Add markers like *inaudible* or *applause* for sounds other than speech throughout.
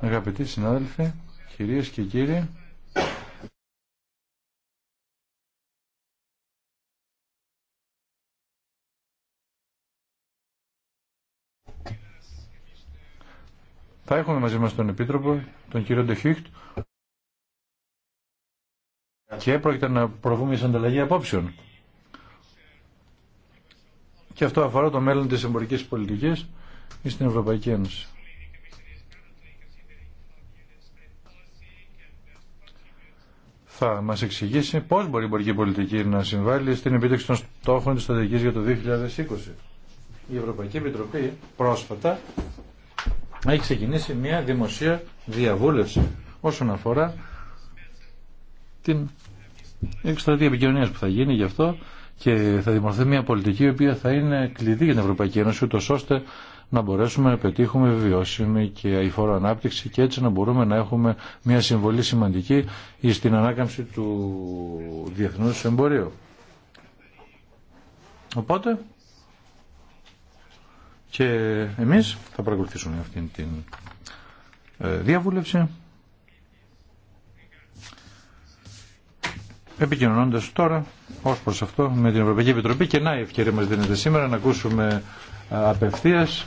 Αγαπητοί συνάδελφοι, κυρίες και κύριοι, θα έχουμε μαζί μας τον Επίτροπο, τον κύριο Ντεχίχτ, και έπρεπε να προβούμε σε ανταλλαγή απόψεων. Και αυτό αφορά το μέλλον της εμπορικής πολιτικής η στην Ευρωπαϊκή Ένωση. Θα μας εξηγήσει πώς μπορεί η εμπορική πολιτική να συμβάλλει στην επίτευξη των στόχων της στρατηγικής για το 2020. Η Ευρωπαϊκή Επιτροπή πρόσφατα έχει ξεκινήσει μια δημοσία διαβούλευση όσον αφορά την εκστρατεία επικοινωνία που θα γίνει γι' αυτό και θα δημορφωθεί μια πολιτική η οποία θα είναι κλειδί για την Ευρωπαϊκή Ένωση ούτως ώστε να μπορέσουμε να πετύχουμε βιώσιμη και αηφόρο ανάπτυξη και έτσι να μπορούμε να έχουμε μια συμβολή σημαντική στην ανάκαμψη του διεθνούς εμπορίου. Οπότε και εμείς θα παρακολουθήσουμε αυτήν την ε, διαβούλευση επικοινωνώντας τώρα ως προς αυτό με την Ευρωπαϊκή Επιτροπή και να η ευκαιρία μας δίνεται σήμερα να ακούσουμε απευθείας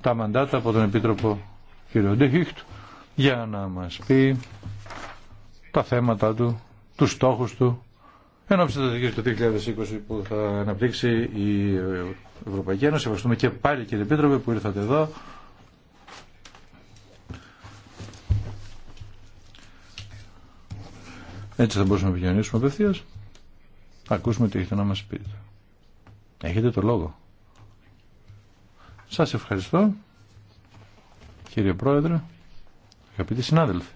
τα μαντάτα από τον Επίτροπο κ. Ντεχίχτ για να μας πει τα θέματα του, τους στόχους του, ενώ ψηφιακής του 2020 που θα αναπτύξει η Ευρωπαϊκή Ένωση. Ευχαριστούμε και πάλι κύριε Επίτροπε που ήρθατε εδώ. Έτσι θα μπορούσαμε να επικοινωνήσουμε απευθεία. Ακούσουμε τι έχετε να μας πείτε. Έχετε το λόγο. Σας ευχαριστώ, κύριε Πρόεδρε, αγαπητοί συνάδελφοι.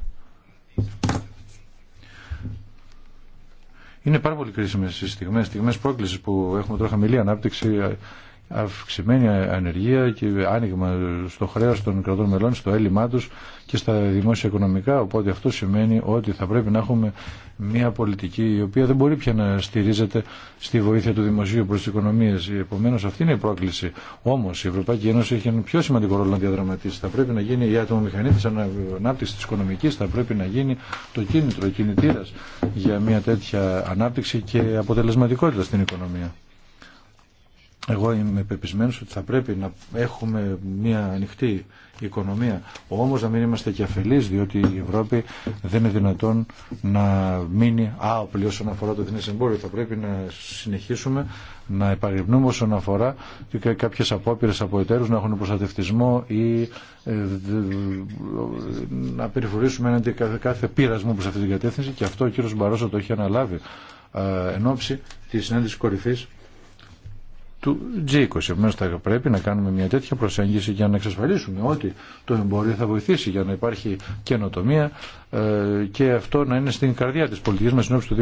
Είναι πάρα πολύ κρίσιμες οι στιγμές στιγμές πρόκλησης που έχουμε τώρα χαμηλή ανάπτυξη, αυξημένη ανεργία και άνοιγμα στο χρέος των κρατών μελών, στο έλλειμμά τους και στα δημόσια οικονομικά. Οπότε αυτό σημαίνει ότι θα πρέπει να έχουμε μια πολιτική η οποία δεν μπορεί πια να στηρίζεται στη βοήθεια του δημοσίου προς τις οικονομίες. Επομένως αυτή είναι η πρόκληση. Όμως η Ευρωπαϊκή Ένωση έχει ένα πιο σημαντικό ρόλο να διαδραματίσει. Θα πρέπει να γίνει η ατομομηχανή της ανάπτυξης της οικονομικής, θα πρέπει να γίνει το κίνητρο, κινητήρας για μια τέτοια ανάπτυξη και αποτελεσματικότητα στην οικονομία. Εγώ είμαι πεπισμένο ότι θα πρέπει να έχουμε μια ανοιχτή οικονομία. Όμω να μην είμαστε και αφελεί, διότι η Ευρώπη δεν είναι δυνατόν να μείνει άοπλη όσον αφορά το διεθνέ εμπόριο. Θα πρέπει να συνεχίσουμε να επαγρυπνούμε όσον αφορά κάποιε απόπειρε από εταίρου να έχουν προστατευτισμό ή ε, να περιφορήσουμε έναντι κάθε πείρασμο προ αυτή την κατεύθυνση και αυτό ο κύριο Μπαρόσο το έχει αναλάβει ε, εν ώψη τη συνάντηση κορυφή του G20. Επομένως θα πρέπει να κάνουμε μια τέτοια προσέγγιση για να εξασφαλίσουμε ότι το εμπόριο θα βοηθήσει για να υπάρχει καινοτομία ε, και αυτό να είναι στην καρδιά της πολιτικής μας συνόψης του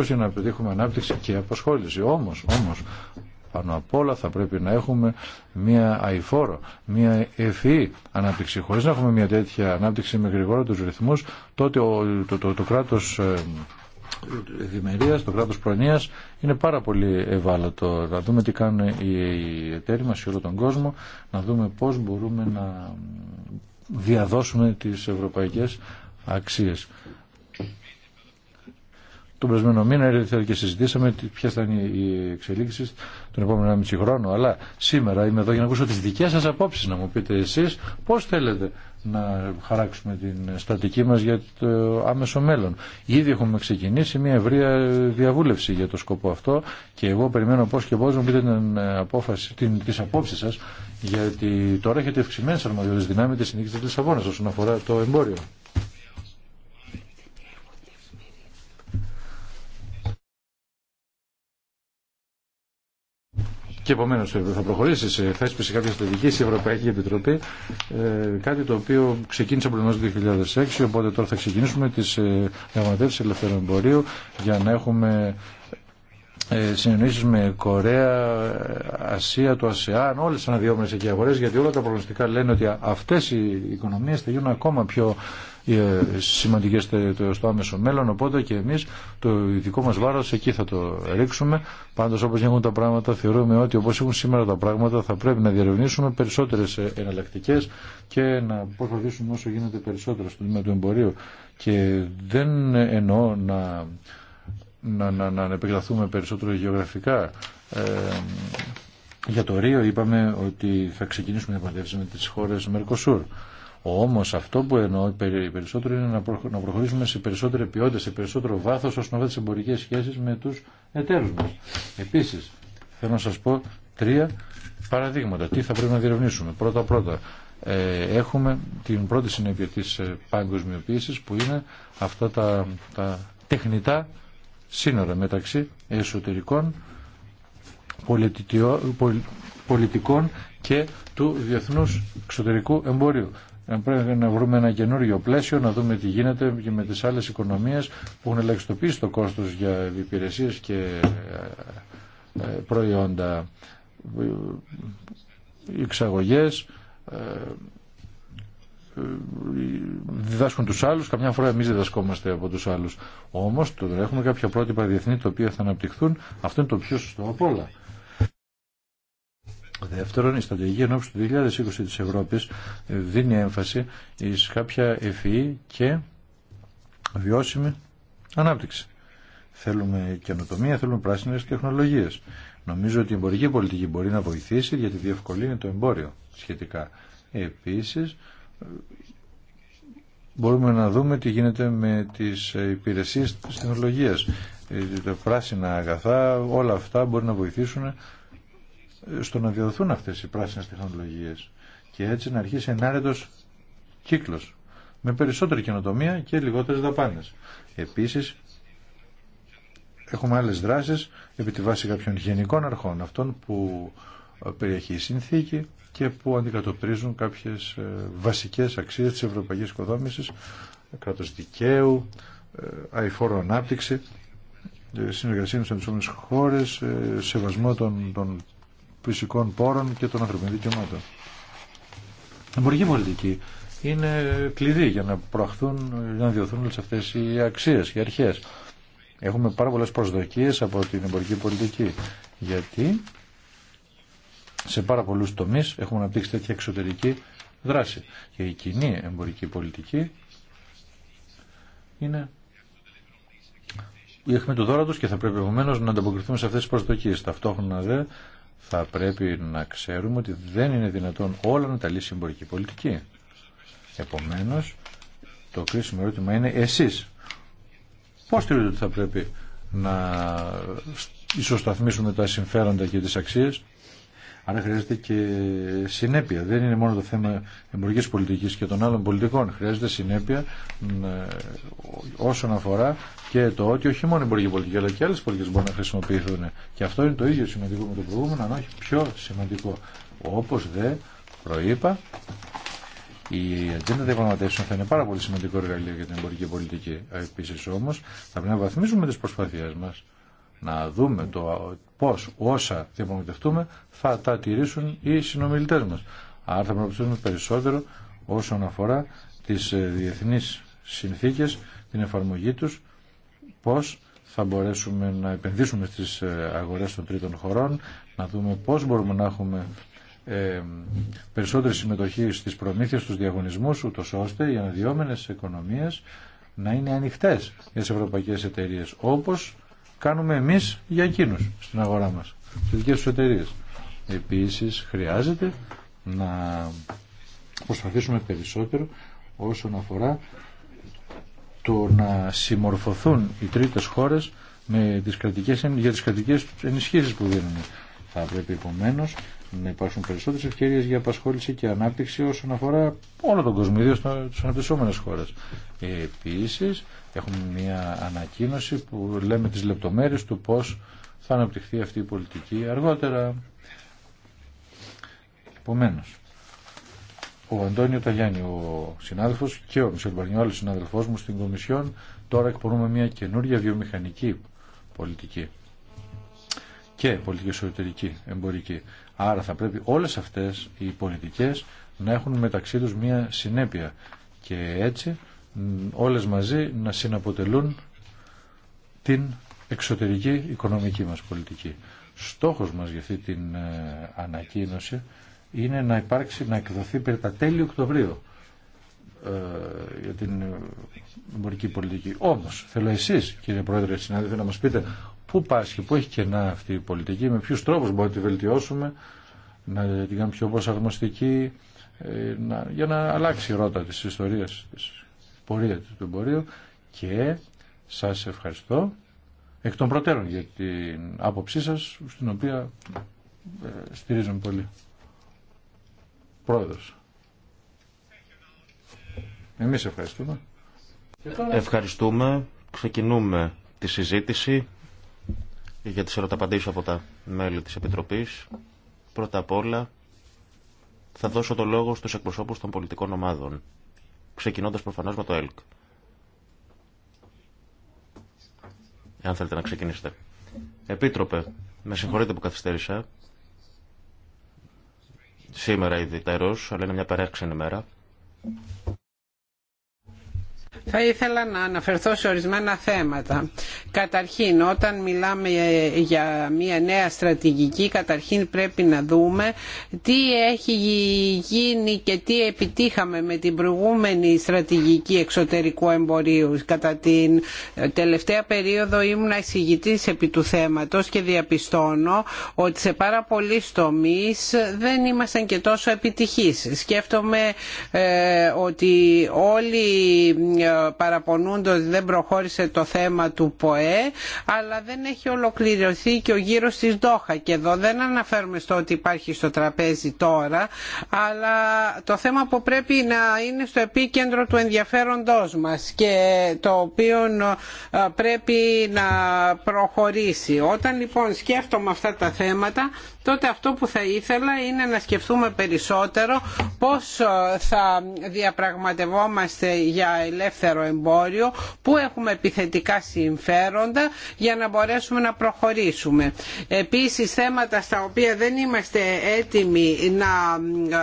2020 για να πετύχουμε ανάπτυξη και απασχόληση. Όμως, όμως, πάνω απ' όλα θα πρέπει να έχουμε μια αηφόρο, μια ευφυή ανάπτυξη. Χωρίς να έχουμε μια τέτοια ανάπτυξη με γρηγόρα του ρυθμούς, τότε το, το, το, το κράτος ε, ευημερίας, το κράτος προνοίας είναι πάρα πολύ ευάλωτο. Να δούμε τι κάνουν οι εταίροι μας σε όλο τον κόσμο, να δούμε πώς μπορούμε να διαδώσουμε τις ευρωπαϊκές αξίες. Τον περσμένο μήνα και συζητήσαμε ποιε θα είναι οι εξελίξει τον επόμενο μισή χρόνο. Αλλά σήμερα είμαι εδώ για να ακούσω τι δικέ σα απόψει, να μου πείτε εσεί πώ θέλετε να χαράξουμε την στατική μας για το άμεσο μέλλον. Ήδη έχουμε ξεκινήσει μια ευρεία διαβούλευση για το σκοπό αυτό και εγώ περιμένω πώς και πώς να πείτε την απόφαση, την, τις απόψεις σας γιατί τώρα έχετε ευξημένες αρμοδιότητες δυνάμεις της συνήθειας της Λισαβόνας όσον αφορά το εμπόριο. Και επομένω ε, θα προχωρήσει σε θέσπιση κάποια στρατηγική στην Ευρωπαϊκή Επιτροπή, ε, κάτι το οποίο ξεκίνησε από το 2006. Οπότε τώρα θα ξεκινήσουμε τι ε, διαπραγματεύσει ελευθερών εμπορίου για να έχουμε ε, με Κορέα, Ασία, το ΑΣΕΑΝ, όλε τι αναδυόμενε εκεί αγορέ, γιατί όλα τα προγνωστικά λένε ότι αυτέ οι οικονομίε θα γίνουν ακόμα πιο ε, σημαντικές στο άμεσο μέλλον, οπότε και εμείς το δικό μας βάρος εκεί θα το ρίξουμε. Πάντως όπως έχουν τα πράγματα θεωρούμε ότι όπως έχουν σήμερα τα πράγματα θα πρέπει να διερευνήσουμε περισσότερες ε, εναλλακτικέ και να προσπαθήσουμε όσο γίνεται περισσότερο στο τμήμα του εμπορίου. Και δεν εννοώ να, να, να, να επεκταθούμε περισσότερο γεωγραφικά. Ε, για το Ρίο είπαμε ότι θα ξεκινήσουμε να με τις χώρες Μερκοσούρ. Όμως αυτό που εννοώ περισσότερο είναι να προχωρήσουμε σε περισσότερη ποιότητα, σε περισσότερο βάθος όσον αφορά τις εμπορικές σχέσεις με τους εταίρους μας. Επίσης, θέλω να σας πω τρία παραδείγματα. Τι θα πρέπει να διερευνήσουμε. Πρώτα-πρώτα, ε, έχουμε την πρώτη συνέπεια της ε, παγκοσμιοποίησης που είναι αυτά τα, τα τεχνητά σύνορα μεταξύ εσωτερικών πολιτικών και του διεθνούς εξωτερικού εμπορίου πρέπει να βρούμε ένα καινούριο πλαίσιο, να δούμε τι γίνεται και με τις άλλες οικονομίες που έχουν ελαχιστοποιήσει το κόστος για υπηρεσίες και ε, ε, προϊόντα εξαγωγές ε, διδάσκουν τους άλλους, καμιά φορά εμείς διδασκόμαστε από τους άλλους. Όμως, το έχουμε κάποια πρότυπα διεθνή τα οποία θα αναπτυχθούν, αυτό είναι το πιο σωστό από όλα. Δεύτερον, η στρατηγική ενόψη του 2020 της Ευρώπης ε, δίνει έμφαση σε κάποια ευφυή και βιώσιμη ανάπτυξη. Θέλουμε καινοτομία, θέλουμε πράσινες τεχνολογίες. Νομίζω ότι η εμπορική πολιτική μπορεί να βοηθήσει γιατί διευκολύνει το εμπόριο σχετικά. Επίσης, ε, μπορούμε να δούμε τι γίνεται με τις ε, υπηρεσίες της τεχνολογίας. Τα πράσινα αγαθά, όλα αυτά μπορεί να βοηθήσουν στο να διαδοθούν αυτές οι πράσινες τεχνολογίες και έτσι να αρχίσει ενάρετος κύκλος με περισσότερη καινοτομία και λιγότερες δαπάνες. Επίσης, έχουμε άλλες δράσεις επί τη βάση κάποιων γενικών αρχών, αυτών που ε, περιέχει η συνθήκη και που αντικατοπτρίζουν κάποιες ε, βασικές αξίες της ευρωπαϊκής οικοδόμησης, κράτος δικαίου, ε, αηφόρο ανάπτυξη, συνεργασία με τις χώρες, σεβασμό των, των φυσικών πόρων και των ανθρωπινών δικαιωμάτων. Η εμπορική πολιτική είναι κλειδί για να προαχθούν, να διωθούν όλε αυτέ οι αξίε, οι αρχέ. Έχουμε πάρα πολλέ προσδοκίε από την εμπορική πολιτική. Γιατί σε πάρα πολλού τομεί έχουμε αναπτύξει τέτοια εξωτερική δράση. Και η κοινή εμπορική πολιτική είναι η αιχμή του δώρατο και θα πρέπει επομένω να ανταποκριθούμε σε αυτέ τι προσδοκίε. Ταυτόχρονα δε θα πρέπει να ξέρουμε ότι δεν είναι δυνατόν όλα να τα λύσει η εμπορική πολιτική. Επομένως, το κρίσιμο ερώτημα είναι εσείς. Πώς θεωρείτε ότι θα πρέπει να ισοσταθμίσουμε τα συμφέροντα και τις αξίες Άρα χρειάζεται και συνέπεια. Δεν είναι μόνο το θέμα εμπορική πολιτική και των άλλων πολιτικών. Χρειάζεται συνέπεια ε, όσον αφορά και το ότι όχι μόνο η εμπορική πολιτική αλλά και άλλε πολιτικέ μπορούν να χρησιμοποιηθούν. Και αυτό είναι το ίδιο σημαντικό με το προηγούμενο, αν όχι πιο σημαντικό. Όπω δε προείπα, η ατζέντα διαπραγματεύσεων θα είναι πάρα πολύ σημαντικό εργαλείο για την εμπορική πολιτική. Επίση όμω, θα πρέπει να βαθμίζουμε τι προσπάθειέ μα να δούμε το πώς όσα διαπραγματευτούμε θα τα τηρήσουν οι συνομιλητές μας. Άρα θα προσπαθήσουμε περισσότερο όσον αφορά τις ε, διεθνείς συνθήκες, την εφαρμογή τους, πώς θα μπορέσουμε να επενδύσουμε στις ε, αγορές των τρίτων χωρών, να δούμε πώς μπορούμε να έχουμε ε, περισσότερη συμμετοχή στις προμήθειες, στους διαγωνισμούς, ούτως ώστε οι αναδυόμενες οικονομίες να είναι ανοιχτές για τις ευρωπαϊκές εταιρείες, όπως κάνουμε εμείς για εκείνου στην αγορά μας, στι δικές του εταιρείε. Επίσης χρειάζεται να προσπαθήσουμε περισσότερο όσον αφορά το να συμμορφωθούν οι τρίτες χώρες με τις κρατικές, για τις κρατικές ενισχύσεις που δίνουν. Θα πρέπει επομένω να υπάρξουν περισσότερες ευκαιρίες για απασχόληση και ανάπτυξη όσον αφορά όλο τον κόσμο, ιδίως τις αναπτυσσόμενες χώρες. Επίσης Έχουμε μια ανακοίνωση που λέμε τις λεπτομέρειες του πώς θα αναπτυχθεί αυτή η πολιτική αργότερα. Επομένω, ο Αντώνιο Ταγιάννη, ο συνάδελφος και ο Μισελ ο συνάδελφός μου στην Κομισιόν, τώρα εκπονούμε μια καινούργια βιομηχανική πολιτική και πολιτική εσωτερική, εμπορική. Άρα θα πρέπει όλες αυτές οι πολιτικές να έχουν μεταξύ τους μια συνέπεια και έτσι όλες μαζί να συναποτελούν την εξωτερική οικονομική μας πολιτική. Στόχος μας για αυτή την ε, ανακοίνωση είναι να υπάρξει, να εκδοθεί περί τα τέλη Οκτωβρίου ε, για την εμπορική πολιτική. Όμως, θέλω εσείς κύριε Πρόεδρε, συνάδελφοι, να μας πείτε πού πάσχει, πού έχει κενά αυτή η πολιτική, με ποιους τρόπους μπορούμε να τη βελτιώσουμε, να την κάνουμε πιο προσαρμοστική, ε, να, για να αλλάξει η ρότα της ιστορίας της πορεία του εμπορίου και σας ευχαριστώ εκ των προτέρων για την άποψή σας στην οποία ε, στηρίζομαι πολύ. Πρόεδρος. Εμείς ευχαριστούμε. Ευχαριστούμε. Ξεκινούμε τη συζήτηση για τις ερωταπαντήσεις από τα μέλη της Επιτροπής. Πρώτα απ' όλα θα δώσω το λόγο στους εκπροσώπους των πολιτικών ομάδων ξεκινώντας προφανώς με το ΕΛΚ. Εάν θέλετε να ξεκινήσετε. Επίτροπε, με συγχωρείτε που καθυστέρησα. Σήμερα ήδη τέρος, αλλά είναι μια παράξενη μέρα. Θα ήθελα να αναφερθώ σε ορισμένα θέματα. Καταρχήν, όταν μιλάμε για μια νέα στρατηγική, καταρχήν πρέπει να δούμε τι έχει γίνει και τι επιτύχαμε με την προηγούμενη στρατηγική εξωτερικού εμπορίου. Κατά την τελευταία περίοδο ήμουν εισηγητής επί του θέματος και διαπιστώνω ότι σε πάρα πολλοί τομεί δεν ήμασταν και τόσο επιτυχείς. Σκέφτομαι ε, ότι όλοι ε, ε, παραπονούνται δεν προχώρησε το θέμα του ΠΟΕ αλλά δεν έχει ολοκληρωθεί και ο γύρος της ΔΟΧΑ. και εδώ δεν αναφέρουμε στο ότι υπάρχει στο τραπέζι τώρα αλλά το θέμα που πρέπει να είναι στο επίκεντρο του ενδιαφέροντός μας και το οποίο ε, πρέπει να προχωρήσει. Όταν λοιπόν σκέφτομαι αυτά τα θέματα τότε αυτό που θα ήθελα είναι να σκεφτούμε περισσότερο πώς ε, θα διαπραγματευόμαστε για ελεύθερο εμπόριο, πού έχουμε επιθετικά συμφέροντα για να μπορέσουμε να προχωρήσουμε. Επίσης θέματα στα οποία δεν είμαστε έτοιμοι να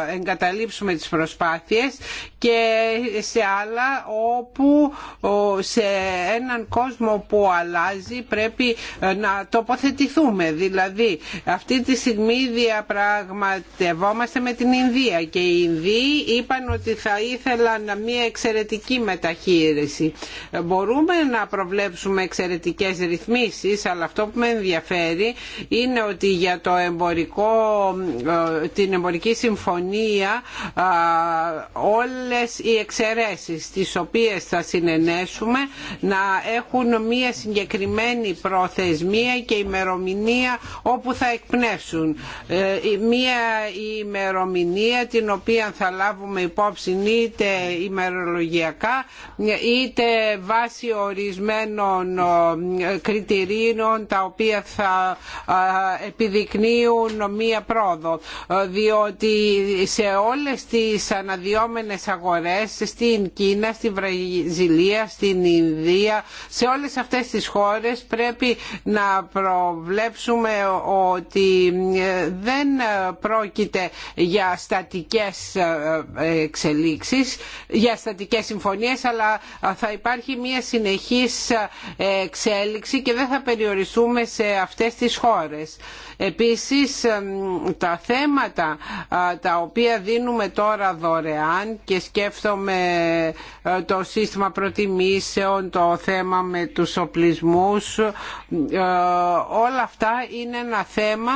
ε, εγκαταλείψουμε τις προσπάθειες και σε άλλα όπου σε έναν κόσμο που αλλάζει πρέπει ε, να τοποθετηθούμε. Δηλαδή αυτή τη στιγμή διαπραγματευόμαστε με την Ινδία και οι Ινδοί είπαν ότι θα ήθελαν μια εξαιρετική μεταχείριση. Μπορούμε να προβλέψουμε εξαιρετικές ρυθμίσεις αλλά αυτό που με ενδιαφέρει είναι ότι για το εμπορικό, ε, την εμπορική συμφωνία ε, όλες οι εξαιρέσεις τις οποίες θα συνενέσουμε να έχουν μια συγκεκριμένη προθεσμία και ημερομηνία όπου θα εκπνεύσουν ε, μία ημερομηνία την οποία θα λάβουμε υπόψη είτε ημερολογιακά είτε βάσει ορισμένων ε, κριτηρίων τα οποία θα ε, επιδεικνύουν μία πρόοδο διότι σε όλες τις αναδυόμενες αγορές στην Κίνα, στη Βραζιλία, στην Ινδία σε όλες αυτές τις χώρες πρέπει να προβλέψουμε ότι δεν πρόκειται για στατικές εξελίξεις, για στατικές συμφωνίες, αλλά θα υπάρχει μια συνεχής εξέλιξη και δεν θα περιοριστούμε σε αυτές τις χώρες. Επίσης τα θέματα τα οποία δίνουμε τώρα δωρεάν και σκέφτομαι ε, το σύστημα προτιμήσεων, το θέμα με τους οπλισμούς, ε, όλα αυτά είναι ένα θέμα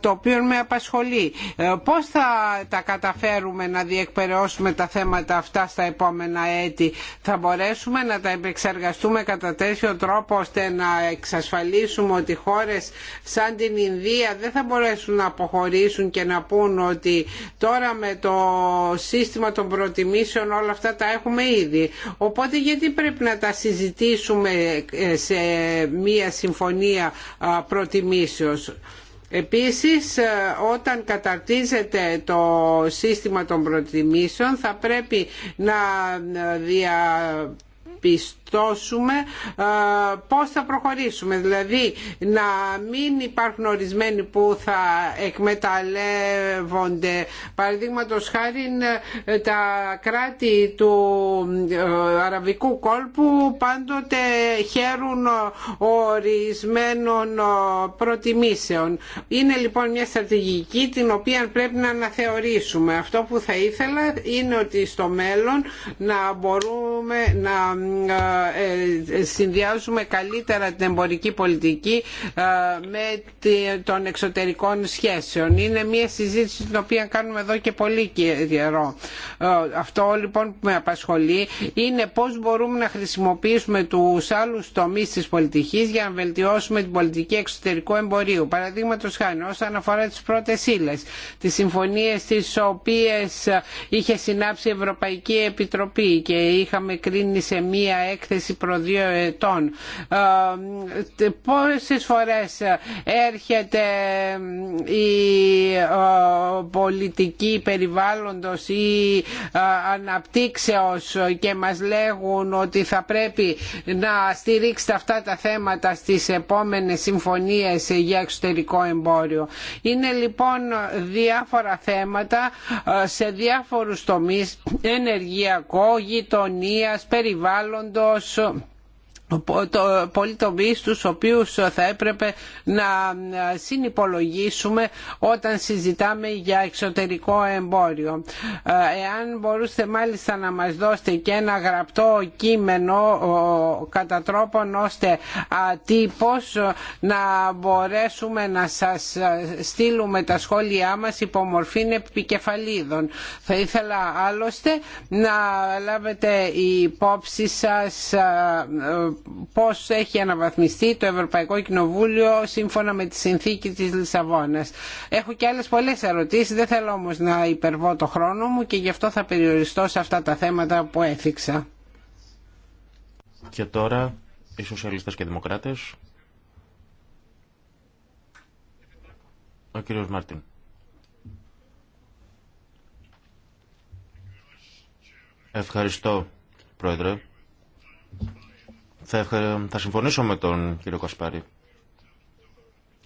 το οποίο με απασχολεί. Ε, πώς θα τα καταφέρουμε να διεκπαιρεώσουμε τα θέματα αυτά στα επόμενα έτη. Θα μπορέσουμε να τα επεξεργαστούμε κατά τέτοιο τρόπο ώστε να εξασφαλίσουμε ότι χώρες σαν την Ινδία δεν θα μπορέσουν να αποχωρήσουν και να πούν ότι τώρα με το σύστημα των προτιμήσεων όλα αυτά τα έχουμε ήδη. Οπότε γιατί πρέπει να τα συζητήσουμε ε, σε μία συμφωνία προτιμήσεως. Επίσης ε, όταν καταρτίζεται το σύστημα των προτιμήσεων θα πρέπει να ε, διαπιστώσουμε διαπιστώσουμε ε, πώς θα προχωρήσουμε. Δηλαδή να μην υπάρχουν ορισμένοι που θα εκμεταλλεύονται. Παραδείγματο χάρη ε, τα κράτη του ε, αραβικού κόλπου πάντοτε χαίρουν ορισμένων προτιμήσεων. Είναι λοιπόν μια στρατηγική την οποία πρέπει να αναθεωρήσουμε. Αυτό που θα ήθελα είναι ότι στο μέλλον να μπορούμε να ε, ε, συνδυάζουμε καλύτερα την εμπορική πολιτική ε, με των εξωτερικών σχέσεων. Είναι μια συζήτηση την οποία κάνουμε εδώ και πολύ καιρό. Αυτό λοιπόν που με απασχολεί είναι πώς μπορούμε να χρησιμοποιήσουμε τους άλλους τομείς της πολιτικής για να βελτιώσουμε την πολιτική εξωτερικού εμπορίου. Παραδείγματος χάνει όσον αφορά τις πρώτες ύλες, τις συμφωνίες τις οποίες είχε συνάψει η Ευρωπαϊκή Επιτροπή και είχαμε κρίνει σε μία έκθεση προ δύο ετών ε, πόσες φορές έρχεται ε, η ε, πολιτική περιβάλλοντος ή αναπτύξεως και μας λέγουν ότι θα πρέπει να στηρίξετε αυτά τα θέματα στις επόμενες συμφωνίες για εξωτερικό εμπόριο. Είναι λοιπόν διάφορα θέματα σε διάφορους τομείς ενεργειακό, γειτονίας, περιβάλλοντος Ευχαριστώ το, πολλοί τους οποίους θα έπρεπε να ε, συνυπολογίσουμε όταν συζητάμε για εξωτερικό εμπόριο. Ε, εάν μπορούσατε μάλιστα να μας δώσετε και ένα γραπτό κείμενο κατά τρόπον ώστε τύπος ε, να μπορέσουμε να σας στείλουμε τα σχόλιά μας υπό μορφή επικεφαλίδων. Θα ήθελα άλλωστε να λάβετε υπόψη σας πώς έχει αναβαθμιστεί το Ευρωπαϊκό Κοινοβούλιο σύμφωνα με τη συνθήκη της Λισαβόνας. Έχω και άλλες πολλές ερωτήσεις, δεν θέλω όμως να υπερβώ το χρόνο μου και γι' αυτό θα περιοριστώ σε αυτά τα θέματα που έθιξα. Και τώρα οι σοσιαλιστές και οι δημοκράτες. Ο κύριος Μάρτιν. Ευχαριστώ, Πρόεδρε. Θα, συμφωνήσω με τον κύριο Κασπάρη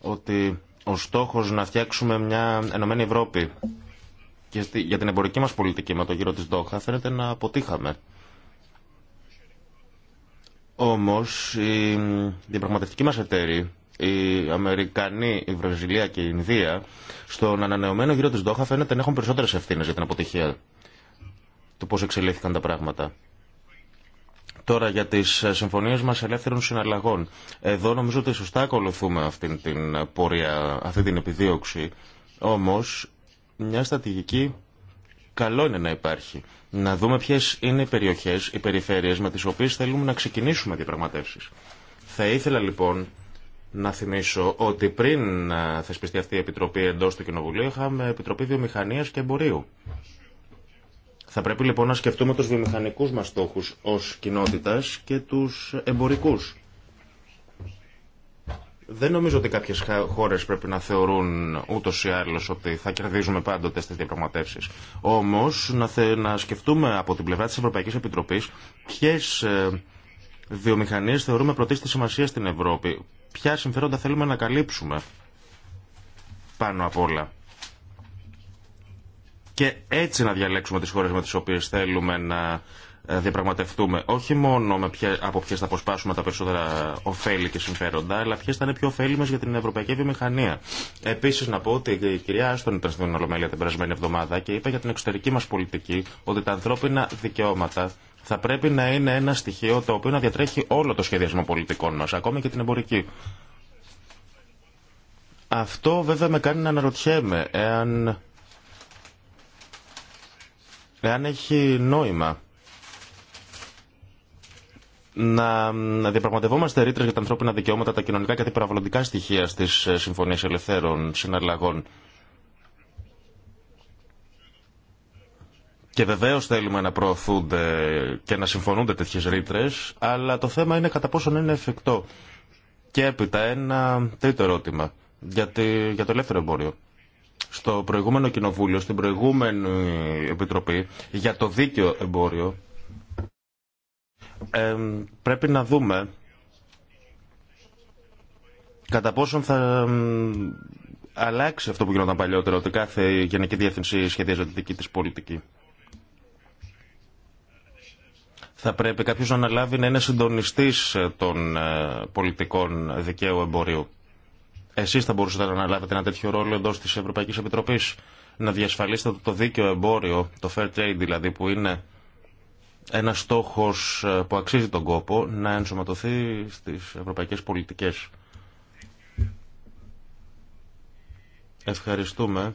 ότι ο στόχος να φτιάξουμε μια ενωμένη Ευρώπη και για την εμπορική μας πολιτική με το γύρο της Δόχα φαίνεται να αποτύχαμε. Όμως οι διαπραγματευτικοί μας εταίροι, οι Αμερικανοί, η Βραζιλία και η Ινδία, στον ανανεωμένο γύρο της Δόχα φαίνεται να έχουν περισσότερες ευθύνες για την αποτυχία του πώς εξελίχθηκαν τα πράγματα. Τώρα για τι ε, συμφωνίε μα ελεύθερων συναλλαγών. Εδώ νομίζω ότι σωστά ακολουθούμε αυτή την πορεία, αυτή την επιδίωξη. όμω, μια στρατηγική καλό είναι να υπάρχει. Να δούμε ποιε είναι οι περιοχέ, οι περιφέρειες με τι οποίε θέλουμε να ξεκινήσουμε διαπραγματεύσει. Θα ήθελα λοιπόν να θυμίσω ότι πριν ε, θεσπιστεί αυτή η επιτροπή εντό του Κοινοβουλίου είχαμε επιτροπή βιομηχανία και εμπορίου. Θα πρέπει λοιπόν να σκεφτούμε τους βιομηχανικούς μας στόχους ως κοινότητας και τους εμπορικούς. Δεν νομίζω ότι κάποιες χώρες πρέπει να θεωρούν ούτως ή άλλως ότι θα κερδίζουμε πάντοτε στις διαπραγματεύσεις. Όμως να, να σκεφτούμε από την πλευρά της Ευρωπαϊκής Επιτροπής ποιες ε, βιομηχανίες θεωρούμε πρωτίστη σημασία στην Ευρώπη. Ποια συμφέροντα θέλουμε να καλύψουμε πάνω απ' όλα και έτσι να διαλέξουμε τις χώρες με τις οποίες θέλουμε να ε, διαπραγματευτούμε όχι μόνο με από ποιε θα αποσπάσουμε τα περισσότερα ωφέλη και συμφέροντα, αλλά ποιε θα είναι πιο ωφέλιμες για την ευρωπαϊκή βιομηχανία. Επίσης να πω ότι η κυρία Άστον ήταν στην Ολομέλεια την περασμένη εβδομάδα και είπε για την εξωτερική μας πολιτική ότι τα ανθρώπινα δικαιώματα θα πρέπει να είναι ένα στοιχείο το οποίο να διατρέχει όλο το σχεδιασμό πολιτικών μας, ακόμα και την εμπορική. Αυτό βέβαια με κάνει να αναρωτιέμαι εάν εάν έχει νόημα να διαπραγματευόμαστε ρήτρε για τα ανθρώπινα δικαιώματα, τα κοινωνικά και τα υπεραβολοντικά στοιχεία στι ε, συμφωνίε ελευθέρων συναλλαγών. Και βεβαίω θέλουμε να προωθούνται και να συμφωνούνται τέτοιε ρήτρε, αλλά το θέμα είναι κατά πόσον είναι εφικτό. Και έπειτα ένα τρίτο ερώτημα για το ελεύθερο εμπόριο στο προηγούμενο κοινοβούλιο, στην προηγούμενη επιτροπή για το δίκαιο εμπόριο, πρέπει να δούμε κατά πόσον θα αλλάξει αυτό που γινόταν παλιότερο ότι κάθε Γενική Διεύθυνση σχεδιάζεται τη δική της πολιτική. Θα πρέπει κάποιος να αναλάβει να είναι συντονιστής των ε, πολιτικών δικαίου εμπορίου. Εσεί θα μπορούσατε να αναλάβετε ένα τέτοιο ρόλο εντό της Ευρωπαϊκής Επιτροπής, να διασφαλίσετε το δίκαιο εμπόριο, το fair trade δηλαδή, που είναι ένα στόχος ε, που αξίζει τον κόπο, να ενσωματωθεί στις ευρωπαϊκές πολιτικές. Ευχαριστούμε.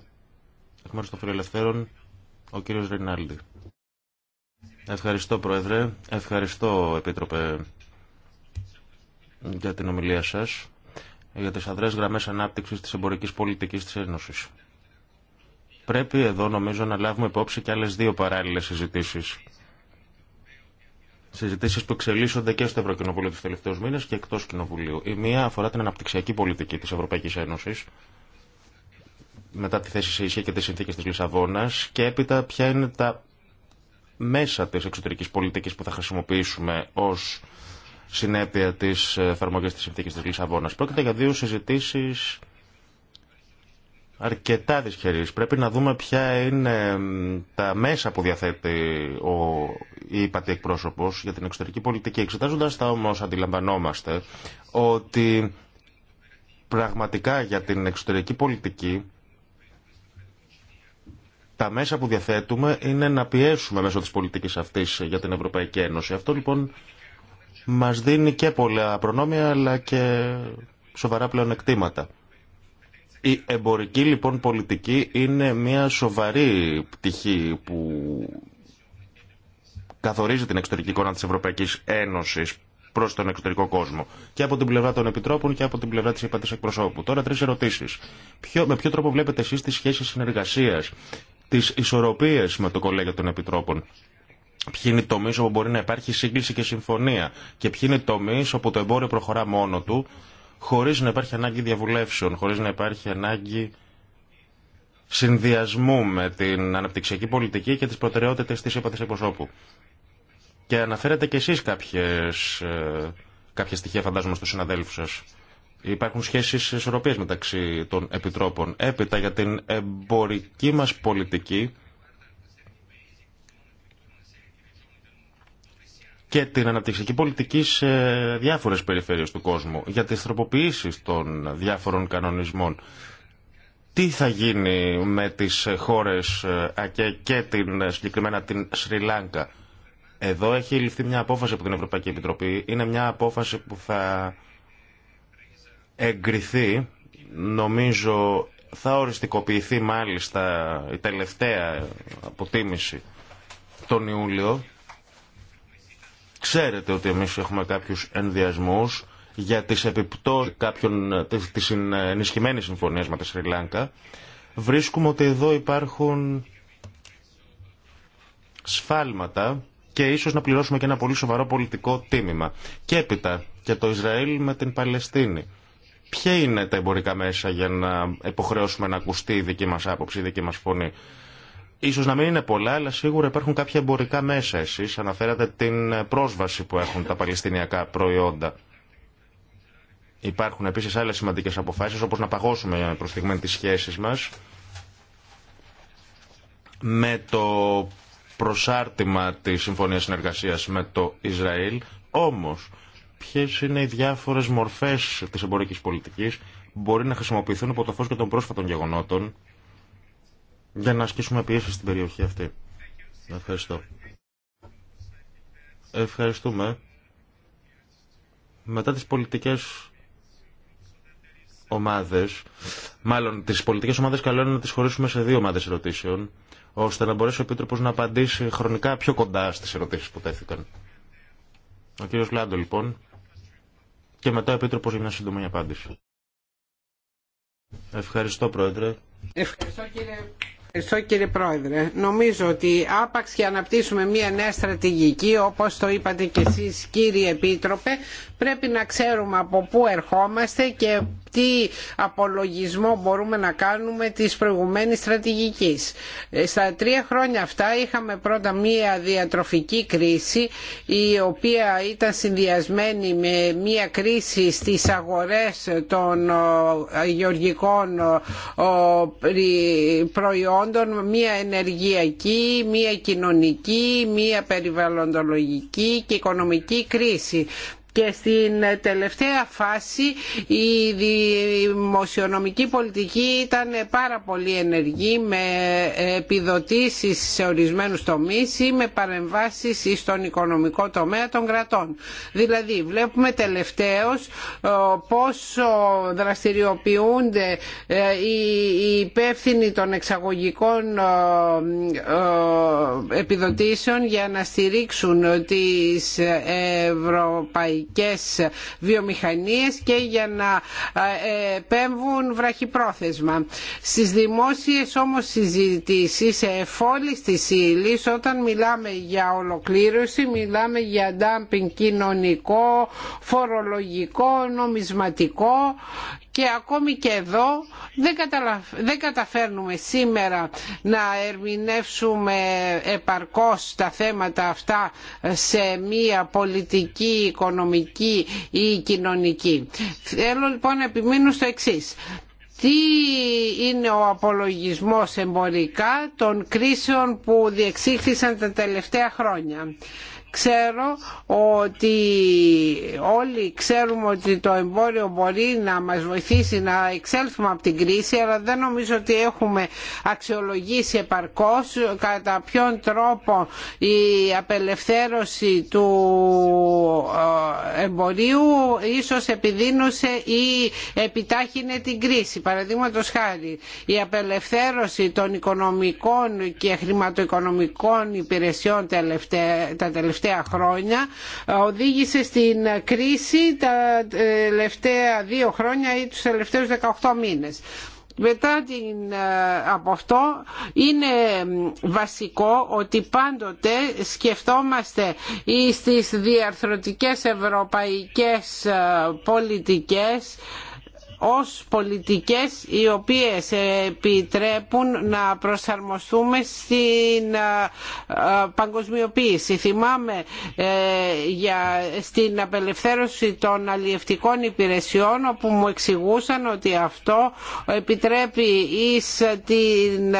Εκ των Φιλελευθέρων, ο κύριος Ρινάλντι. Ευχαριστώ, Πρόεδρε. Ευχαριστώ, Επίτροπε, για την ομιλία σας για τις αδρές γραμμές ανάπτυξης της εμπορικής πολιτικής της Ένωσης. Πρέπει εδώ νομίζω να λάβουμε υπόψη και άλλες δύο παράλληλες συζητήσεις. Συζητήσεις που εξελίσσονται και στο Ευρωκοινοβούλιο τους τελευταίους μήνες και εκτός Κοινοβουλίου. Η μία αφορά την αναπτυξιακή πολιτική της Ευρωπαϊκής Ένωσης, μετά τη θέση σε ίσια και τις συνθήκες της Λισαβόνας και έπειτα ποια είναι τα μέσα της εξωτερικής πολιτικής που θα χρησιμοποιήσουμε ως συνέπεια τη εφαρμογή τη συνθήκη τη Λισαβόνα. Πρόκειται για δύο συζητήσει αρκετά δυσχερεί. Πρέπει να δούμε ποια είναι τα μέσα που διαθέτει ο, η υπατή εκπρόσωπο για την εξωτερική πολιτική. Εξετάζοντα τα όμω, αντιλαμβανόμαστε ότι πραγματικά για την εξωτερική πολιτική τα μέσα που διαθέτουμε είναι να πιέσουμε μέσω της πολιτικής αυτής για την Ευρωπαϊκή Ένωση. Αυτό λοιπόν μας δίνει και πολλά προνόμια αλλά και σοβαρά πλεονεκτήματα. Η εμπορική λοιπόν πολιτική είναι μια σοβαρή πτυχή που καθορίζει την εξωτερική εικόνα της Ευρωπαϊκής Ένωσης προς τον εξωτερικό κόσμο. Και από την πλευρά των επιτρόπων και από την πλευρά της υπατή εκπροσώπου. Τώρα τρει ερωτήσει. Με ποιο τρόπο βλέπετε εσεί τις σχέσεις συνεργασία, τι ισορροπίες με το κολέγιο των επιτρόπων ποιοι είναι οι τομεί όπου μπορεί να υπάρχει σύγκληση και συμφωνία και ποιοι είναι οι τομεί όπου το εμπόριο προχωρά μόνο του χωρί να υπάρχει ανάγκη διαβουλεύσεων, χωρί να υπάρχει ανάγκη συνδυασμού με την αναπτυξιακή πολιτική και τι προτεραιότητε τη ύπαρξη εκπροσώπου. Και αναφέρετε κι εσεί ε, κάποια στοιχεία, φαντάζομαι, στου συναδέλφου σα. Υπάρχουν σχέσει ισορροπία μεταξύ των επιτρόπων. Έπειτα για την εμπορική μα πολιτική και την αναπτυξιακή πολιτική σε διάφορες περιφέρειες του κόσμου για τις τροποποιήσεις των διάφορων κανονισμών. Τι θα γίνει με τις χώρες ε, ΑΚΕ και την, ε, συγκεκριμένα την Σρι Λάγκα. Εδώ έχει ληφθεί μια απόφαση από την Ευρωπαϊκή Επιτροπή. Είναι μια απόφαση που θα εγκριθεί, νομίζω θα οριστικοποιηθεί μάλιστα η τελευταία αποτίμηση τον Ιούλιο Ξέρετε ότι εμείς έχουμε κάποιους ενδιασμούς για τις επιπτώσεις κάποιων, της ενισχυμένης συμφωνίας με τη Σρι Βρίσκουμε ότι εδώ υπάρχουν σφάλματα και ίσως να πληρώσουμε και ένα πολύ σοβαρό πολιτικό τίμημα. Και έπειτα και το Ισραήλ με την Παλαιστίνη. Ποια είναι τα εμπορικά μέσα για να υποχρεώσουμε να ακουστεί η δική μας άποψη, η δική μας φωνή. Ίσως να μην είναι πολλά, αλλά σίγουρα υπάρχουν κάποια εμπορικά μέσα. Εσείς αναφέρατε την πρόσβαση που έχουν τα παλαιστινιακά προϊόντα. Υπάρχουν επίσης άλλες σημαντικές αποφάσεις, όπως να παγώσουμε προς στιγμή τις σχέσεις μας με το προσάρτημα της Συμφωνίας Συνεργασίας με το Ισραήλ. Όμως, ποιες είναι οι διάφορες μορφές της εμπορικής πολιτικής μπορεί να χρησιμοποιηθούν από το φως και των πρόσφατων γεγονότων για να ασκήσουμε πίεση στην περιοχή αυτή. Ευχαριστώ. Ευχαριστούμε. Μετά τις πολιτικές ομάδες, μάλλον τις πολιτικές ομάδες καλό είναι να τις χωρίσουμε σε δύο ομάδες ερωτήσεων, ώστε να μπορέσει ο Επίτροπος να απαντήσει χρονικά πιο κοντά στις ερωτήσεις που τέθηκαν. Ο κύριος Λάντο λοιπόν και μετά ο Επίτροπος για μια σύντομη απάντηση. Ευχαριστώ Πρόεδρε. Ευχαριστώ κύριε. Ευχαριστώ κύριε Πρόεδρε. Νομίζω ότι άπαξ και αναπτύσσουμε μια νέα στρατηγική, όπως το είπατε και εσείς κύριε Επίτροπε, πρέπει να ξέρουμε από πού ερχόμαστε και τι απολογισμό μπορούμε να κάνουμε της προηγουμένης στρατηγικής. Ε, στα τρία χρόνια αυτά είχαμε πρώτα μία διατροφική κρίση η οποία ήταν συνδυασμένη με μία κρίση στις αγορές των ε, γεωργικών ε, προϊόντων, μία ενεργειακή, μία κοινωνική, μία περιβαλλοντολογική και οικονομική κρίση και στην τελευταία φάση η δημοσιονομική πολιτική ήταν πάρα πολύ ενεργή με επιδοτήσεις σε ορισμένους τομείς ή με παρεμβάσεις στον οικονομικό τομέα των κρατών. Δηλαδή βλέπουμε τελευταίως ε, πόσο δραστηριοποιούνται ε, οι υπεύθυνοι των εξαγωγικών ε, επιδοτήσεων για να στηρίξουν τις ευρωπαϊκές αμυντικές βιομηχανίες και για να ε, επέμβουν βραχυπρόθεσμα. Στις δημόσιες όμως συζητήσεις εφόλης της ύλη, όταν μιλάμε για ολοκλήρωση μιλάμε για ντάμπινγκ κοινωνικό, φορολογικό, νομισματικό και ακόμη και εδώ δεν, καταφέρνουμε σήμερα να ερμηνεύσουμε επαρκώς τα θέματα αυτά σε μία πολιτική, οικονομική ή κοινωνική. Θέλω λοιπόν να επιμείνω στο εξής τι είναι ο απολογισμός εμπορικά των κρίσεων που διεξήχθησαν τα τελευταία χρόνια. Ξέρω ότι όλοι ξέρουμε ότι το εμπόριο μπορεί να μας βοηθήσει να εξέλθουμε από την κρίση αλλά δεν νομίζω ότι έχουμε αξιολογήσει επαρκώς κατά ποιον τρόπο η απελευθέρωση του ε, εμπορίου ίσως επιδίνωσε ή επιτάχυνε την κρίση. Παραδείγματο χάρη η απελευθέρωση των οικονομικών και χρηματοοικονομικών υπηρεσιών τα τελευταία τελευταία χρόνια ε, οδήγησε στην κρίση τα τελευταία δύο χρόνια ή τους τελευταίους 18 μήνες μετά την, ε, από αυτό είναι βασικό ότι πάντοτε σκεφτόμαστε στις διαρθρωτικές ευρωπαϊκές ε, πολιτικές ως πολιτικές οι οποίες επιτρέπουν να προσαρμοστούμε στην ε, ε, παγκοσμιοποίηση. Θυμάμαι ε, για, στην απελευθέρωση των αλλιευτικών υπηρεσιών όπου μου εξηγούσαν ότι αυτό επιτρέπει εις την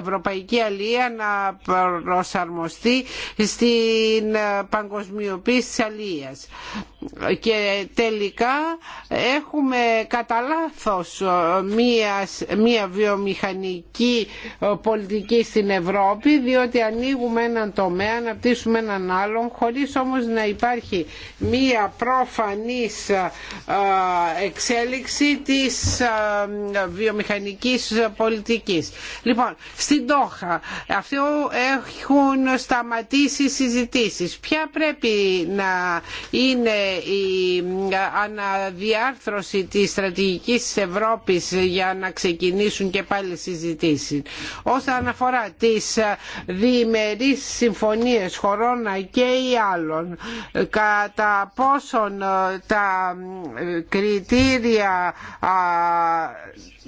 Ευρωπαϊκή Αλία να προσαρμοστεί στην παγκοσμιοποίηση της αλίας και τελικά έχουμε κατά λάθο ε, μία, βιομηχανική ε, πολιτική στην Ευρώπη διότι ανοίγουμε έναν τομέα, αναπτύσσουμε έναν άλλον χωρίς όμως να υπάρχει μία προφανής ε, εξέλιξη της βιομηχανικής πολιτικής. Λοιπόν, στην Τόχα αυτό έχουν σταματήσει συζητήσεις. Ποια πρέπει να είναι η αναδιάρθρωση της στρατηγικής της Ευρώπης για να ξεκινήσουν και πάλι συζητήσεις. Όσον αφορά τις διημερείς συμφωνίες χωρώνα και ή άλλων, κατά πόσον ε, τα ε, κριτήρια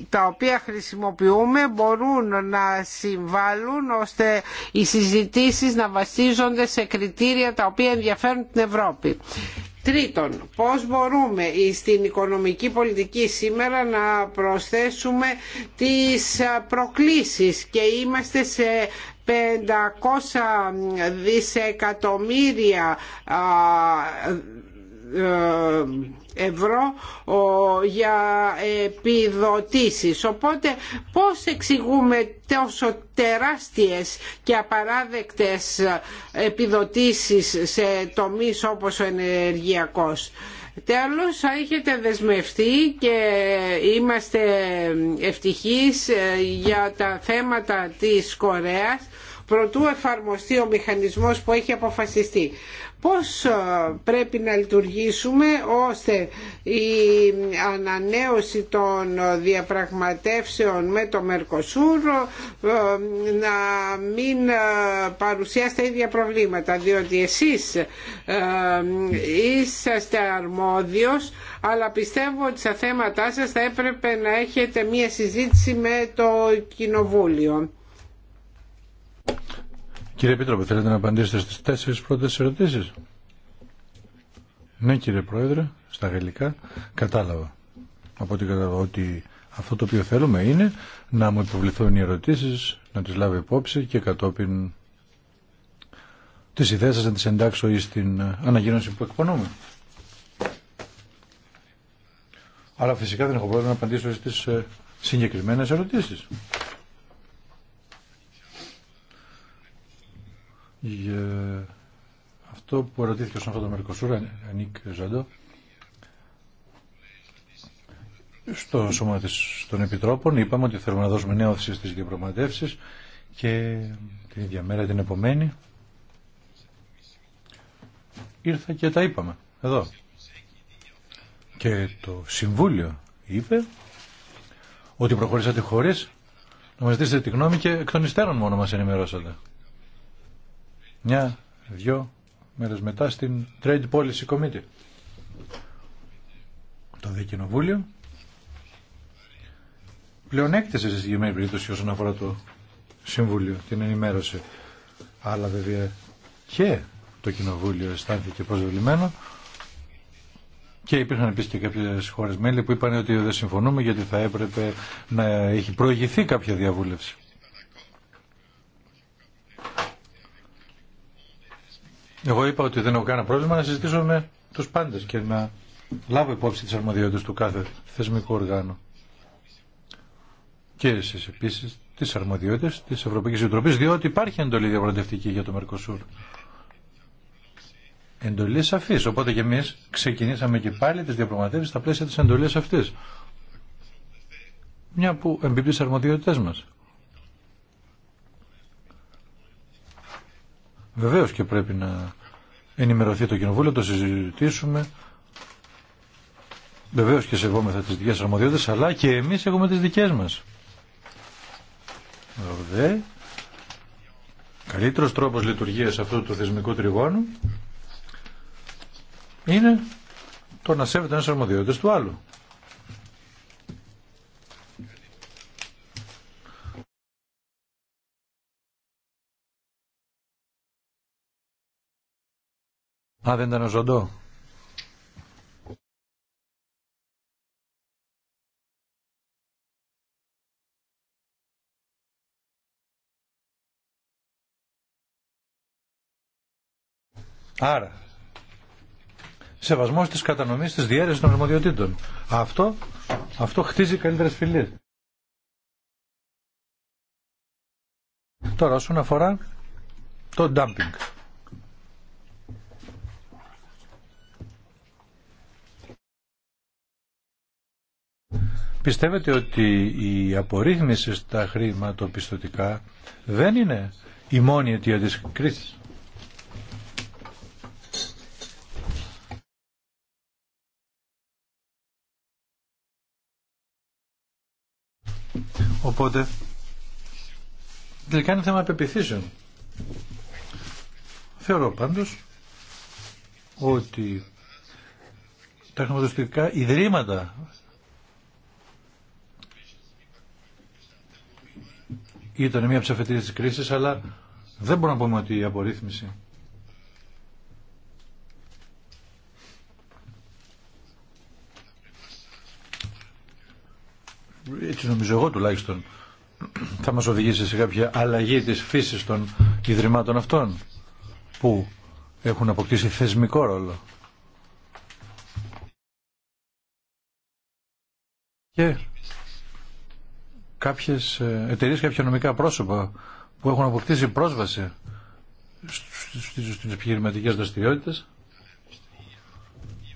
τα οποία χρησιμοποιούμε μπορούν να συμβάλλουν ώστε οι συζητήσεις να βασίζονται σε κριτήρια τα οποία ενδιαφέρουν την Ευρώπη. Τρίτον, πώς μπορούμε στην οικονομική πολιτική σήμερα να προσθέσουμε τις ε, προκλήσεις και είμαστε σε 500 δισεκατομμύρια ε, ευρώ για επιδοτήσεις. Οπότε πώς εξηγούμε τόσο τεράστιες και απαράδεκτες επιδοτήσεις σε τομείς όπως ο ενεργειακός. Τέλος, έχετε δεσμευτεί και είμαστε ευτυχείς ε, για τα θέματα της Κορέας προτού εφαρμοστεί ο μηχανισμός που έχει αποφασιστεί πώς πρέπει να λειτουργήσουμε ώστε η ανανέωση των διαπραγματεύσεων με το Μερκοσούρ να μην παρουσιάσει τα ίδια προβλήματα διότι εσείς είσαστε αρμόδιος αλλά πιστεύω ότι στα θέματά σας θα έπρεπε να έχετε μία συζήτηση με το Κοινοβούλιο. Κύριε Επίτροπε, θέλετε να απαντήσετε στις τέσσερις πρώτες ερωτήσεις. Ναι, κύριε Πρόεδρε, στα γαλλικά κατάλαβα. Από ό,τι κατάλαβα ότι αυτό το οποίο θέλουμε είναι να μου υποβληθούν οι ερωτήσεις, να τις λάβω υπόψη και κατόπιν τις ιδέες σας να τις εντάξω ή στην αναγύρωση που εκπονούμε. Αλλά φυσικά δεν έχω πρόβλημα να απαντήσω στις ε, συγκεκριμένες ερωτήσεις. για αυτό που ερωτήθηκε στον αυτό το Μερκοσούρα, ε, Νίκ Ζαντό, στο Σώμα των Επιτρόπων είπαμε ότι θέλουμε να δώσουμε νέα όθηση στις διαπραγματεύσεις και την ίδια μέρα την επομένη ήρθα και τα είπαμε εδώ. Και το Συμβούλιο είπε ότι προχωρήσατε χωρίς να μας δείξετε τη γνώμη και εκ των υστέρων μόνο μας ενημερώσατε μια, δυο μέρες μετά στην Trade Policy Committee. Το δε πλεονέκτησε σε συγκεκριμένη περίπτωση όσον αφορά το Συμβούλιο, την ενημέρωση. Αλλά βέβαια και το Κοινοβούλιο αισθάνθηκε προσβολημένο και υπήρχαν επίση και κάποιε χώρε μέλη που είπαν ότι δεν συμφωνούμε γιατί θα έπρεπε να έχει προηγηθεί κάποια διαβούλευση. Εγώ είπα ότι δεν έχω κανένα πρόβλημα να συζητήσω με τους πάντες και να λάβω υπόψη τις αρμοδιότητες του κάθε θεσμικού οργάνου. Και εσείς επίσης τις αρμοδιότητες της Ευρωπαϊκής Επιτροπής, διότι υπάρχει εντολή διαπραγματευτική για το Μερκοσούρ. Εντολή σαφή. Οπότε και εμεί ξεκινήσαμε και πάλι τι διαπραγματεύσει στα πλαίσια τη εντολή αυτή. Μια που εμπίπτει στι αρμοδιότητέ μα. Βεβαίω και πρέπει να ενημερωθεί το Κοινοβούλιο, το συζητήσουμε. Βεβαίω και σεβόμεθα τι δικέ αρμοδιότητε, αλλά και εμεί έχουμε τι δικέ μα. Καλύτερο τρόπο λειτουργία αυτού του θεσμικού τριγώνου είναι το να σέβεται ένα αρμοδιότητε του άλλου. Α, δεν ήταν ζωντό. Άρα, σεβασμός της κατανομής της διαίρεσης των αρμοδιοτήτων. Αυτό, αυτό χτίζει καλύτερες φιλίες. Τώρα, όσον αφορά το dumping. Πιστεύετε ότι η απορρίθμιση στα χρηματοπιστωτικά δεν είναι η μόνη αιτία της κρίσης. Οπότε, τελικά είναι θέμα πεπιθήσεων. Θεωρώ πάντως ότι τα χρηματοπιστωτικά ιδρύματα ήταν μια από της κρίσης κρίση, αλλά δεν μπορούμε να πούμε ότι η απορρίθμιση έτσι νομίζω εγώ τουλάχιστον, θα μας οδηγήσει σε κάποια αλλαγή της φύσης των ιδρυμάτων αυτών που έχουν αποκτήσει θεσμικό ρόλο. Και κάποιες ε, εταιρείε κάποια νομικά πρόσωπα που έχουν αποκτήσει πρόσβαση στις επιχειρηματικέ δραστηριότητε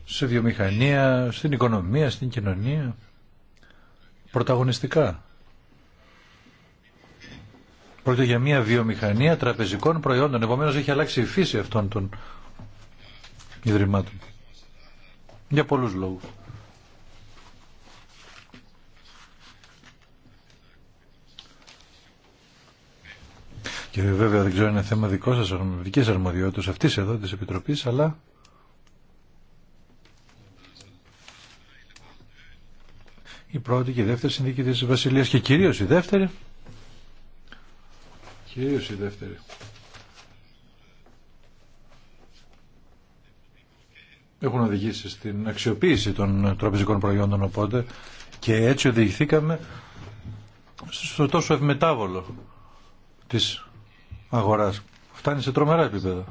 σε βιομηχανία, στην οικονομία, στην κοινωνία πρωταγωνιστικά πρόκειται για μια βιομηχανία τραπεζικών προϊόντων Επομένω, έχει αλλάξει η φύση αυτών των ιδρυμάτων για πολλούς λόγους Και βέβαια δεν ξέρω αν είναι θέμα δικό σας δικής αρμοδιότητας αυτής εδώ της Επιτροπής, αλλά η πρώτη και η δεύτερη συνδίκη της Βασιλείας και κυρίως η δεύτερη κυρίως η δεύτερη έχουν οδηγήσει στην αξιοποίηση των τραπεζικών προϊόντων οπότε και έτσι οδηγηθήκαμε στο τόσο ευμετάβολο της αγοράς φτάνει σε τρομερά επίπεδα.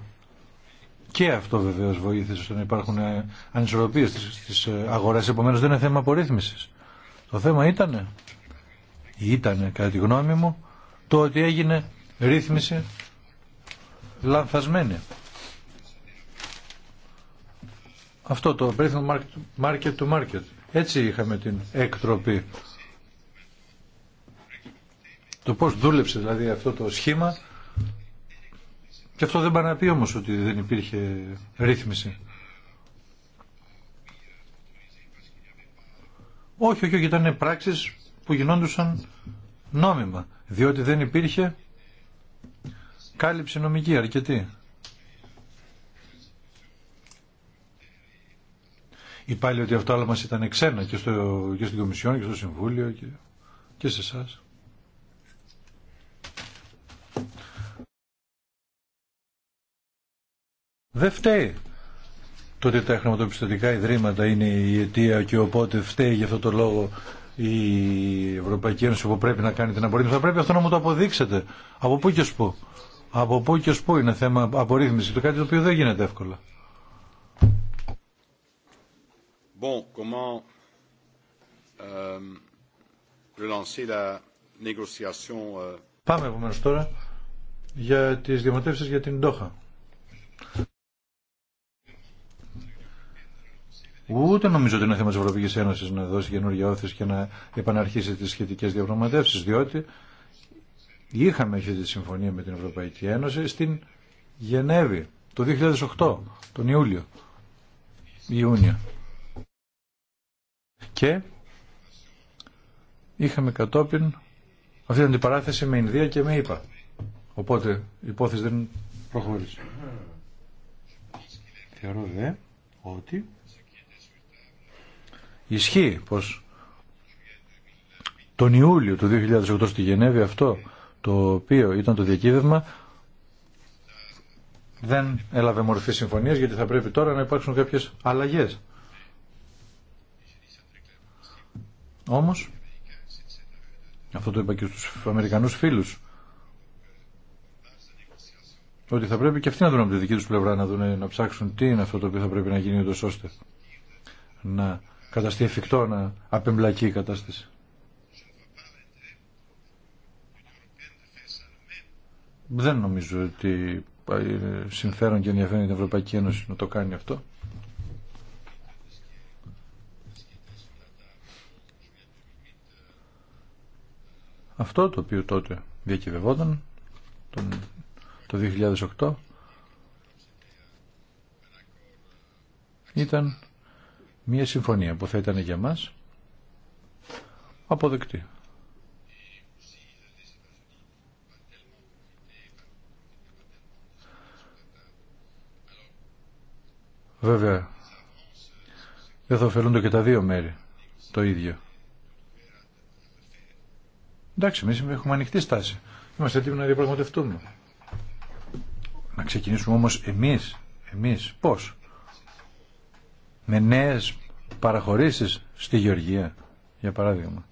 Και αυτό βεβαίω βοήθησε στο να υπάρχουν ε, ανισορροπίε στι ε, αγορέ. Επομένω δεν είναι θέμα απορρίθμιση. Το θέμα ήταν, ήταν κατά τη γνώμη μου, το ότι έγινε ρύθμιση λανθασμένη. Αυτό το περίφημο market to market. Έτσι είχαμε την εκτροπή. Το πώς δούλεψε δηλαδή αυτό το σχήμα και αυτό δεν πάει να πει όμως ότι δεν υπήρχε ρύθμιση. Όχι, όχι, όχι, ήταν πράξεις που γινόντουσαν νόμιμα, διότι δεν υπήρχε κάλυψη νομική αρκετή. Ή πάλι ότι αυτό όλα μας ήταν ξένα και, στο, και στην Κομισιόν και στο Συμβούλιο και, και σε εσάς. Δεν φταίει το ότι τα χρηματοπιστωτικά ιδρύματα είναι η αιτία και οπότε φταίει γι' αυτό το λόγο η Ευρωπαϊκή Ένωση που πρέπει να κάνει την απορρίθμιση. Θα πρέπει αυτό να μου το αποδείξετε. Από πού και ως πού. Από πού και ω πού είναι θέμα απορρίθμιση. Το κάτι το οποίο δεν γίνεται εύκολα. Bon, comment euh, euh? Πάμε επομένως τώρα για τι διαμετεύσεις για την Ντόχα. Ούτε νομίζω ότι είναι θέμα τη Ευρωπαϊκή Ένωση να δώσει καινούργια όθηση και να επαναρχίσει τι σχετικέ διαπραγματεύσει, διότι είχαμε αυτή τη συμφωνία με την Ευρωπαϊκή Ένωση στην Γενέβη το 2008, τον Ιούλιο. Ιούνιο. Και είχαμε κατόπιν αυτή την αντιπαράθεση με Ινδία και με ΙΠΑ. Οπότε η υπόθεση δεν προχώρησε. Θεωρώ δε ότι Ισχύει πως τον Ιούλιο του 2008 στη Γενέβη αυτό το οποίο ήταν το διακύβευμα δεν έλαβε μορφή συμφωνίας γιατί θα πρέπει τώρα να υπάρξουν κάποιες αλλαγές. Όμως, αυτό το είπα και στους Αμερικανούς φίλους, ότι θα πρέπει και αυτοί να δουν από τη δική τους πλευρά να, δουν, να ψάξουν τι είναι αυτό το οποίο θα πρέπει να γίνει ούτως ώστε να καταστεί εφικτό να απεμπλακεί η κατάσταση. Δεν νομίζω ότι ε, συμφέρον και ενδιαφέρον την Ευρωπαϊκή Ένωση να το κάνει αυτό. Αυτό το οποίο τότε διακυβευόταν το 2008 ήταν μια συμφωνία που θα ήταν για μας αποδεκτή. Βέβαια, δεν θα ωφελούνται και τα δύο μέρη το ίδιο. Εντάξει, εμεί έχουμε ανοιχτή στάση. Είμαστε έτοιμοι να διαπραγματευτούμε. Να ξεκινήσουμε όμως εμείς, εμείς πώς με νέες παραχωρήσεις στη Γεωργία, για παράδειγμα.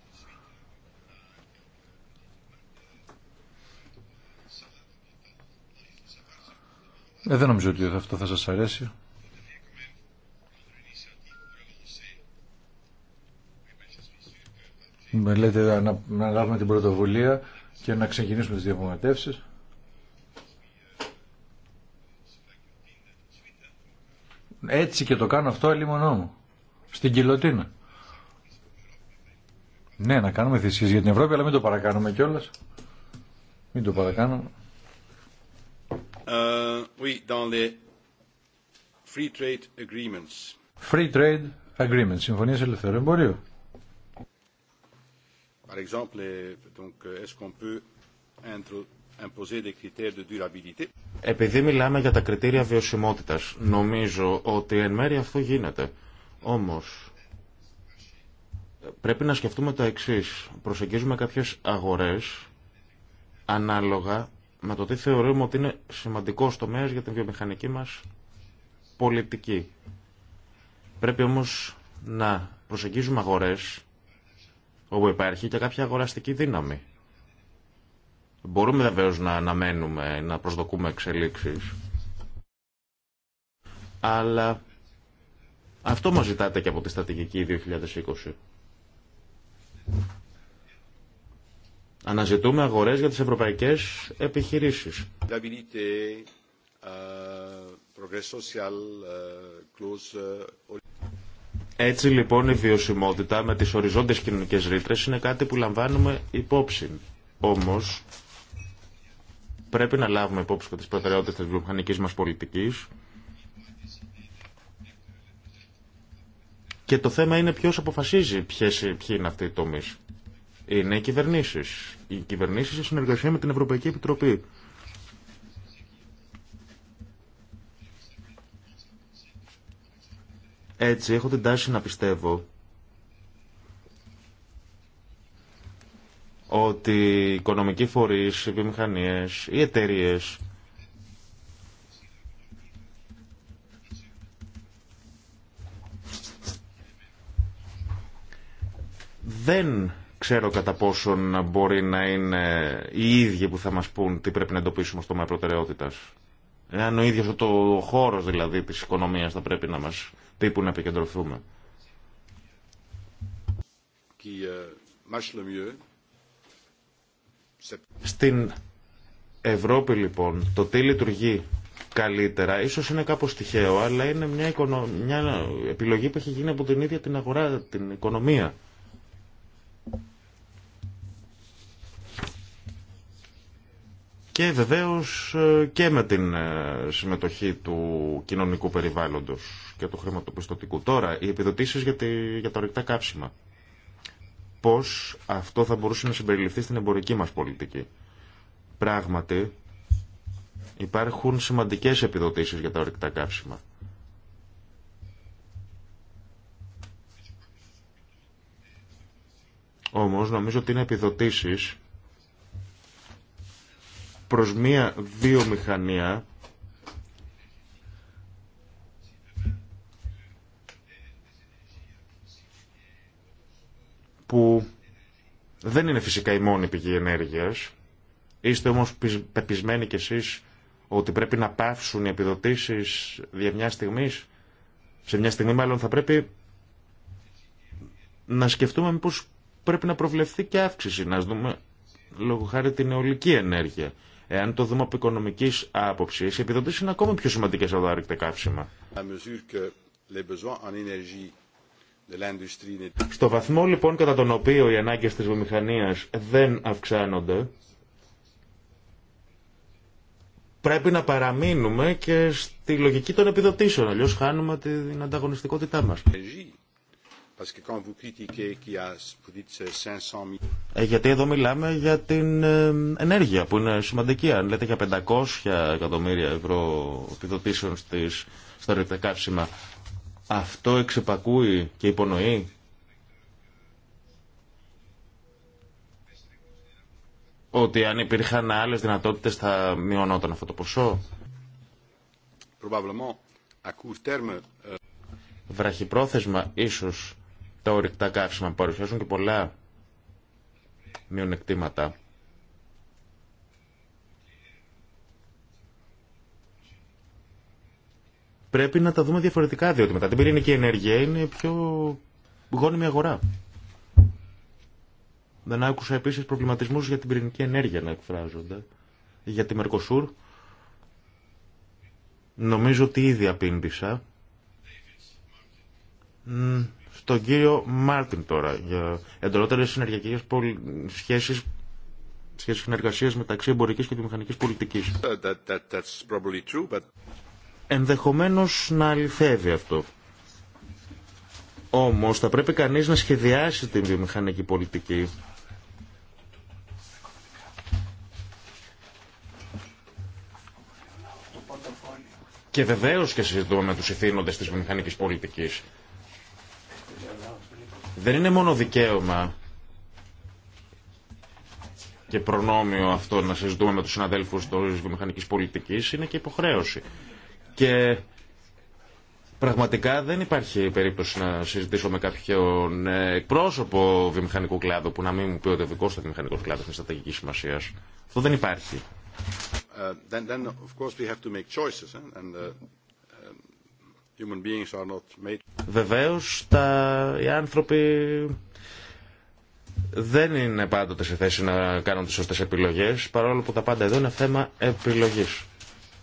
Ε, δεν νομίζω ότι αυτό θα σας αρέσει. Με λέτε να, να λάβουμε την πρωτοβουλία και να ξεκινήσουμε τις διαπραγματεύσεις. έτσι και το κάνω αυτό ελίμονό μου. Στην κοιλωτίνα. Ναι, να κάνουμε θυσίες για την Ευρώπη, αλλά μην το παρακάνουμε κιόλα. Μην το παρακάνουμε. Uh, oui, dans free trade agreements. Free trade agreements, συμφωνίες ελευθερών εμπορίου. Par exemple, donc, est επειδή μιλάμε για τα κριτήρια βιωσιμότητας, νομίζω ότι εν μέρει αυτό γίνεται. Όμως, πρέπει να σκεφτούμε το εξής. Προσεγγίζουμε κάποιες αγορές ανάλογα με το τι θεωρούμε ότι είναι σημαντικό τομέα για την βιομηχανική μας πολιτική. Πρέπει όμως να προσεγγίζουμε αγορές όπου υπάρχει και κάποια αγοραστική δύναμη. Μπορούμε βεβαίω να αναμένουμε, να προσδοκούμε εξελίξεις. Αλλά αυτό μας ζητάτε και από τη στρατηγική 2020. Αναζητούμε αγορές για τις ευρωπαϊκές επιχειρήσεις. Euh, euh, euh, Έτσι λοιπόν η βιωσιμότητα με τις οριζόντιες κοινωνικές ρήτρες είναι κάτι που λαμβάνουμε υπόψη. Όμως Πρέπει να λάβουμε υπόψη και τις προτεραιότητε τη βιομηχανικής μας πολιτικής. Και το θέμα είναι ποιο αποφασίζει ποιοι είναι αυτοί οι τομείς. Είναι οι κυβερνήσει. Οι κυβερνήσει σε συνεργασία με την Ευρωπαϊκή Επιτροπή. Έτσι έχω την τάση να πιστεύω ότι οι οικονομικοί φορείς, οι βιομηχανίες, οι εταιρείε. δεν ξέρω κατά πόσον μπορεί να είναι οι ίδιοι που θα μας πούν τι πρέπει να εντοπίσουμε στο τομέα προτεραιότητας. Εάν ο ίδιος ο χώρος δηλαδή της οικονομίας θα πρέπει να μας πει που να επικεντρωθούμε. Qui στην Ευρώπη λοιπόν το τι λειτουργεί καλύτερα, ίσως είναι κάπως τυχαίο, αλλά είναι μια, μια επιλογή που έχει γίνει από την ίδια την αγορά, την οικονομία. Και βεβαίως ε, και με την ε, συμμετοχή του κοινωνικού περιβάλλοντος και του χρηματοπιστωτικού. Τώρα, οι επιδοτήσεις για, τη... για τα ορυκτά κάψιμα πώς αυτό θα μπορούσε να συμπεριληφθεί στην εμπορική μας πολιτική. Πράγματι, υπάρχουν σημαντικές επιδοτήσεις για τα ορυκτά καύσιμα. Όμως νομίζω ότι είναι επιδοτήσεις προς μία βιομηχανία που δεν είναι φυσικά η μόνη πηγή ενέργειας. Είστε όμως πεπισμένοι κι εσείς ότι πρέπει να πάυσουν οι επιδοτήσεις για μια στιγμή. Σε μια στιγμή μάλλον θα πρέπει να σκεφτούμε πως πρέπει να προβλεφθεί και αύξηση, να δούμε λόγω χάρη την αιωλική ενέργεια. Εάν το δούμε από οικονομική άποψη, οι επιδοτήσει είναι ακόμα πιο σημαντικέ από τα αρκτικά καύσιμα. Στο βαθμό λοιπόν κατά τον οποίο οι ανάγκες της βιομηχανίας δεν αυξάνονται, πρέπει να παραμείνουμε και στη λογική των επιδοτήσεων, αλλιώς χάνουμε την ανταγωνιστικότητά μας. Ε, γιατί εδώ μιλάμε για την ε, ενέργεια που είναι σημαντική. Αν λέτε για 500 εκατομμύρια ευρώ επιδοτήσεων στις, στα αυτό εξεπακούει και υπονοεί ότι αν υπήρχαν άλλες δυνατότητες θα μειωνόταν αυτό το ποσό. Euh, Βραχυπρόθεσμα ίσως τα ορυκτά καύσιμα παρουσιάζουν και πολλά μειονεκτήματα. πρέπει να τα δούμε διαφορετικά, διότι μετά την πυρηνική ενέργεια είναι πιο γόνιμη αγορά. Δεν άκουσα επίσης προβληματισμούς για την πυρηνική ενέργεια να εκφράζονται. Για τη Μερκοσούρ, νομίζω ότι ήδη απήντησα. Στον κύριο Μάρτιν τώρα, για εντολότερες συνεργειακές σχέσεις σχέσεις μεταξύ εμπορικής και βιομηχανικής πολιτικής ενδεχομένως να αληθεύει αυτό. Όμως θα πρέπει κανείς να σχεδιάσει την βιομηχανική πολιτική. Και βεβαίως και συζητούμε με τους ηθήνοντες της βιομηχανικής πολιτικής. Δεν είναι μόνο δικαίωμα και προνόμιο αυτό να συζητούμε με τους συναδέλφους της βιομηχανικής πολιτικής, είναι και υποχρέωση. Και πραγματικά δεν υπάρχει περίπτωση να συζητήσω με κάποιον ε, εκπρόσωπο βιομηχανικού κλάδου που να μην μου πει ότι ο δικό του βιομηχανικό κλάδο είναι στρατηγική σημασία. Αυτό δεν υπάρχει. Ε, eh, uh, um, Βεβαίω, οι άνθρωποι δεν είναι πάντοτε σε θέση να κάνουν τις σωστές επιλογές, παρόλο που τα πάντα εδώ είναι θέμα επιλογής.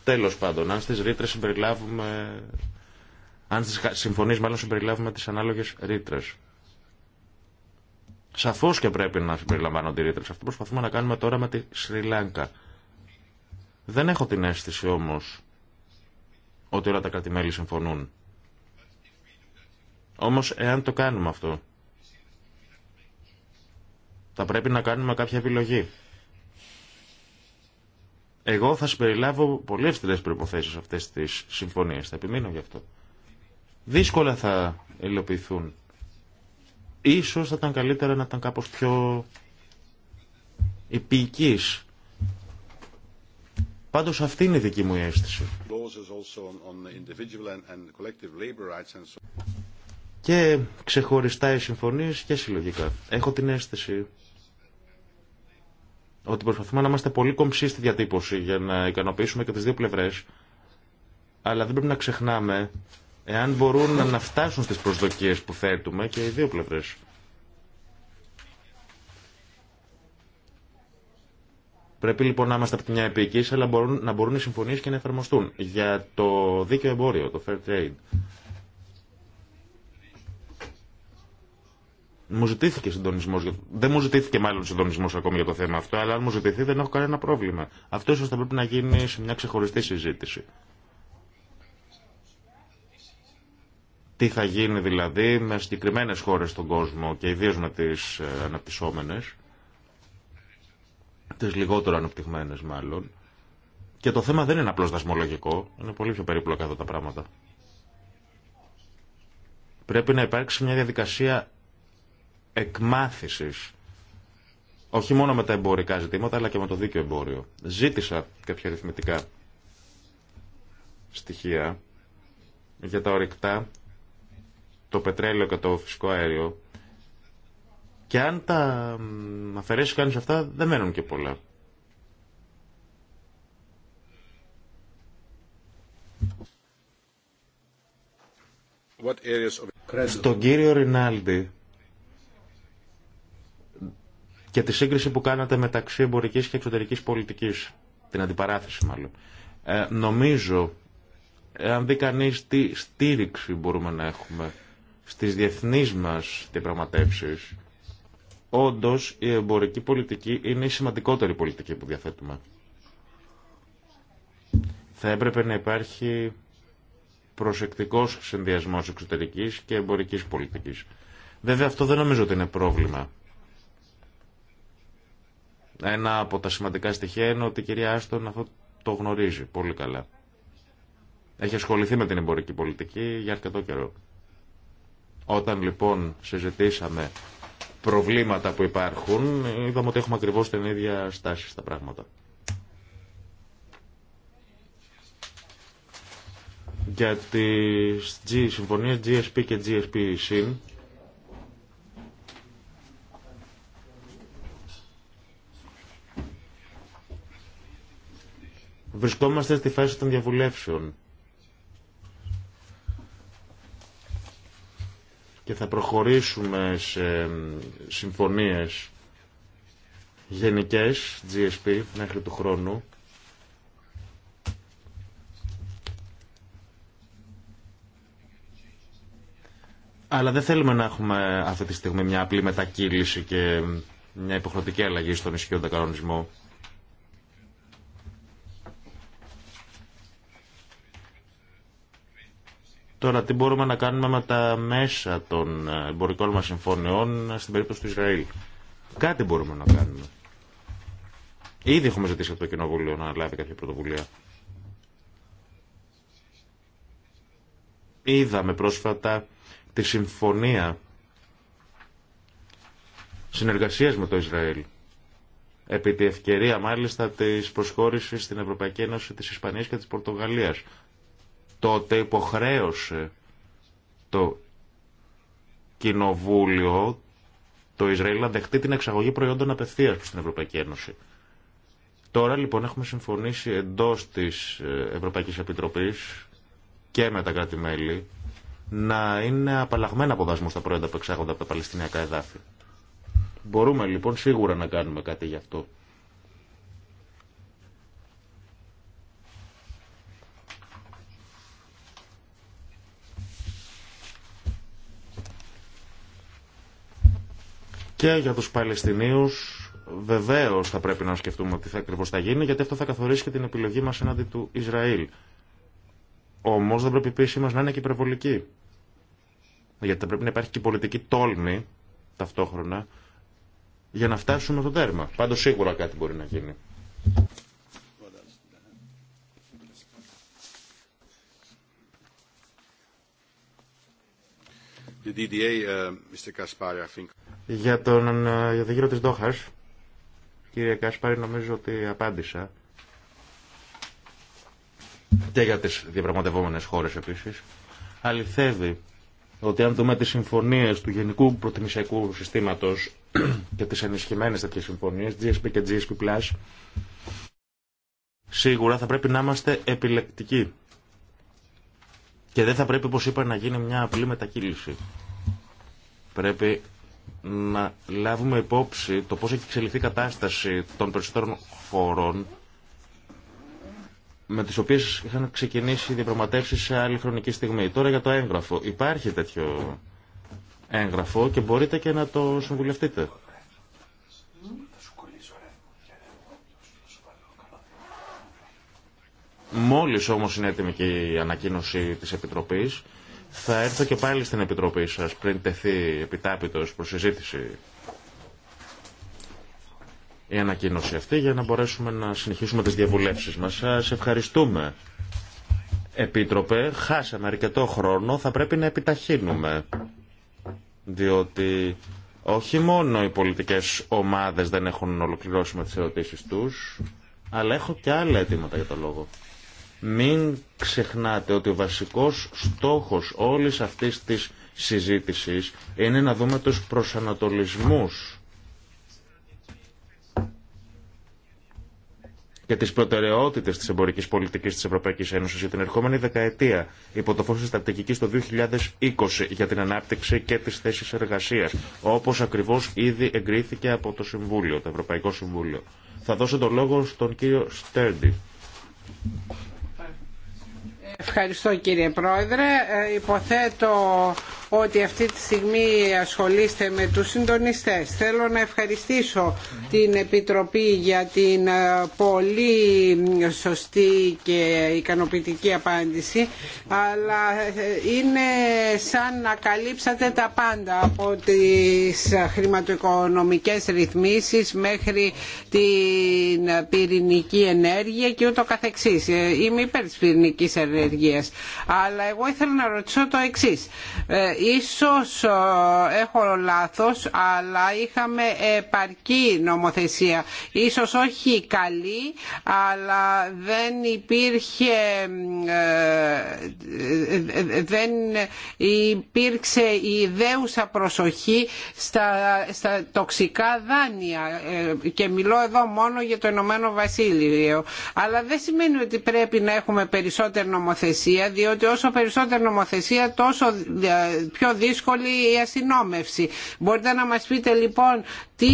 Τέλος πάντων, αν στι Ρητρε συμπεριλάβουμε... Αν στι συμφωνίες μάλλον συμπεριλάβουμε τις ανάλογες ρήτρες. Σαφώς και πρέπει να συμπεριλαμβάνονται οι ρήτρε. Αυτό προσπαθούμε να κάνουμε τώρα με τη Σρι Λάγκα. Δεν έχω την αίσθηση όμως ότι όλα τα κρατημέλη συμφωνούν. Όμως εάν το κάνουμε αυτό, θα πρέπει να κάνουμε κάποια επιλογή. Εγώ θα συμπεριλάβω πολύ αυστηρέ προποθέσει αυτέ τι συμφωνίε. Θα επιμείνω γι' αυτό. Δύσκολα θα υλοποιηθούν. Ίσως θα ήταν καλύτερα να ήταν κάπως πιο υπηκής. Πάντως αυτή είναι η δική μου αίσθηση. Και ξεχωριστά οι συμφωνίες και συλλογικά. Έχω την αίσθηση ότι προσπαθούμε να είμαστε πολύ κομψοί στη διατύπωση για να ικανοποιήσουμε και τις δύο πλευρές, αλλά δεν πρέπει να ξεχνάμε εάν μπορούν να φτάσουν στις προσδοκίες που θέτουμε και οι δύο πλευρές. Πρέπει λοιπόν να είμαστε από τη μια επίκηση, αλλά να μπορούν οι συμφωνίες και να εφαρμοστούν. Για το δίκαιο εμπόριο, το fair trade, Μου ζητήθηκε συντονισμό. Δεν μου ζητήθηκε μάλλον συντονισμό ακόμη για το θέμα αυτό, αλλά αν μου ζητηθεί δεν έχω κανένα πρόβλημα. Αυτό ίσω θα πρέπει να γίνει σε μια ξεχωριστή συζήτηση. Τι θα γίνει δηλαδή με συγκεκριμένε χώρε στον κόσμο και ιδίω με τι ε, αναπτυσσόμενε, τι λιγότερο αναπτυγμένε μάλλον. Και το θέμα δεν είναι απλώ δασμολογικό, είναι πολύ πιο περίπλοκα εδώ τα πράγματα. Πρέπει να υπάρξει μια διαδικασία εκμάθησης όχι μόνο με τα εμπορικά ζητήματα, αλλά και με το δίκαιο εμπόριο. Ζήτησα κάποια αριθμητικά στοιχεία για τα ορυκτά, το πετρέλαιο και το φυσικό αέριο. Και αν τα αφαιρέσει κανείς αυτά, δεν μένουν και πολλά. Στον κύριο Ρινάλντι, και τη σύγκριση που κάνατε μεταξύ εμπορικής και εξωτερικής πολιτικής, την αντιπαράθεση μάλλον. Ε, νομίζω, αν δει κανεί τι στήριξη μπορούμε να έχουμε στις διεθνείς μας διαπραγματεύσει όντω η εμπορική πολιτική είναι η σημαντικότερη πολιτική που διαθέτουμε. Θα έπρεπε να υπάρχει προσεκτικός συνδυασμός εξωτερικής και εμπορικής πολιτικής. Βέβαια αυτό δεν νομίζω ότι είναι πρόβλημα. Ένα από τα σημαντικά στοιχεία είναι ότι η κυρία Άστον αυτό το γνωρίζει πολύ καλά. Έχει ασχοληθεί με την εμπορική πολιτική για αρκετό καιρό. Όταν λοιπόν συζητήσαμε προβλήματα που υπάρχουν, είδαμε ότι έχουμε ακριβώς την ίδια στάση στα πράγματα. Για τις G, συμφωνίες GSP και GSP-SYN, Βρισκόμαστε στη φάση των διαβουλεύσεων. Και θα προχωρήσουμε σε συμφωνίες γενικές GSP μέχρι του χρόνου. Αλλά δεν θέλουμε να έχουμε αυτή τη στιγμή μια απλή μετακύληση και μια υποχρεωτική αλλαγή στον ισχύοντα κανονισμό. Τώρα, τι μπορούμε να κάνουμε με τα μέσα των ε, εμπορικών μα συμφωνιών ε, στην περίπτωση του Ισραήλ. Κάτι μπορούμε να κάνουμε. Ήδη έχουμε ζητήσει από το Κοινοβούλιο να λάβει κάποια πρωτοβουλία. Είδαμε πρόσφατα τη συμφωνία συνεργασίας με το Ισραήλ. Επί τη ευκαιρία μάλιστα της προσχώρησης στην Ευρωπαϊκή Ένωση της Ισπανίας και της Πορτογαλίας τότε υποχρέωσε το κοινοβούλιο το Ισραήλ να δεχτεί την εξαγωγή προϊόντων απευθείας στην την Ευρωπαϊκή Ένωση. Τώρα λοιπόν έχουμε συμφωνήσει εντός της ε, Ευρωπαϊκής Επιτροπής και με τα κράτη-μέλη να είναι απαλλαγμένα από δάσμους τα προϊόντα που εξάγονται από τα Παλαιστινιακά εδάφη. Μπορούμε λοιπόν σίγουρα να κάνουμε κάτι γι' αυτό. Και για τους Παλαιστινίους βεβαίως θα πρέπει να σκεφτούμε τι θα ακριβώς θα γίνει, γιατί αυτό θα καθορίσει και την επιλογή μας έναντι του Ισραήλ. Όμως δεν πρέπει η πίεση να είναι και υπερβολική. Γιατί θα πρέπει να υπάρχει και πολιτική τόλμη ταυτόχρονα για να φτάσουμε στο τέρμα. Πάντως σίγουρα κάτι μπορεί να γίνει. Uh, για τον ε, για το γύρο της Δόχας, κύριε Κασπάρη, νομίζω ότι απάντησα. Και για τις διαπραγματευόμενες χώρες επίσης. Αληθεύει ότι αν δούμε τις συμφωνίες του Γενικού Προτιμησιακού Συστήματος *clears throat* και τις ενισχυμένες τέτοιες συμφωνίες, GSP και GSP+, σίγουρα θα πρέπει να είμαστε επιλεκτικοί και δεν θα πρέπει, όπως είπα, να γίνει μια απλή μετακύληση. Πρέπει να λάβουμε υπόψη το πώς έχει εξελιχθεί η κατάσταση των περισσότερων χωρών με τις οποίες είχαν ξεκινήσει οι διαπραγματεύσεις σε άλλη χρονική στιγμή. Τώρα για το έγγραφο. Υπάρχει τέτοιο έγγραφο και μπορείτε και να το συμβουλευτείτε. Μόλις όμως είναι έτοιμη και η ανακοίνωση της Επιτροπής, θα έρθω και πάλι στην Επιτροπή σας πριν τεθεί επιτάπητος προς συζήτηση η ανακοίνωση αυτή για να μπορέσουμε να συνεχίσουμε τις διαβουλεύσεις μας. Σας ευχαριστούμε. Επίτροπε, χάσαμε αρκετό χρόνο, θα πρέπει να επιταχύνουμε. Διότι όχι μόνο οι πολιτικές ομάδες δεν έχουν ολοκληρώσει με τις ερωτήσεις τους, αλλά έχω και άλλα αιτήματα για το λόγο. Μην ξεχνάτε ότι ο βασικός στόχος όλης αυτής της συζήτησης είναι να δούμε τους προσανατολισμούς και τις προτεραιότητες της εμπορικής πολιτικής της Ευρωπαϊκής Ένωσης για την ερχόμενη δεκαετία υπό το φως της στρατηγικής το 2020 για την ανάπτυξη και τις θέσεις εργασίας, όπως ακριβώς ήδη εγκρίθηκε από το Συμβούλιο, το Ευρωπαϊκό Συμβούλιο. Θα δώσω τον λόγο στον κύριο Στέρντι. Ευχαριστώ κύριε Πρόεδρε. Ε, υποθέτω ότι αυτή τη στιγμή ασχολείστε με τους συντονιστές. Θέλω να ευχαριστήσω την Επιτροπή για την ε, πολύ σωστή και ικανοποιητική απάντηση αλλά ε, είναι σαν να καλύψατε τα πάντα από τις χρηματοοικονομικές ρυθμίσεις μέχρι την πυρηνική ενέργεια και ούτω καθεξής. Ε, είμαι υπέρ της πυρηνικής ενέργειας. Αλλά εγώ ήθελα να ρωτήσω το εξής Ίσως ε, έχω λάθος, αλλά είχαμε επαρκή νομοθεσία. Ίσως όχι καλή, αλλά δεν υπήρχε ε, δεν υπήρξε η ιδέουσα προσοχή στα, τοξικά δάνεια ε, και μιλώ εδώ μόνο για το Ηνωμένο Βασίλειο αλλά δεν σημαίνει ότι πρέπει να έχουμε περισσότερη νομοθεσία διότι όσο περισσότερη νομοθεσία τόσο πιο δύσκολη η ασυνόμευση Μπορείτε να μας πείτε λοιπόν τι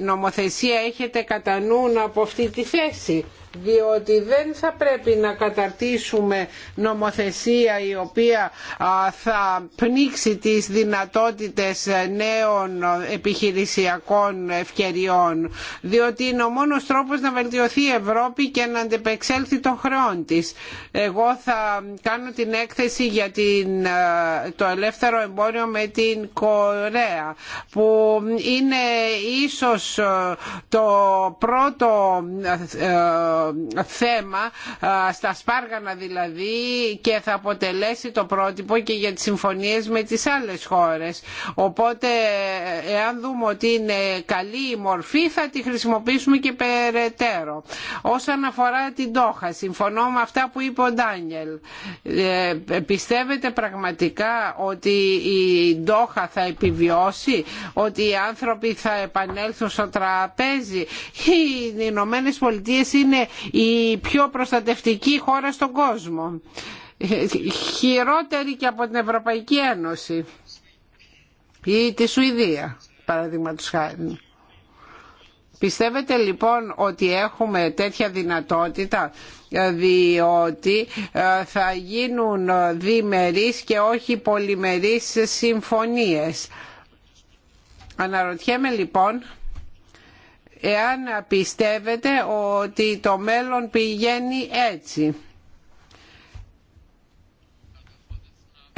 νομοθεσία έχετε κατά νου από αυτή τη θέση διότι δεν θα πρέπει να καταρτήσουμε νομοθεσία η οποία θα πνίξει τις δυνατότητες ε, νέων ε, επιχειρησιακών ευκαιριών διότι είναι ο μόνος τρόπος να βελτιωθεί η Ευρώπη και να αντεπεξέλθει των χρεών της. Εγώ θα κάνω την έκθεση για την, ε, το ελεύθερο εμπόριο με την Κορέα που είναι ίσως το πρώτο θέμα στα Σπάργανα δηλαδή και θα αποτελέσει το πρότυπο και για τις συμφωνίες με τις άλλες χώρες. Οπότε εάν δούμε ότι είναι καλή η μορφή θα τη χρησιμοποιήσουμε και περαιτέρω. Όσον αφορά την Τόχα, συμφωνώ με αυτά που είπε ο Ντάνιελ. Ε, πιστεύετε πραγματικά ότι η Ντόχα θα επιβιώσει, ότι οι άνθρωποι θα επανέλθουν στο τραπέζι. Οι Ηνωμένε Πολιτείε είναι η πιο προστατευτική χώρα στον κόσμο. Χειρότερη και από την Ευρωπαϊκή Ένωση ή τη Σουηδία, παραδείγματος χάρη. Πιστεύετε λοιπόν ότι έχουμε τέτοια δυνατότητα διότι ε, θα γίνουν διμερείς και όχι πολυμερείς συμφωνίες. Αναρωτιέμαι λοιπόν εάν πιστεύετε ότι το μέλλον πηγαίνει έτσι.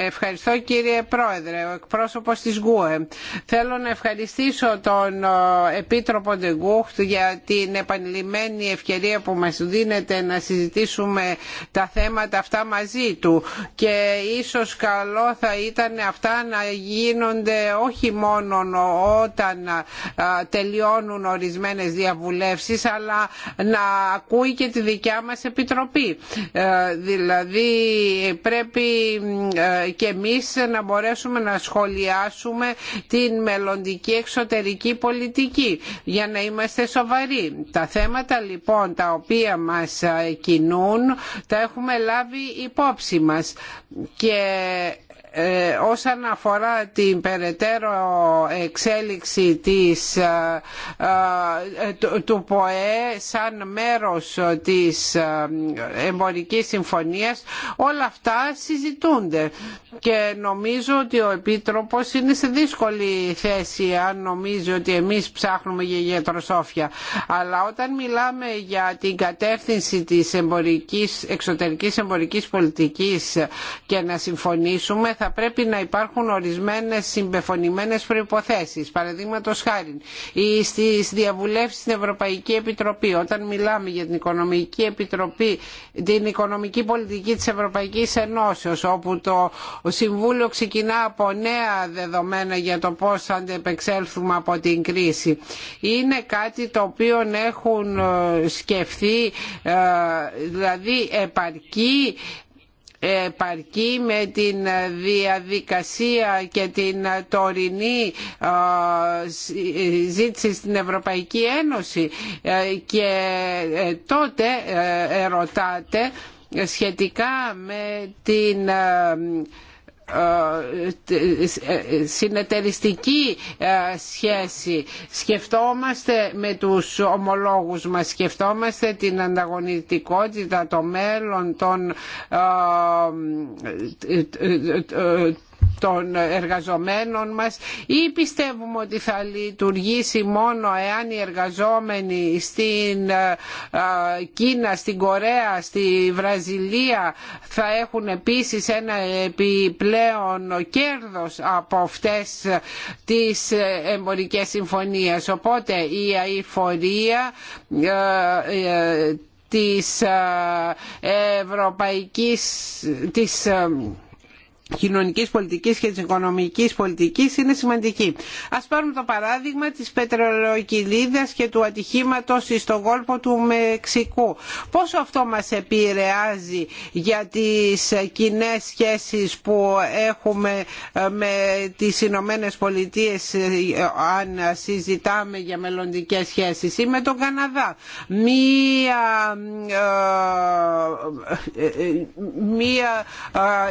Ευχαριστώ κύριε Πρόεδρε, ο εκπρόσωπος της ΓΟΕ. Θέλω να ευχαριστήσω τον ε, Επίτροπο Ντεγκούχτ για την επανειλημμένη ευκαιρία που μας δίνεται να συζητήσουμε τα θέματα αυτά μαζί του και ίσως καλό θα ήταν αυτά να γίνονται όχι μόνο όταν ε, τελειώνουν ορισμένες διαβουλεύσεις αλλά να ακούει και τη δικιά μας Επιτροπή. Ε, δηλαδή πρέπει και εμείς να μπορέσουμε να σχολιάσουμε την μελλοντική εξωτερική πολιτική για να είμαστε σοβαροί. Τα θέματα λοιπόν τα οποία μας κινούν τα έχουμε λάβει υπόψη μας και ε, όσον αφορά την περαιτέρω εξέλιξη της, ε, ε, του, ΠΟΕ σαν μέρος της εμπορικής συμφωνίας όλα αυτά συζητούνται και νομίζω ότι ο Επίτροπος είναι σε δύσκολη θέση αν νομίζει ότι εμείς ψάχνουμε για γιατροσόφια αλλά όταν μιλάμε για την κατεύθυνση της εμπορικής, εξωτερικής εμπορικής πολιτικής και να συμφωνήσουμε θα πρέπει να υπάρχουν ορισμένες συμπεφωνημένες προϋποθέσεις. Παραδείγματος χάρη, στις διαβουλεύσεις στην Ευρωπαϊκή Επιτροπή, όταν μιλάμε για την Οικονομική Επιτροπή, την Οικονομική Πολιτική της Ευρωπαϊκής Ενώσεως, όπου το Συμβούλιο ξεκινά από νέα δεδομένα για το πώς θα αντεπεξέλθουμε από την κρίση. Είναι κάτι το οποίο έχουν ε, σκεφτεί, ε, δηλαδή επαρκεί επαρκή με την διαδικασία και την τωρινή ζήτηση στην Ευρωπαϊκή Ένωση ε, και ε, τότε ε, ερωτάτε σχετικά με την συνεταιριστική ε, σχέση σκεφτόμαστε με τους ομολόγους μας σκεφτόμαστε την ανταγωνιστικότητα το μέλλον των ε, ε, των εργαζομένων μας ή πιστεύουμε ότι θα λειτουργήσει μόνο εάν οι εργαζόμενοι στην ε, Κίνα, στην Κορέα, στη Βραζιλία θα έχουν επίσης ένα επιπλέον κέρδος από αυτές τις ε, εμπορικές συμφωνίες. Οπότε η αηφορία ε, της ευρωπαϊκής της κοινωνικής πολιτικής και της οικονομικής πολιτικής είναι σημαντική. Ας πάρουμε το παράδειγμα της πετρελοκυλίδας και του ατυχήματος στον κόλπο του Μεξικού. Πόσο αυτό μας επηρεάζει για τις κοινέ σχέσεις που έχουμε ε, με τις Ηνωμένε Πολιτείε ε, αν συζητάμε για μελλοντικές σχέσεις ή με τον Καναδά. Μία, ε, μία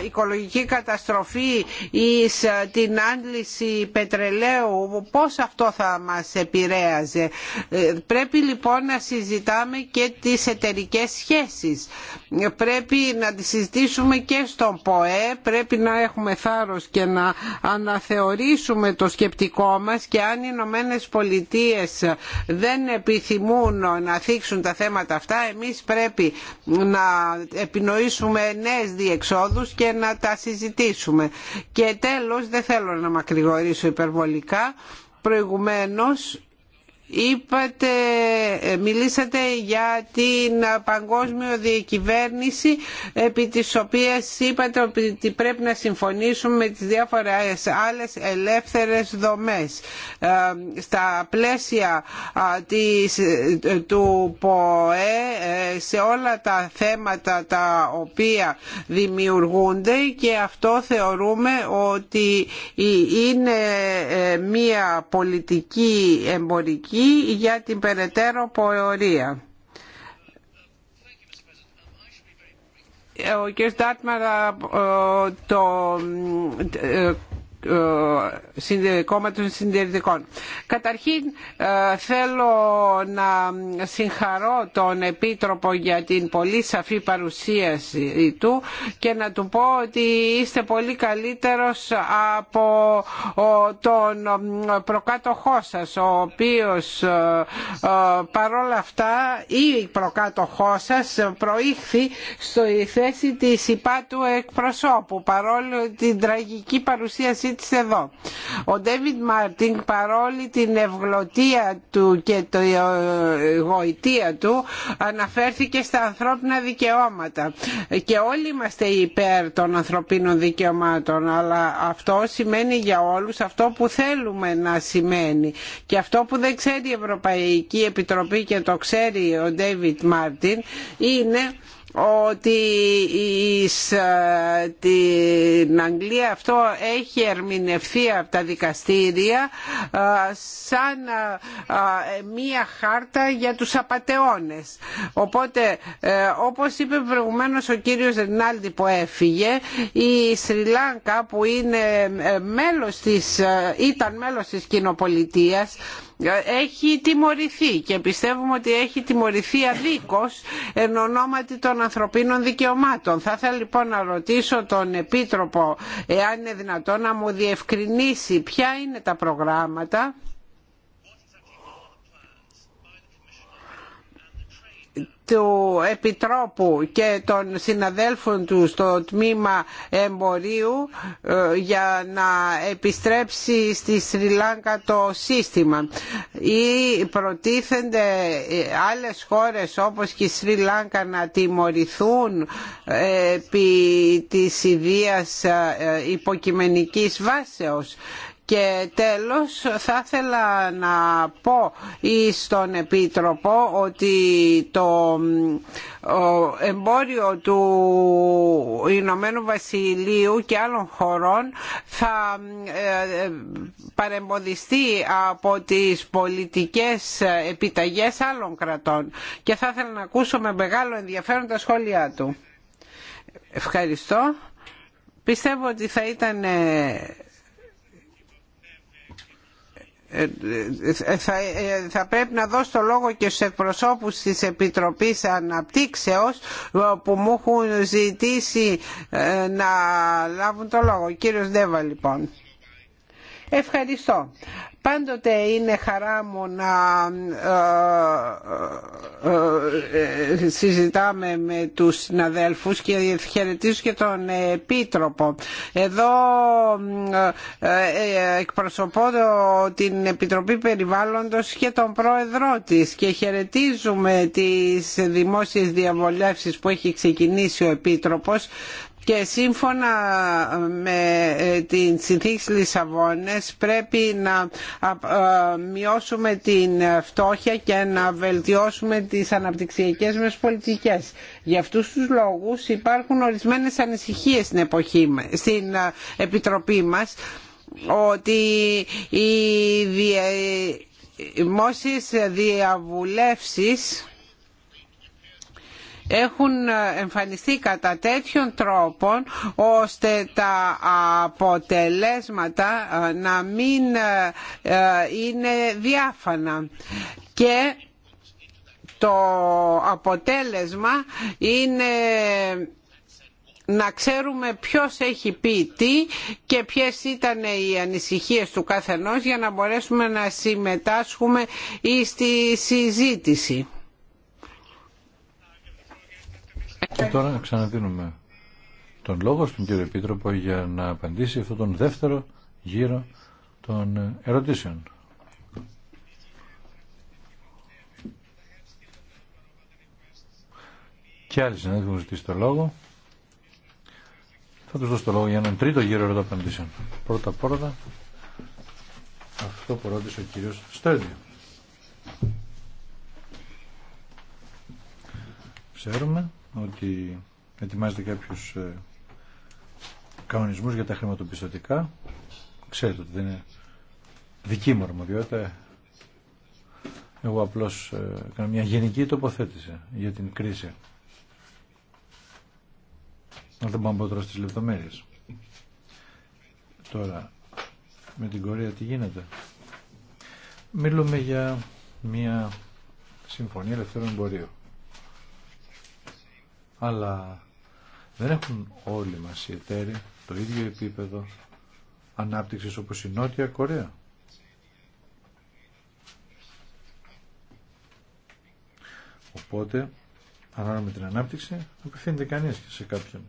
οικολογική κατάσταση καταστροφή ή ε, την άντληση πετρελαίου πώς αυτό θα μας επηρέαζε. Ε, πρέπει λοιπόν να συζητάμε και τις εταιρικέ σχέσεις. Πρέπει να τις συζητήσουμε και στον ΠΟΕ, πρέπει να έχουμε θάρρος και να αναθεωρήσουμε το σκεπτικό μας και αν οι Ηνωμένε Πολιτείε δεν επιθυμούν να θίξουν τα θέματα αυτά, εμείς πρέπει να επινοήσουμε νέες διεξόδους και να τα συζητήσουμε και τέλος, δεν θέλω να μακρηγορήσω υπερβολικά, προηγουμένως Είπατε, ε, μιλήσατε για την παγκόσμιο διακυβέρνηση επί της οποίας είπατε ότι πρέπει να συμφωνήσουμε με τις διάφορες άλλες ελεύθερες δομές. Ε, στα πλαίσια της, ε, του ΠΟΕ σε όλα τα θέματα τα οποία δημιουργούνται και αυτό θεωρούμε ότι είναι μια πολιτική εμπορική ή για την περαιτέρω πορεία. Ο κ. Ντάτμαρα το ε, ε, κόμματος συντηρητικών. Καταρχήν ε, θέλω να συγχαρώ τον Επίτροπο για την πολύ σαφή παρουσίαση του και να του πω ότι είστε πολύ καλύτερος από τον προκάτοχό σας ο οποίος ε, παρόλα αυτά ή προκάτοχό σας προήχθη στο θέση της υπάτου εκπροσώπου παρόλο την τραγική παρουσίαση εδώ. Ο Ντέβιντ Μάρτιν παρόλη την ευγλωτία του και το ε, γοητεία του αναφέρθηκε στα ανθρώπινα δικαιώματα και όλοι είμαστε υπέρ των ανθρωπίνων δικαιωμάτων αλλά αυτό σημαίνει για όλους αυτό που θέλουμε να σημαίνει και αυτό που δεν ξέρει η Ευρωπαϊκή Επιτροπή και το ξέρει ο Ντέβιτ Μάρτιν είναι ότι εις, ε, την Αγγλία αυτό έχει ερμηνευθεί από τα δικαστήρια ε, σαν ε, μία χάρτα για τους απατεώνες. Οπότε, όπως είπε προηγουμένως ο κύριος Ρινάλντι που έφυγε, η Σριλάνκα που είναι μέλος της, ήταν μέλος της κοινοπολιτείας έχει τιμωρηθεί και πιστεύουμε ότι έχει τιμωρηθεί αδίκως εν ονόματι των ανθρωπίνων δικαιωμάτων. Θα ήθελα λοιπόν να ρωτήσω τον Επίτροπο εάν είναι δυνατόν να μου διευκρινίσει ποια είναι τα προγράμματα του Επιτρόπου και των συναδέλφων του στο τμήμα εμπορίου ε, για να επιστρέψει στη Σρι Λάγκα το σύστημα ή προτίθενται ε, άλλες χώρες όπως και η Σρι Λάγκα να τιμωρηθούν ε, επί της ιδίας υποκειμενικής βάσεως και τέλος θα ήθελα να πω στον Επίτροπο ότι το εμπόριο του Ηνωμένου Βασιλείου και άλλων χωρών θα ε, ε, παρεμποδιστεί από τις πολιτικές επιταγές άλλων κρατών και θα ήθελα να ακούσω με μεγάλο ενδιαφέρον τα σχόλιά του. Ευχαριστώ. Πιστεύω ότι θα ήταν ε, ε, ε, θα, πρέπει να δώσω το λόγο και στους εκπροσώπους της Επιτροπής Αναπτύξεως που μου έχουν ζητήσει να λάβουν το λόγο. Ο κύριος Ντέβα λοιπόν. Ευχαριστώ. Πάντοτε είναι χαρά μου να ε, ε, ε, συζητάμε με τους συναδέλφους και χαιρετίζω και τον Επίτροπο. Εδώ εκπροσωπώ την Επιτροπή Περιβάλλοντος και τον Πρόεδρό της και χαιρετίζουμε τις δημόσιες διαβολεύσεις που έχει ξεκινήσει ο Επίτροπος και σύμφωνα με ε, την συνθήκη της πρέπει να ε, μειώσουμε την φτώχεια και να βελτιώσουμε τις αναπτυξιακές μας πολιτικές. Για αυτούς τους λόγους υπάρχουν ορισμένες ανησυχίες στην, στην ε, Επιτροπή μας ότι οι δημόσιες διαβουλεύσεις έχουν εμφανιστεί κατά τέτοιον τρόπο ώστε τα αποτελέσματα ε, να μην ε, ε, είναι διάφανα και το αποτέλεσμα είναι να ξέρουμε ποιος έχει πει τι και ποιες ήταν οι ανησυχίες του καθενός για να μπορέσουμε να συμμετάσχουμε στη συζήτηση. Και τώρα ξαναδίνουμε τον λόγο στον κύριο Επίτροπο για να απαντήσει αυτόν τον δεύτερο γύρο των ερωτήσεων. Και άλλοι συνάδελφοι έχουν ζητήσει το λόγο. Θα τους δώσω το λόγο για έναν τρίτο γύρο των απαντήσεων. Πρώτα πρώτα αυτό που ρώτησε ο κύριος στάδιο. Ξέρουμε ότι ετοιμάζεται κάποιους ε, κανονισμούς για τα χρηματοπιστωτικά. Ξέρετε ότι δεν είναι δική μου αρμοδιότητα. Εγώ απλώς έκανα ε, μια γενική τοποθέτηση για την κρίση. Να δεν πάμε τώρα στις λεπτομέρειες. Τώρα, με την Κορέα τι γίνεται. Μιλούμε για μια συμφωνία ελευθερών εμπορίου αλλά δεν έχουν όλοι μας οι εταίροι το ίδιο επίπεδο ανάπτυξης όπως η Νότια Κορέα. Οπότε, ανάλογα με την ανάπτυξη, απευθύνεται κανείς και σε κάποιον.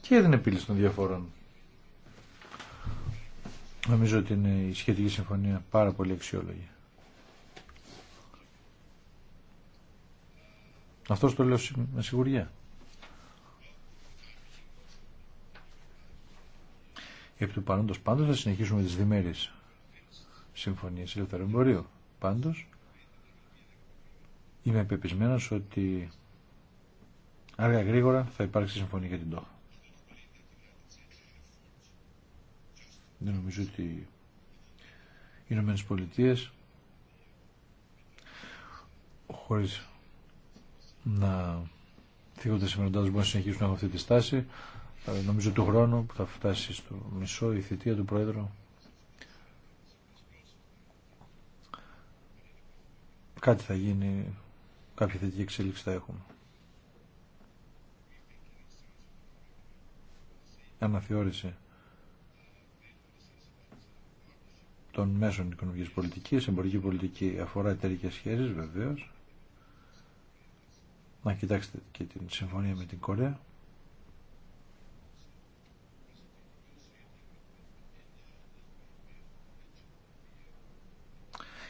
Και για την επίλυση των διαφορών. Νομίζω ότι είναι η σχετική συμφωνία πάρα πολύ αξιόλογη. Αυτό το λέω με σιγουριά. Επί του παρόντος πάντως θα συνεχίσουμε τις διμέρειες συμφωνίες ελεύθερου εμπορίου. Πάντως είμαι πεπισμένος ότι αργά γρήγορα θα υπάρξει συμφωνία για την Τόχα. Δεν νομίζω ότι οι Ηνωμένες Πολιτείες χωρίς να θίγονται σημερινά μπορούν να συνεχίσουν να αυτή τη στάση ε, νομίζω του χρόνου που θα φτάσει στο μισό η θητεία του Πρόεδρου κάτι θα γίνει κάποια θετική εξέλιξη θα έχουμε αναθεώρηση των μέσων οικονομικής πολιτικής, εμπορική πολιτική αφορά εταιρικέ σχέσεις βεβαίως. Να κοιτάξετε και την συμφωνία με την Κορέα.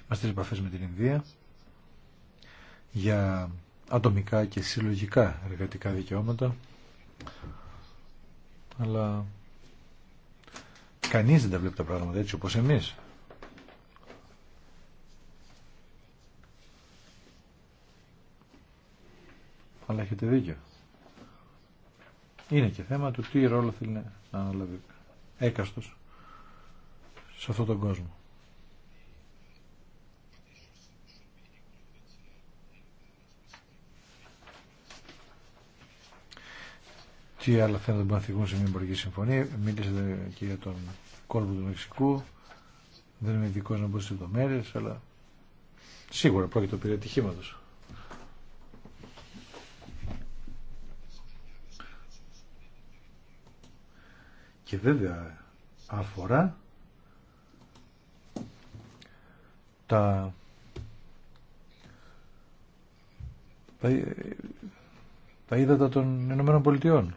Είμαστε σε επαφές με την Ινδία για ατομικά και συλλογικά εργατικά δικαιώματα αλλά κανείς δεν τα βλέπει τα πράγματα έτσι όπως εμείς αλλά έχετε δίκιο. Είναι και θέμα του τι ρόλο θέλει να αναλάβει έκαστος σε αυτόν τον κόσμο. Τι άλλα θέματα που να σε μια εμπορική συμφωνία. Μίλησατε και για τον κόλπο του Μεξικού. Δεν είμαι ειδικό να μπω στι λεπτομέρειε, αλλά σίγουρα πρόκειται περί ατυχήματο. και βέβαια αφορά τα τα ύδατα των Ηνωμένων Πολιτειών. Δεν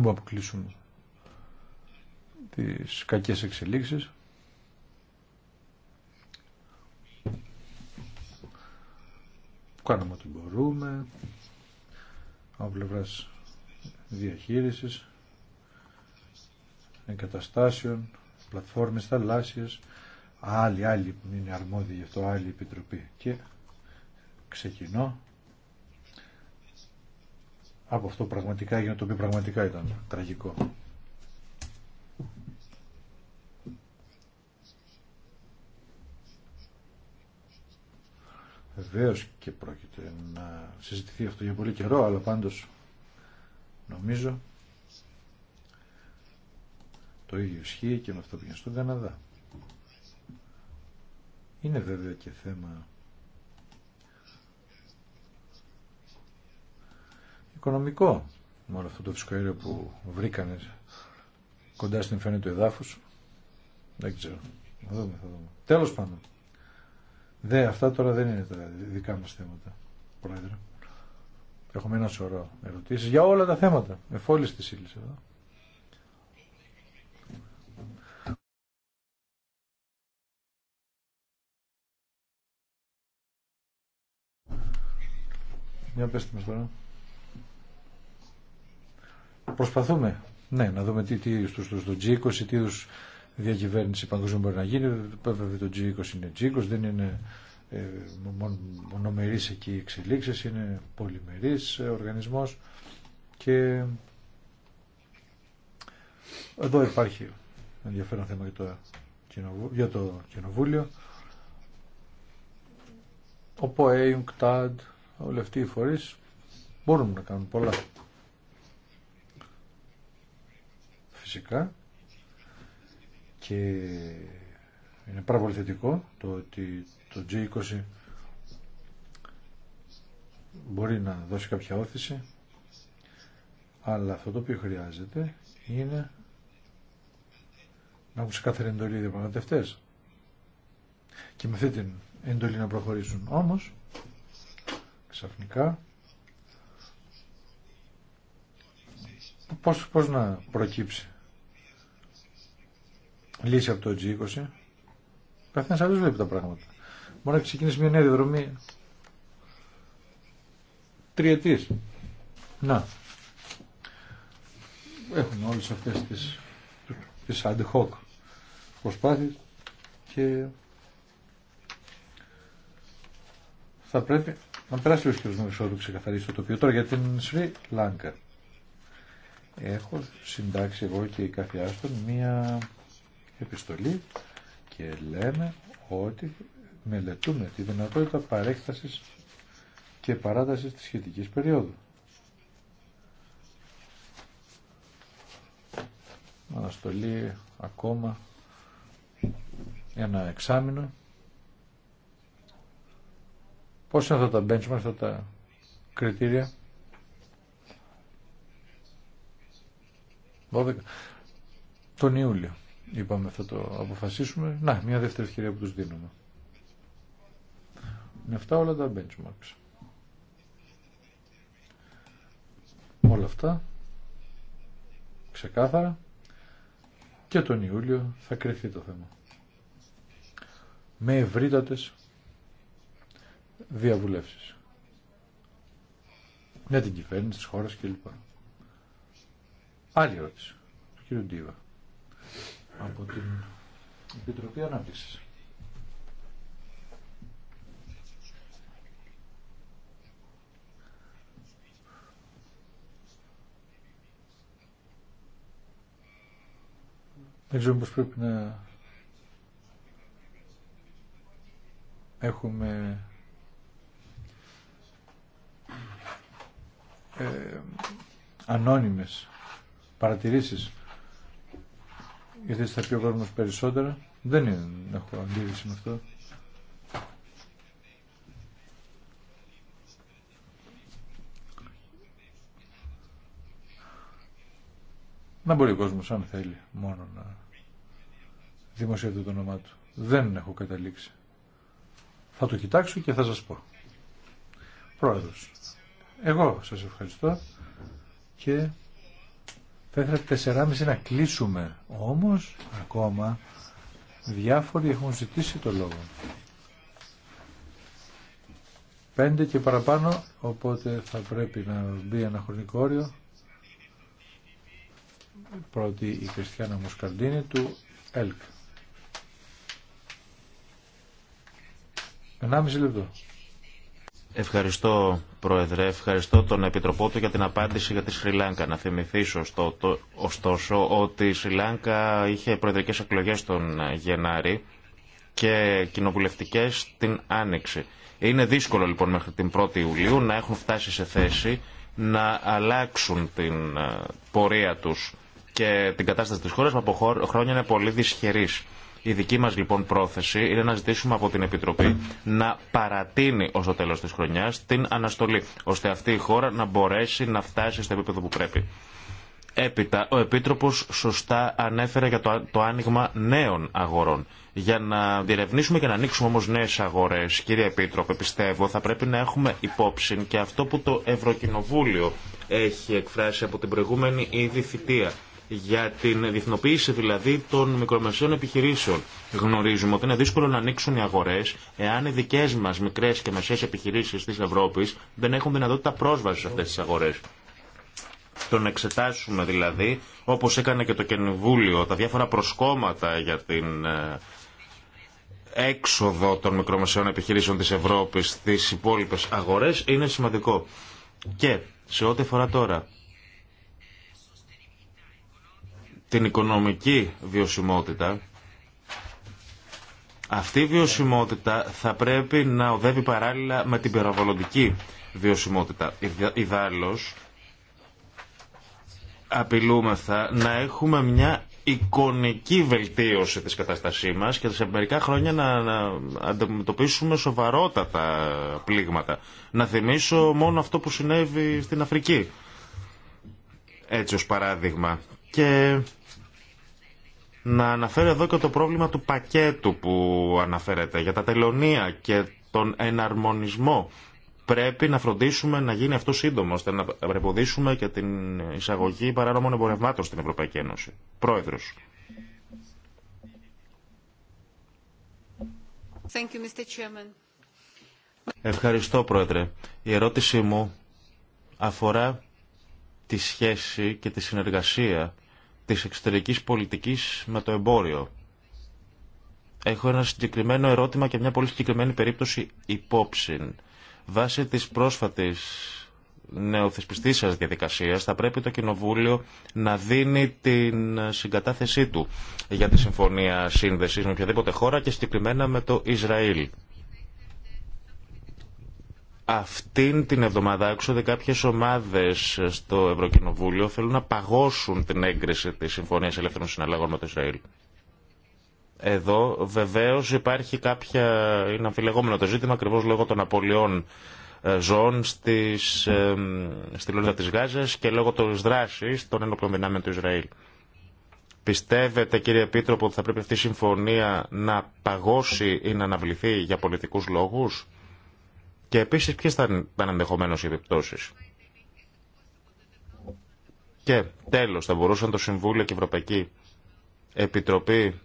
μπορούμε να αποκλείσουμε τις κακές εξελίξεις. Κάνουμε ό,τι μπορούμε από πλευρά διαχείρισης, εγκαταστάσεων, πλατφόρμες θαλάσσιες, άλλη άλλοι είναι αρμόδιοι γι' αυτό, άλλη επιτροπή. Και ξεκινώ από αυτό πραγματικά για το οποίο πραγματικά ήταν τραγικό. Βεβαίω και πρόκειται να συζητηθεί αυτό για πολύ καιρό, αλλά πάντως νομίζω το ίδιο ισχύει και με αυτό που στον Καναδά. Είναι βέβαια και θέμα οικονομικό με όλο αυτό το φυσικό που βρήκανε κοντά στην φαίνη του εδάφους. Δεν ξέρω. Θα δούμε, θα δούμε. Τέλος πάντων. Δε, αυτά τώρα δεν είναι τα δικά μας θέματα, Πρόεδρε. Έχουμε ένα σωρό ερωτήσεις για όλα τα θέματα, εφόλης της ύλης εδώ. Μια πέστη μας τώρα. Προσπαθούμε, ναι, να δούμε τι, τι τους στο, G20, τι τους διακυβέρνηση παγκοσμίου μπορεί να γίνει. Βέβαια το G20 είναι G20, δεν είναι ε, εκεί οι εξελίξεις, είναι πολυμερής ε, οργανισμός και εδώ υπάρχει ενδιαφέρον θέμα για το, για το κοινοβούλιο. Ο ΠΟΕ, ο ΚΤΑΔ, όλοι αυτοί οι φορείς μπορούν να κάνουν πολλά. Φυσικά και είναι πάρα πολύ θετικό το ότι το G20 μπορεί να δώσει κάποια όθηση αλλά αυτό το οποίο χρειάζεται είναι να έχουν κάθε εντολή οι και με αυτή την εντολή να προχωρήσουν όμως ξαφνικά πώς, πώς να προκύψει λύση από το G20. Καθένα άλλο βλέπει τα πράγματα. Μπορεί να ξεκινήσει μια νέα διαδρομή τριετής. Να. Έχουν όλε αυτέ τι τις ad hoc προσπάθειε και θα πρέπει να περάσει ο χειρισμό εξόδου ξεκαθαρίσει το τοπίο. Τώρα για την Σρι Λάγκα. Έχω συντάξει εγώ και η Καφιάστον μία επιστολή και λέμε ότι μελετούμε τη δυνατότητα παρέκτασης και παράτασης της σχετικής περίοδου. Αναστολή ακόμα ένα εξάμεινο. Πώς είναι αυτά τα benchmark, αυτά τα κριτήρια. 12. Τον Ιούλιο. Είπαμε θα το αποφασίσουμε. Να, μια δεύτερη ευκαιρία που τους δίνουμε. Με αυτά όλα τα benchmarks. Όλα αυτά ξεκάθαρα και τον Ιούλιο θα κρυφτεί το θέμα. Με ευρύτατες διαβουλεύσεις. Με την κυβέρνηση της χώρας κλπ. Άλλη ερώτηση. Κύριο Ντίβα από την Επιτροπή Ανάπτυξης. Δεν ξέρω πως πρέπει να έχουμε ε, ανώνυμες παρατηρήσεις γιατί θα πει ο κόσμος περισσότερα. Δεν είναι, έχω αντίρρηση με αυτό. Να μπορεί ο κόσμος αν θέλει μόνο να δημοσιεύει το όνομά του. Δεν έχω καταλήξει. Θα το κοιτάξω και θα σας πω. Πρόεδρος, εγώ σας ευχαριστώ και θα ήθελα 4,5 να κλείσουμε. Όμως, ακόμα, διάφοροι έχουν ζητήσει το λόγο. Πέντε και παραπάνω, οπότε θα πρέπει να μπει ένα χρονικό όριο. Πρώτη η Κριστιάνα Μουσκαρντίνη του ΕΛΚ. 1,5 λεπτό. Ευχαριστώ, Πρόεδρε. Ευχαριστώ τον Επιτροπό του για την απάντηση για τη Σρι Λάνκα. Να θυμηθήσω, ωστόσο, ότι η Σρι Λάνκα είχε προεδρικές εκλογές τον Γενάρη και κοινοβουλευτικέ την Άνοιξη. Είναι δύσκολο, λοιπόν, μέχρι την 1η Ιουλίου να έχουν φτάσει σε θέση να αλλάξουν την ε, πορεία τους και την κατάσταση της χώρας που από χρόνια είναι πολύ δυσχερής. Η δική μα λοιπόν πρόθεση είναι να ζητήσουμε από την Επιτροπή να παρατείνει ω το τέλο τη χρονιά την αναστολή, ώστε αυτή η χώρα να μπορέσει να φτάσει στο επίπεδο που πρέπει. Έπειτα, ο επίτροπο σωστά ανέφερε για το, άνοιγμα νέων αγορών. Για να διερευνήσουμε και να ανοίξουμε όμω νέε αγορέ, κύριε Επίτροπε, πιστεύω θα πρέπει να έχουμε υπόψη και αυτό που το Ευρωκοινοβούλιο έχει εκφράσει από την προηγούμενη ήδη θητεία για την διεθνοποίηση δηλαδή των μικρομεσαίων επιχειρήσεων. Γνωρίζουμε ότι είναι δύσκολο να ανοίξουν οι αγορέ εάν οι δικέ μα μικρέ και μεσαίε επιχειρήσει τη Ευρώπη δεν έχουν δυνατότητα πρόσβαση σε αυτέ τι αγορέ. Το εξετάσουμε δηλαδή, όπω έκανε και το Κοινοβούλιο, τα διάφορα προσκόμματα για την ε, έξοδο των μικρομεσαίων επιχειρήσεων της Ευρώπης στις υπόλοιπες αγορές είναι σημαντικό. Και σε ό,τι αφορά τώρα την οικονομική βιωσιμότητα, αυτή η βιωσιμότητα θα πρέπει να οδεύει παράλληλα με την περιβαλλοντική βιωσιμότητα. Ιδάλλως, απειλούμεθα να έχουμε μια εικονική βελτίωση της κατάστασή μας και σε μερικά χρόνια να, να αντιμετωπίσουμε σοβαρότατα πλήγματα. Να θυμίσω μόνο αυτό που συνέβη στην Αφρική. Έτσι ως παράδειγμα. Και να αναφέρω εδώ και το πρόβλημα του πακέτου που αναφέρεται για τα τελωνία και τον εναρμονισμό. Πρέπει να φροντίσουμε να γίνει αυτό σύντομο, ώστε να ρεποδίσουμε και την εισαγωγή παράνομων εμπορευμάτων στην Ευρωπαϊκή Ένωση. Πρόεδρος. Ευχαριστώ, Πρόεδρε. Η ερώτησή μου αφορά τη σχέση και τη συνεργασία της εξωτερικής πολιτικής με το εμπόριο. Έχω ένα συγκεκριμένο ερώτημα και μια πολύ συγκεκριμένη περίπτωση υπόψη. Βάσει της πρόσφατης νεοθεσπιστής σας διαδικασίας θα πρέπει το Κοινοβούλιο να δίνει την συγκατάθεσή του για τη συμφωνία σύνδεσης με οποιαδήποτε χώρα και συγκεκριμένα με το Ισραήλ. Αυτήν την εβδομάδα άκουσα κάποιες ομάδες στο Ευρωκοινοβούλιο θέλουν να παγώσουν την έγκριση της Συμφωνίας Ελεύθερων Συναλλαγών με το Ισραήλ. Εδώ βεβαίως υπάρχει κάποια, είναι αμφιλεγόμενο το ζήτημα ακριβώ λόγω των απολειών ε, ζώων στις, ε, στη Λόρδα της Γάζας και λόγω των δράση των ένοπλων δυνάμεων του Ισραήλ. Πιστεύετε κύριε Επίτροπο ότι θα πρέπει αυτή η συμφωνία να παγώσει ή να αναβληθεί για πολιτικούς λόγους και επίση, ποιε θα ήταν ενδεχομένω οι επιπτώσει. Και τέλο, θα μπορούσαν το Συμβούλιο και η Ευρωπαϊκή Επιτροπή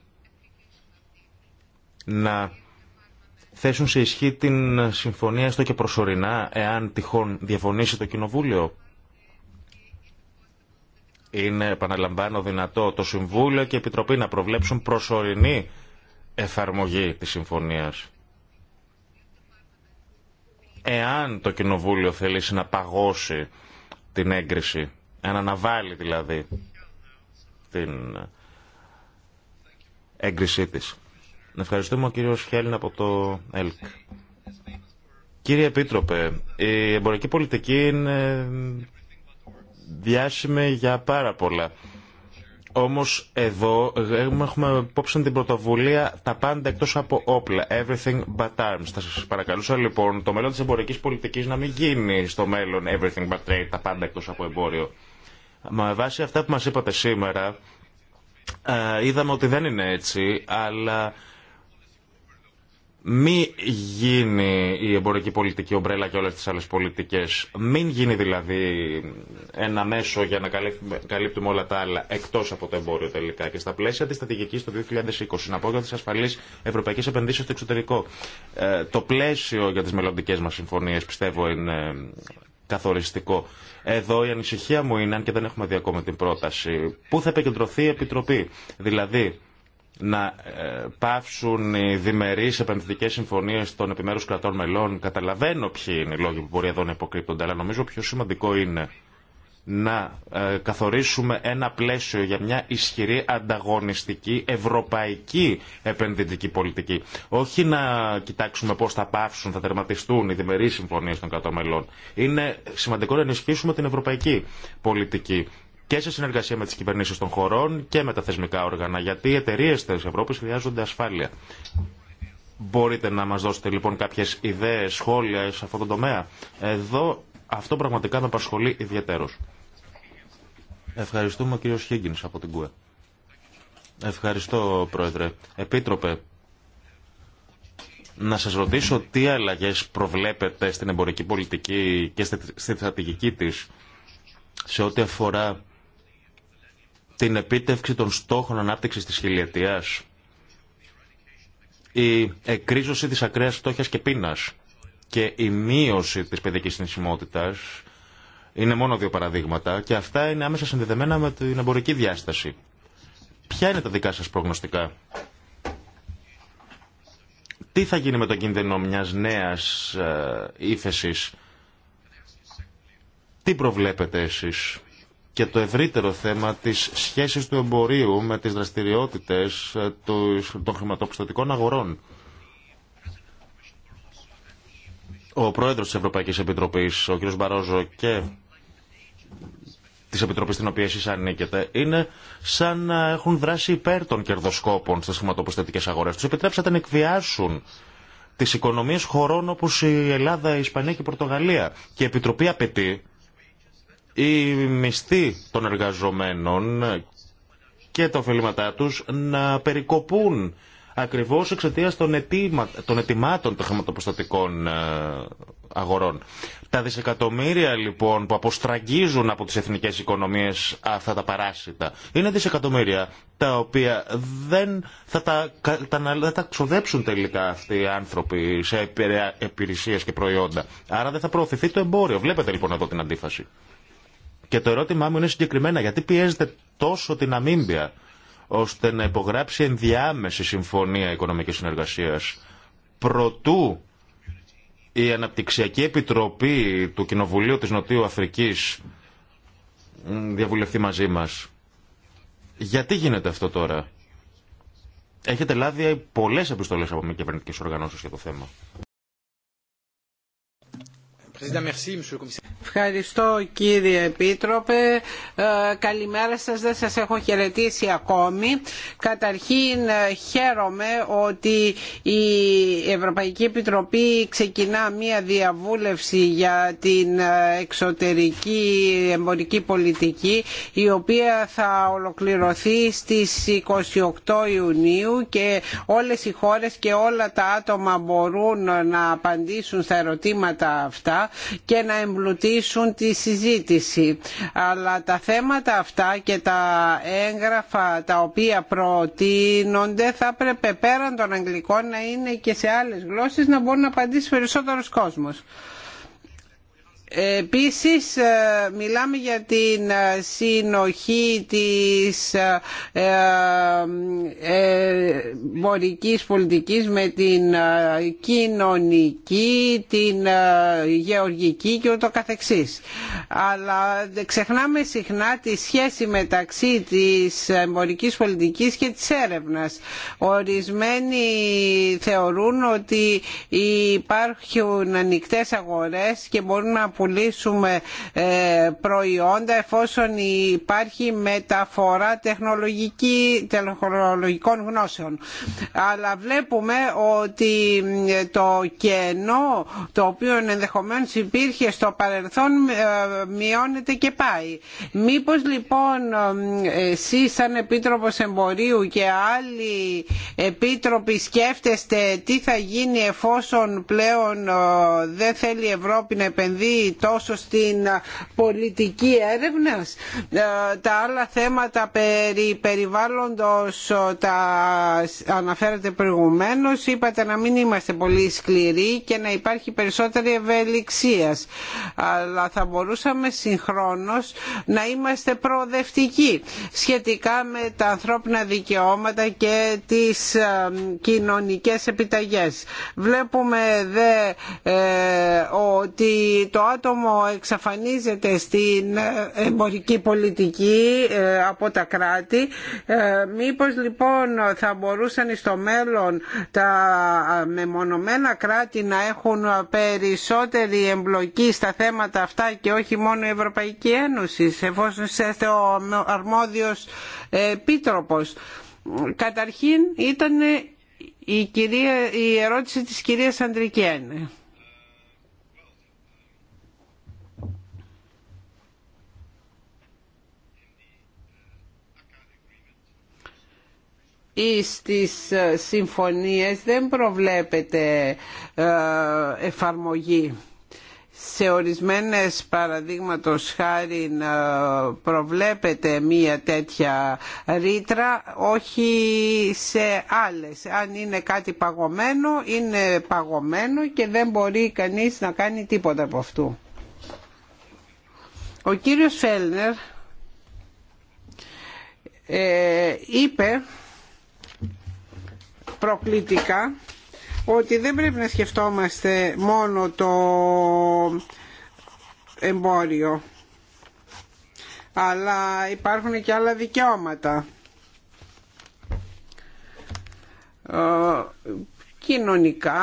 να θέσουν σε ισχύ την συμφωνία στο και προσωρινά, εάν τυχόν διαφωνήσει το Κοινοβούλιο. Είναι, επαναλαμβάνω, δυνατό το Συμβούλιο και η Επιτροπή να προβλέψουν προσωρινή εφαρμογή της συμφωνίας. Εάν το Κοινοβούλιο θελήσει να παγώσει την έγκριση, να αναβάλει δηλαδή την έγκρισή της. Να ευχαριστούμε ο κύριος Χέλιν από το ΕΛΚ. Κύριε Επίτροπε, η εμπορική πολιτική είναι διάσημη για πάρα πολλά. Όμως εδώ έχουμε υπόψη την πρωτοβουλία τα πάντα εκτό από όπλα. Everything but arms. Θα σα παρακαλούσα λοιπόν το μέλλον τη εμπορική πολιτική να μην γίνει στο μέλλον everything but trade, τα πάντα εκτό από εμπόριο. Μα με βάση αυτά που μας είπατε σήμερα, ε, είδαμε ότι δεν είναι έτσι, αλλά μη γίνει η εμπορική πολιτική ομπρέλα και όλες τις άλλες πολιτικές. Μην γίνει δηλαδή ένα μέσο για να καλύπτουμε όλα τα άλλα εκτός από το εμπόριο τελικά. Και στα πλαίσια της στρατηγικής του 2020, να πω για τις ασφαλείς ευρωπαϊκές επενδύσεις στο εξωτερικό. Ε, το πλαίσιο για τις μελλοντικέ μας συμφωνίες πιστεύω είναι καθοριστικό. Εδώ η ανησυχία μου είναι, αν και δεν έχουμε δει ακόμα την πρόταση, πού θα επικεντρωθεί η Επιτροπή. Δηλαδή, να ε, πάυσουν οι διμερεί επενδυτικέ συμφωνίε των επιμέρους κρατών μελών. Καταλαβαίνω ποιοι είναι οι λόγοι που μπορεί εδώ να υποκρύπτονται, αλλά νομίζω πιο σημαντικό είναι να ε, καθορίσουμε ένα πλαίσιο για μια ισχυρή ανταγωνιστική ευρωπαϊκή επενδυτική πολιτική. Όχι να κοιτάξουμε πώς θα πάυσουν, θα τερματιστούν οι διμερείς συμφωνίες των κρατών μελών. Είναι σημαντικό να ενισχύσουμε την ευρωπαϊκή πολιτική και σε συνεργασία με τι κυβερνήσει των χωρών και με τα θεσμικά όργανα. Γιατί οι εταιρείε τη Ευρώπη χρειάζονται ασφάλεια. Μπορείτε να μα δώσετε λοιπόν κάποιε ιδέε, σχόλια σε αυτό το τομέα. Εδώ αυτό πραγματικά με απασχολεί ιδιαίτερω. Ευχαριστούμε κύριο Χίγκιν από την ΚΟΕ. Ευχαριστώ, Πρόεδρε. Επίτροπε, να σας ρωτήσω τι αλλαγές προβλέπετε στην εμπορική πολιτική και στη στρατηγική της σε ό,τι αφορά την επίτευξη των στόχων ανάπτυξης της χιλιετίας, η εκρίζωση της ακραίας φτώχειας και πείνας και η μείωση της παιδικής συνεισιμότητας είναι μόνο δύο παραδείγματα και αυτά είναι άμεσα συνδεδεμένα με την εμπορική διάσταση. Ποια είναι τα δικά σας προγνωστικά. Τι θα γίνει με τον κίνδυνο μιας νέας ε, ύφεσης. Τι προβλέπετε εσείς και το ευρύτερο θέμα της σχέσης του εμπορίου με τις δραστηριότητες ε, των χρηματοπιστωτικών αγορών. Ο πρόεδρος της Ευρωπαϊκής Επιτροπής, ο κ. Μπαρόζο και τη Επιτροπής στην οποία εσεί ανήκετε, είναι σαν να έχουν δράσει υπέρ των κερδοσκόπων στις χρηματοπιστωτικές αγορές τους. επιτρέψατε να εκβιάσουν τις οικονομίες χωρών όπως η Ελλάδα, η Ισπανία και η Πορτογαλία. Και η Επιτροπή απαιτεί οι μισθοί των εργαζομένων και τα ωφελήματά τους να περικοπούν ακριβώς εξαιτίας των, ετοιμάτων των αιτημάτων των χρηματοπροστατικών ε, αγορών. Τα δισεκατομμύρια λοιπόν που αποστραγγίζουν από τις εθνικές οικονομίες αυτά τα παράσιτα είναι δισεκατομμύρια τα οποία δεν θα τα, τα, τα ξοδέψουν τελικά αυτοί οι άνθρωποι σε υπηρεσίες και προϊόντα. Άρα δεν θα προωθηθεί το εμπόριο. Βλέπετε λοιπόν εδώ την αντίφαση. Και το ερώτημά μου είναι συγκεκριμένα γιατί πιέζεται τόσο την Αμήμπια ώστε να υπογράψει ενδιάμεση συμφωνία οικονομικής συνεργασίας προτού η Αναπτυξιακή Επιτροπή του Κοινοβουλίου της Νοτιού Αφρικής διαβουλευτεί μαζί μας. Γιατί γίνεται αυτό τώρα. Έχετε λάβει πολλές επιστολές από μη κυβερνητικέ οργανώσεις για το θέμα. Ευχαριστώ κύριε Επίτροπε. Ε, καλημέρα σας, δεν σας έχω χαιρετήσει ακόμη. Καταρχήν ε, χαίρομαι ότι η Ευρωπαϊκή Επιτροπή ξεκινά μία διαβούλευση για την ε, εξωτερική εμπορική πολιτική η οποία θα ολοκληρωθεί στις 28 Ιουνίου και όλες οι χώρες και όλα τα άτομα μπορούν να απαντήσουν στα ερωτήματα αυτά και να εμπλουτίσουν τη συζήτηση. Αλλά τα θέματα αυτά και τα έγγραφα τα οποία προτείνονται θα έπρεπε πέραν των αγγλικών να είναι και σε άλλες γλώσσες να μπορούν να απαντήσει περισσότερος κόσμος. Επίσης ε, μιλάμε για την ε, συνοχή της ε, μορικής πολιτικής με την κοινωνική, την γεωργική και ούτω καθεξής. Αλλά ξεχνάμε συχνά τη σχέση μεταξύ της μορικής πολιτικής και της έρευνας. Ορισμένοι θεωρούν ότι υπάρχουν ανοιχτές αγορές και μπορούν να πουλήσουμε ε, προϊόντα εφόσον υπάρχει μεταφορά τεχνολογική, τεχνολογικών γνώσεων. Αλλά βλέπουμε ότι ε, το κενό το οποίο ενδεχομένως υπήρχε στο παρελθόν ε, μειώνεται και πάει. Μήπως λοιπόν εσείς σαν Επίτροπος Εμπορίου και άλλοι επίτροποι σκέφτεστε τι θα γίνει εφόσον πλέον δεν θέλει η Ευρώπη να επενδύει τόσο στην πολιτική έρευνα ε, Τα άλλα θέματα περί περιβάλλοντος ε, τα αναφέρατε προηγουμένως. Είπατε να μην είμαστε πολύ σκληροί και να υπάρχει περισσότερη ευελιξία. Αλλά θα μπορούσαμε συγχρόνως να είμαστε προοδευτικοί σχετικά με τα ανθρώπινα δικαιώματα και τις ε, κοινωνικές επιταγές. Βλέπουμε δε ότι το άτομο εξαφανίζεται στην εμπορική πολιτική ε, από τα κράτη. Ε, μήπως λοιπόν θα μπορούσαν στο μέλλον τα μεμονωμένα κράτη να έχουν περισσότερη εμπλοκή στα θέματα αυτά και όχι μόνο η Ευρωπαϊκή Ένωση εφόσον είστε ο αρμόδιος επίτροπος. Καταρχήν ήταν η, κυρία, η ερώτηση της κυρίας Αντρικιένε. ή στις ε, συμφωνίες δεν προβλέπεται ε, εφαρμογή. Σε ορισμένες παραδείγματος χάρη ε, προβλέπεται μία τέτοια ρήτρα, όχι σε άλλες. Αν είναι κάτι παγωμένο, είναι παγωμένο και δεν μπορεί κανείς να κάνει τίποτα από αυτού. Ο κύριος Φέλνερ είπε προκλητικά ότι δεν πρέπει να σκεφτόμαστε μόνο το εμπόριο αλλά υπάρχουν και άλλα δικαιώματα ε, κοινωνικά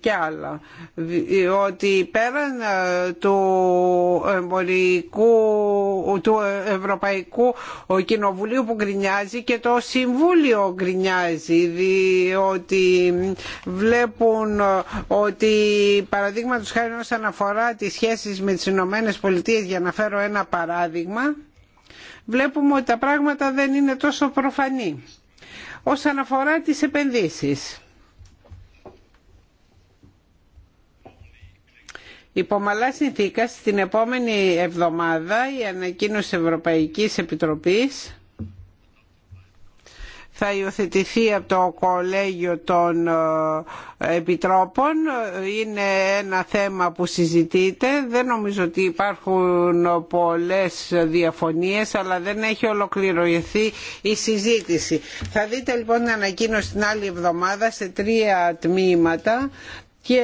και άλλα. Ότι πέραν ε, του, εμπορικού, του Ευρωπαϊκού Κοινοβουλίου που γκρινιάζει και το Συμβούλιο γκρινιάζει διότι βλέπουν ε, ότι παραδείγματος χάρη όσον αφορά τις σχέσεις με τις Ηνωμένε Πολιτείες για να φέρω ένα παράδειγμα βλέπουμε ότι τα πράγματα δεν είναι τόσο προφανή. Όσον αφορά τις επενδύσεις Υπό μαλά συνθήκα στην επόμενη εβδομάδα η ανακοίνωση Ευρωπαϊκής Επιτροπής θα υιοθετηθεί από το Κολέγιο των ε, Επιτρόπων. Είναι ένα θέμα που συζητείται. Δεν νομίζω ότι υπάρχουν πολλές διαφωνίες, αλλά δεν έχει ολοκληρωθεί η συζήτηση. Θα δείτε λοιπόν την ανακοίνωση την άλλη εβδομάδα σε τρία τμήματα και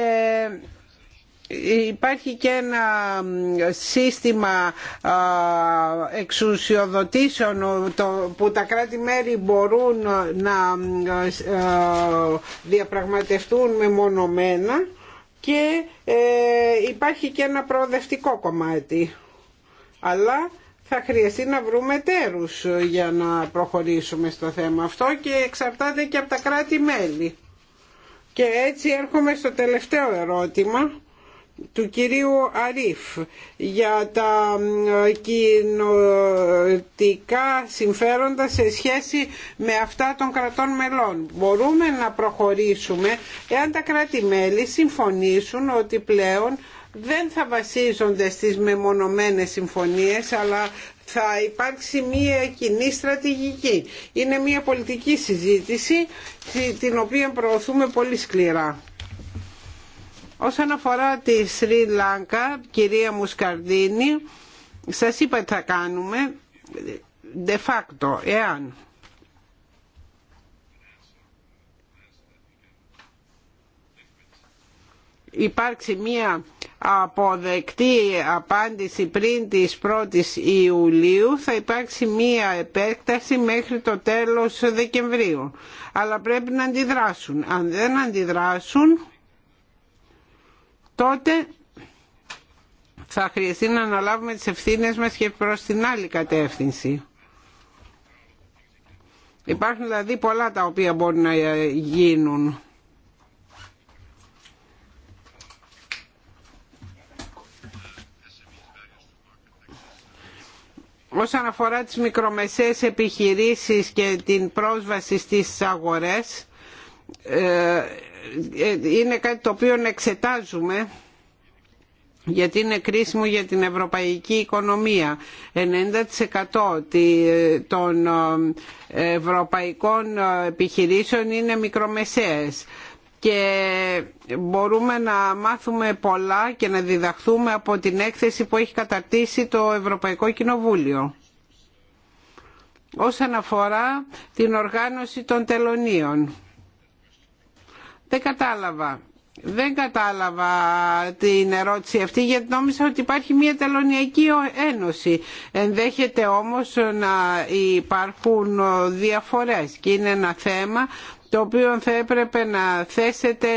Υπάρχει και ένα σύστημα εξουσιοδοτήσεων που τα κράτη-μέρη μπορούν να διαπραγματευτούν μεμονωμένα και ε, υπάρχει και ένα προοδευτικό κομμάτι. Αλλά θα χρειαστεί να βρούμε τέρους για να προχωρήσουμε στο θέμα αυτό και εξαρτάται και από τα κράτη-μέλη. Και έτσι έρχομαι στο τελευταίο ερώτημα του κυρίου Αρίφ για τα ε, κοινοτικά συμφέροντα σε σχέση με αυτά των κρατών μελών. Μπορούμε να προχωρήσουμε εάν τα κράτη-μέλη συμφωνήσουν ότι πλέον δεν θα βασίζονται στις μεμονωμένες συμφωνίες αλλά θα υπάρξει μία κοινή στρατηγική. Είναι μία πολιτική συζήτηση την οποία προωθούμε πολύ σκληρά. Όσον αφορά τη Σρι Λάγκα, κυρία Μουσκαρδίνη, σας είπα τι θα κάνουμε, de facto, εάν υπάρξει μία αποδεκτή απάντηση πριν της 1ης Ιουλίου θα υπάρξει μία επέκταση μέχρι το τέλος Δεκεμβρίου. Αλλά πρέπει να αντιδράσουν. Αν δεν αντιδράσουν τότε θα χρειαστεί να αναλάβουμε τις ευθύνες μας και προς την άλλη κατεύθυνση. Υπάρχουν δηλαδή πολλά τα οποία μπορούν να γίνουν. Όσον αφορά τις μικρομεσαίες επιχειρήσεις και την πρόσβαση στις αγορές, ε, είναι κάτι το οποίο εξετάζουμε γιατί είναι κρίσιμο για την ευρωπαϊκή οικονομία. 90% των ε, ευρωπαϊκών επιχειρήσεων είναι μικρομεσαίες και μπορούμε να μάθουμε πολλά και να διδαχθούμε από την έκθεση που έχει καταρτήσει το Ευρωπαϊκό Κοινοβούλιο. Όσον αφορά την οργάνωση των τελωνίων δεν κατάλαβα. Δεν κατάλαβα την ερώτηση αυτή γιατί νόμιζα ότι υπάρχει μια τελωνιακή ένωση. Ενδέχεται όμως να υπάρχουν διαφορές και είναι ένα θέμα το οποίο θα έπρεπε να θέσετε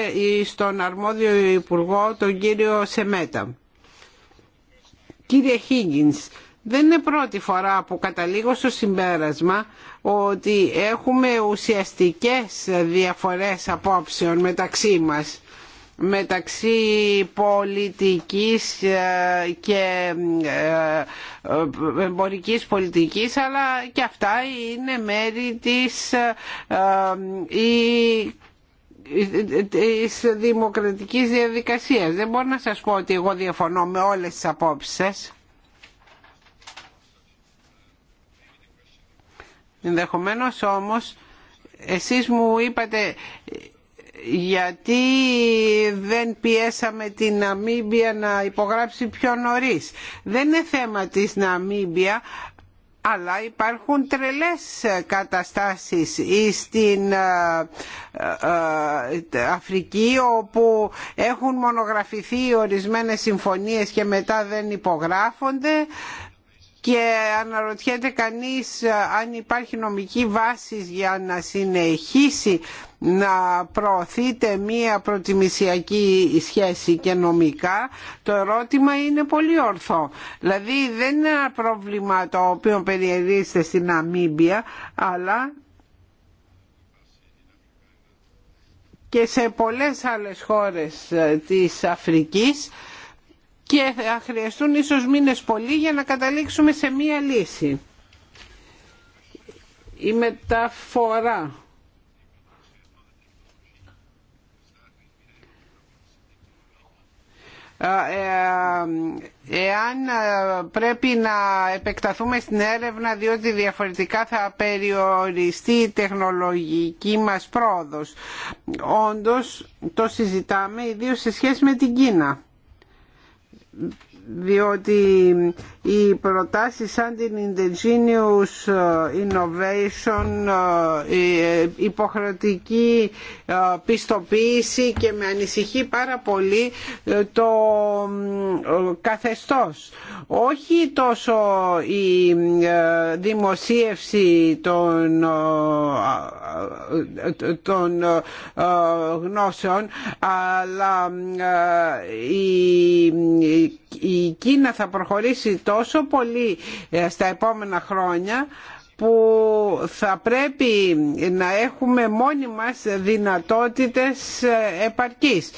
στον αρμόδιο υπουργό τον κύριο Σεμέτα. Κύριε Χίγγινς, δεν είναι πρώτη φορά που καταλήγω στο συμπέρασμα ότι έχουμε ουσιαστικές διαφορές απόψεων μεταξύ μας μεταξύ πολιτικής ε, και ε, ε, εμπορικής πολιτικής αλλά και αυτά είναι μέρη της της δημοκρατικής διαδικασίας. Δεν μπορώ να σας πω ότι εγώ διαφωνώ με όλες τις απόψεις σας. Ενδεχομένως όμως εσείς μου είπατε γιατί δεν πιέσαμε την Ναμίμπια να υπογράψει πιο νωρίς. Δεν είναι θέμα της Ναμίμπια, αλλά υπάρχουν τρελές καταστάσεις στην ε, ε, Αφρική όπου έχουν μονογραφηθεί ορισμένες συμφωνίες και μετά δεν υπογράφονται και αναρωτιέται κανείς ε, αν υπάρχει νομική βάση για να συνεχίσει να προωθείται μία προτιμησιακή σχέση και νομικά το ερώτημα είναι πολύ ορθό. Δηλαδή δεν είναι ένα πρόβλημα το οποίο περιερίζεται στην Αμίμπια αλλά και σε πολλές άλλες χώρες ε, της Αφρικής και θα χρειαστούν ίσως μήνες πολύ για να καταλήξουμε σε μία λύση. Η μεταφορά. Ε, ε, εάν ε, πρέπει να επεκταθούμε στην έρευνα διότι διαφορετικά θα περιοριστεί η τεχνολογική μας πρόοδος. Όντως το συζητάμε ιδίως σε σχέση με την Κίνα. Εύχομαι διότι οι προτάσει σαν την Indigenous ε, Innovation, ε, ε, υποχρεωτική πιστοποίηση και με ανησυχεί πάρα πολύ το καθεστώς. Όχι τόσο η δημοσίευση των, των γνώσεων, αλλά η η Κίνα θα προχωρήσει τόσο πολύ ε, στα επόμενα χρόνια που θα πρέπει να έχουμε μόνοι μας δυνατότητες ε, επαρκής.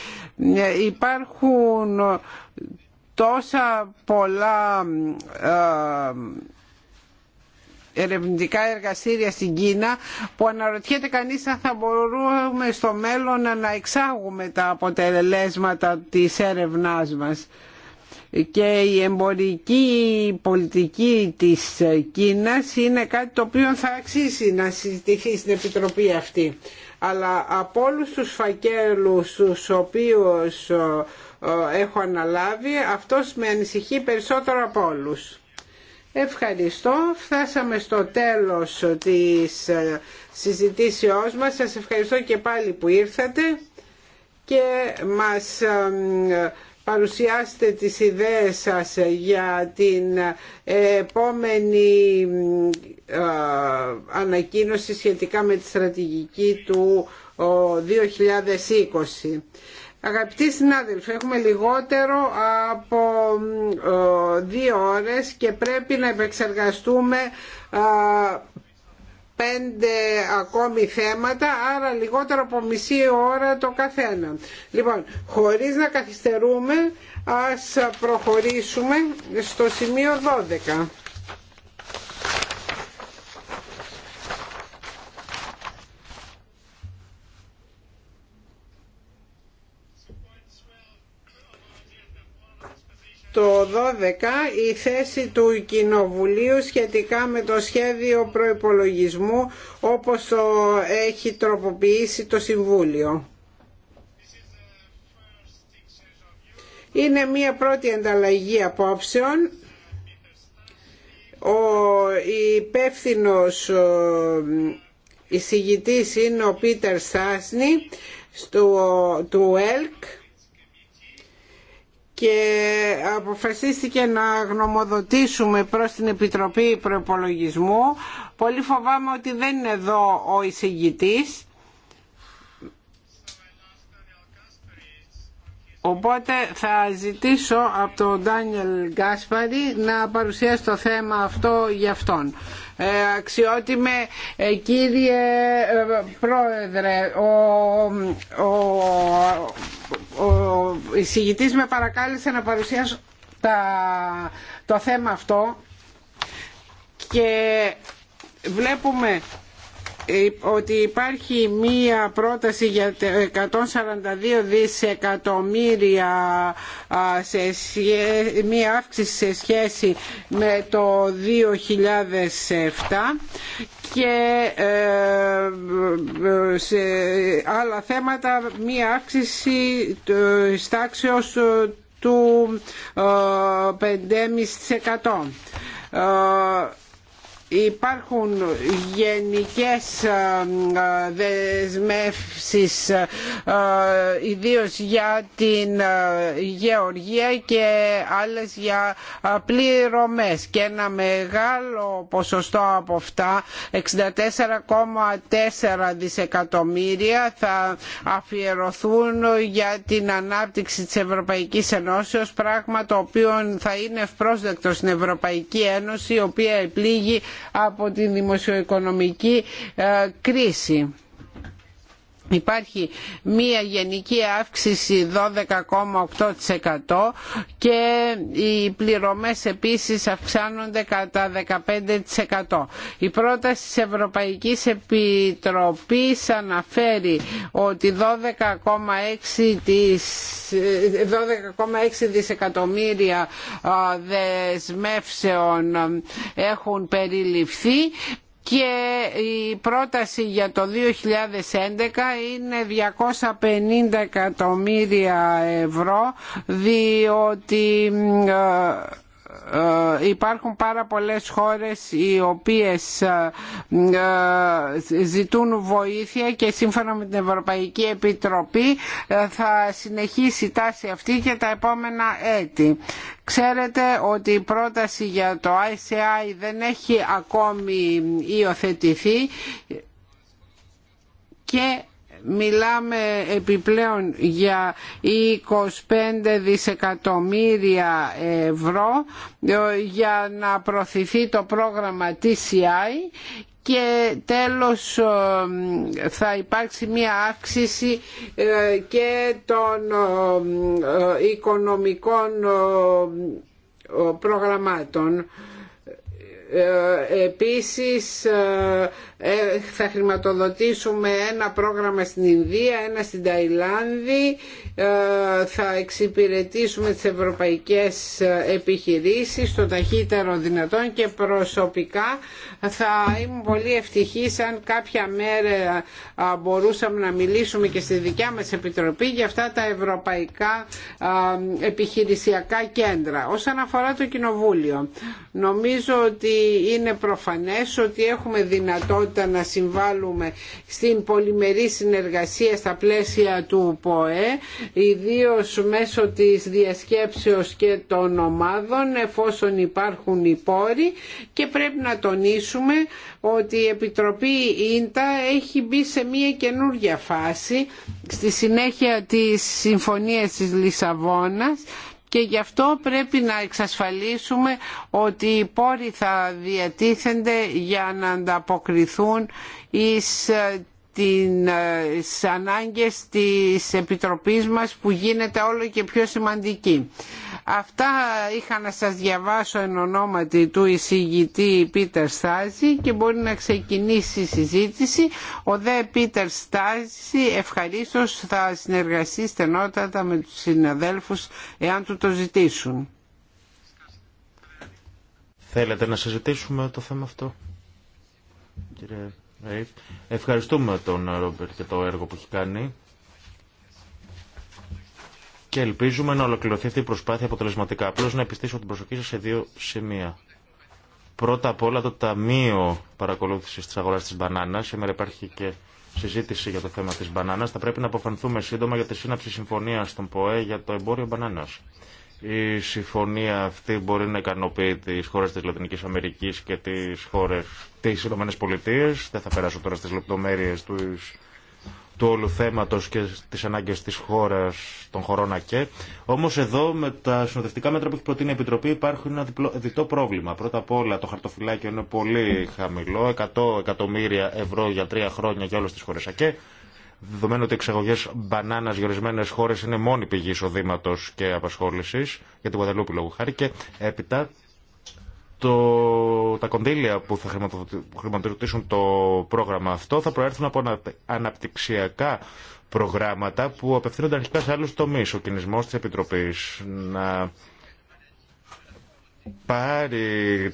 Ε, υπάρχουν τόσα πολλά ερευνητικά εργαστήρια στην Κίνα που αναρωτιέται κανείς αν θα μπορούμε στο μέλλον να εξάγουμε τα αποτελέσματα της έρευνάς μας και η εμπορική πολιτική της Κίνας είναι κάτι το οποίο θα αξίσει να συζητηθεί στην Επιτροπή αυτή. Αλλά από όλους τους φακέλους τους οποίους ε, ε, έχω αναλάβει αυτός με ανησυχεί περισσότερο από όλους. Ευχαριστώ. Φτάσαμε στο τέλος της ε, συζητήσεώς μας. Σας ευχαριστώ και πάλι που ήρθατε και μας Παρουσιάστε τις ιδέες σας για την επόμενη ε, ανακοίνωση σχετικά με τη στρατηγική του 2020. Αγαπητοί συνάδελφοι, έχουμε λιγότερο από ε, δύο ώρες και πρέπει να επεξεργαστούμε ε, πέντε ακόμη θέματα, άρα λιγότερο από μισή ώρα το καθένα. Λοιπόν, χωρίς να καθυστερούμε, ας προχωρήσουμε στο σημείο 12. το 12 η θέση του Κοινοβουλίου σχετικά με το σχέδιο προϋπολογισμού όπως το έχει τροποποιήσει το Συμβούλιο. Είναι μία πρώτη ανταλλαγή απόψεων. Ο υπεύθυνο εισηγητής είναι ο Πίτερ Στάσνη του ΕΛΚ και αποφασίστηκε να γνωμοδοτήσουμε προς την Επιτροπή Προπολογισμού. Πολύ φοβάμαι ότι δεν είναι εδώ ο εισηγητής. Οπότε θα ζητήσω από τον Ντάνιελ Γκάσπαρη να παρουσιάσει το θέμα αυτό για αυτόν. Ε, αξιότιμε ε, κύριε ε, Πρόεδρε, ο, ο, με παρακάλεσε να παρουσιάσω τα, το θέμα αυτό και βλέπουμε ότι υπάρχει μία πρόταση για 142 δισεκατομμύρια σε μία αύξηση σε σχέση με το 2007 και ε, σε άλλα θέματα μία αύξηση στάξεως ε, ε, του 5,5% υπάρχουν γενικές ε, ε, δεσμεύσεις ε, ιδίως για την γεωργία και άλλες για πληρωμές και ένα μεγάλο ποσοστό από αυτά 64,4 δισεκατομμύρια θα αφιερωθούν για την ανάπτυξη της Ευρωπαϊκής Ενώσεως πράγμα το οποίο θα είναι ευπρόσδεκτο στην Ευρωπαϊκή Ένωση η οποία επλήγει από την δημοσιοοικονομική ε, κρίση. Υπάρχει μία γενική αύξηση 12,8% και οι πληρωμές επίσης αυξάνονται κατά 15%. Η πρόταση της Ευρωπαϊκής Επιτροπής αναφέρει ότι 12,6 δισεκατομμύρια ε, δεσμεύσεων έχουν περιληφθεί και η πρόταση για το 2011 είναι 250 εκατομμύρια ευρώ διότι ε, υπάρχουν πάρα πολλές χώρες οι οποίες ε, ε, ζητούν βοήθεια και σύμφωνα με την Ευρωπαϊκή Επιτροπή θα συνεχίσει η τάση αυτή και τα επόμενα έτη. Ξέρετε ότι η πρόταση για το ICI δεν έχει ακόμη υιοθετηθεί και μιλάμε επιπλέον για 25 δισεκατομμύρια ευρώ ε, για να προωθηθεί το πρόγραμμα TCI και τέλος ε, θα υπάρξει μία αύξηση ε, και των οικονομικών προγραμμάτων. Επίσης ε, θα χρηματοδοτήσουμε ένα πρόγραμμα στην Ινδία, ένα στην Ταϊλάνδη, ε, θα εξυπηρετήσουμε τις ευρωπαϊκές επιχειρήσεις το ταχύτερο δυνατόν και προσωπικά θα ήμουν πολύ ευτυχής αν κάποια μέρα μπορούσαμε να μιλήσουμε και στη δικιά μας Επιτροπή για αυτά τα ευρωπαϊκά επιχειρησιακά κέντρα. Όσον αφορά το Κοινοβούλιο, νομίζω ότι είναι προφανές ότι έχουμε δυνατότητα δυνατότητα να συμβάλλουμε στην πολυμερή συνεργασία στα πλαίσια του ΠΟΕ, ιδίως μέσω της διασκέψεως και των ομάδων εφόσον υπάρχουν οι πόροι και πρέπει να τονίσουμε ότι η Επιτροπή Ίντα έχει μπει σε μια καινούργια φάση στη συνέχεια της Συμφωνίας της Λισαβόνας και γι' αυτό πρέπει να εξασφαλίσουμε ότι οι πόροι θα διατίθενται για να ανταποκριθούν εις ε, τις ε, ανάγκες της Επιτροπής μας που γίνεται όλο και πιο σημαντική. Αυτά είχα να σας διαβάσω εν ονόματι του εισηγητή Πίτερ Στάζη και μπορεί να ξεκινήσει η συζήτηση. Ο δε Πίτερ Στάζη ευχαρίστως θα συνεργαστεί στενότατα με τους συναδέλφους εάν του το ζητήσουν. Θέλετε να συζητήσουμε το θέμα αυτό, Ευχαριστούμε τον Ρόμπερ και το έργο που έχει κάνει και ελπίζουμε να ολοκληρωθεί αυτή η προσπάθεια αποτελεσματικά. Απλώ να επιστήσω την προσοχή σα σε δύο σημεία. Πρώτα απ' όλα το Ταμείο Παρακολούθηση τη Αγορά τη Μπανάνα. Σήμερα υπάρχει και συζήτηση για το θέμα τη μπανάνα. Θα πρέπει να αποφανθούμε σύντομα για τη σύναψη συμφωνία στον ΠΟΕ για το εμπόριο μπανάνα η συμφωνία αυτή μπορεί να ικανοποιεί τι χώρε τη Λατινική Αμερική και τι χώρε τη Ηνωμένε Πολιτείε. Δεν θα περάσω τώρα στι λεπτομέρειε του, του όλου θέματο και τι ανάγκε τη χώρα των χωρών ΑΚΕ. Όμω εδώ με τα συνοδευτικά μέτρα που έχει προτείνει η Επιτροπή υπάρχει ένα διπλο, διτό πρόβλημα. Πρώτα απ' όλα το χαρτοφυλάκιο είναι πολύ χαμηλό, 100 εκατομμύρια ευρώ για τρία χρόνια για όλε τι χώρε ΑΚΕ δεδομένου ότι οι εξαγωγέ μπανάνα για ορισμένε χώρε είναι μόνη πηγή εισοδήματο και απασχόληση, για την Γουαδελούπη λόγου χάρη, και έπειτα το, τα κονδύλια που θα χρηματοδοτήσουν το πρόγραμμα αυτό θα προέρθουν από αναπτυξιακά προγράμματα που απευθύνονται αρχικά σε άλλους τομείς. Ο κινησμό τη επιτροπή να πάρει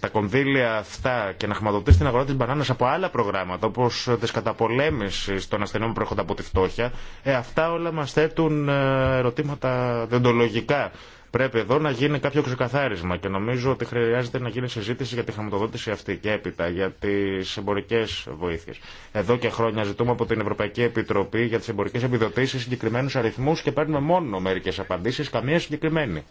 τα κονδύλια αυτά και να χρηματοδοτήσει την αγορά τη μπανάνα από άλλα προγράμματα, όπω τη καταπολέμηση των ασθενών που προέρχονται από τη φτώχεια, ε, αυτά όλα μα θέτουν ε, ερωτήματα δεντολογικά. Πρέπει εδώ να γίνει κάποιο ξεκαθάρισμα και νομίζω ότι χρειάζεται να γίνει συζήτηση για τη χρηματοδότηση αυτή και έπειτα για τι εμπορικέ βοήθειε. Εδώ και χρόνια ζητούμε από την Ευρωπαϊκή Επιτροπή για τι εμπορικέ επιδοτήσει συγκεκριμένου αριθμού και παίρνουμε μόνο μερικέ απαντήσει, καμία συγκεκριμένη.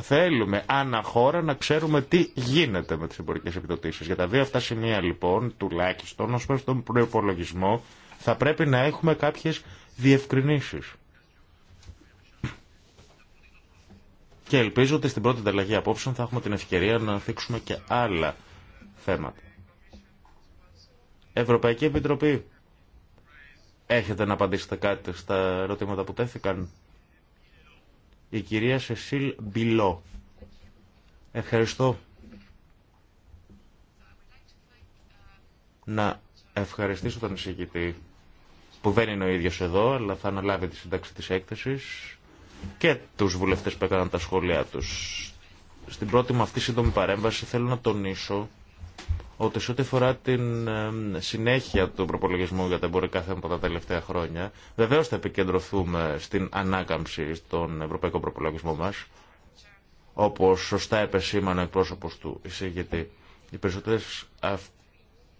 Θέλουμε ανά χώρα να ξέρουμε τι γίνεται με τις εμπορικές επιδοτήσεις. Για τα δύο αυτά σημεία λοιπόν, τουλάχιστον ως προ τον προπολογισμό, θα πρέπει να έχουμε κάποιες διευκρινήσεις. Και ελπίζω ότι στην πρώτη ανταλλαγή απόψεων θα έχουμε την ευκαιρία να θίξουμε και άλλα θέματα. Ευρωπαϊκή Επιτροπή, έχετε να απαντήσετε κάτι στα ερωτήματα που τέθηκαν η κυρία Σεσίλ Μπιλό. Ευχαριστώ. Να ευχαριστήσω τον εισηγητή που δεν είναι ο ίδιος εδώ, αλλά θα αναλάβει τη σύνταξη της έκθεσης και τους βουλευτές που έκαναν τα σχόλιά τους. Στην πρώτη μου αυτή σύντομη παρέμβαση θέλω να τονίσω ότι σε ό,τι αφορά την συνέχεια του προπολογισμού για τα εμπορικά θέματα τα τελευταία χρόνια, βεβαίω θα επικεντρωθούμε στην ανάκαμψη στον ευρωπαϊκό προπολογισμό μα, όπω σωστά επεσήμανε ο εκπρόσωπο του εισηγητή. Οι περισσότερε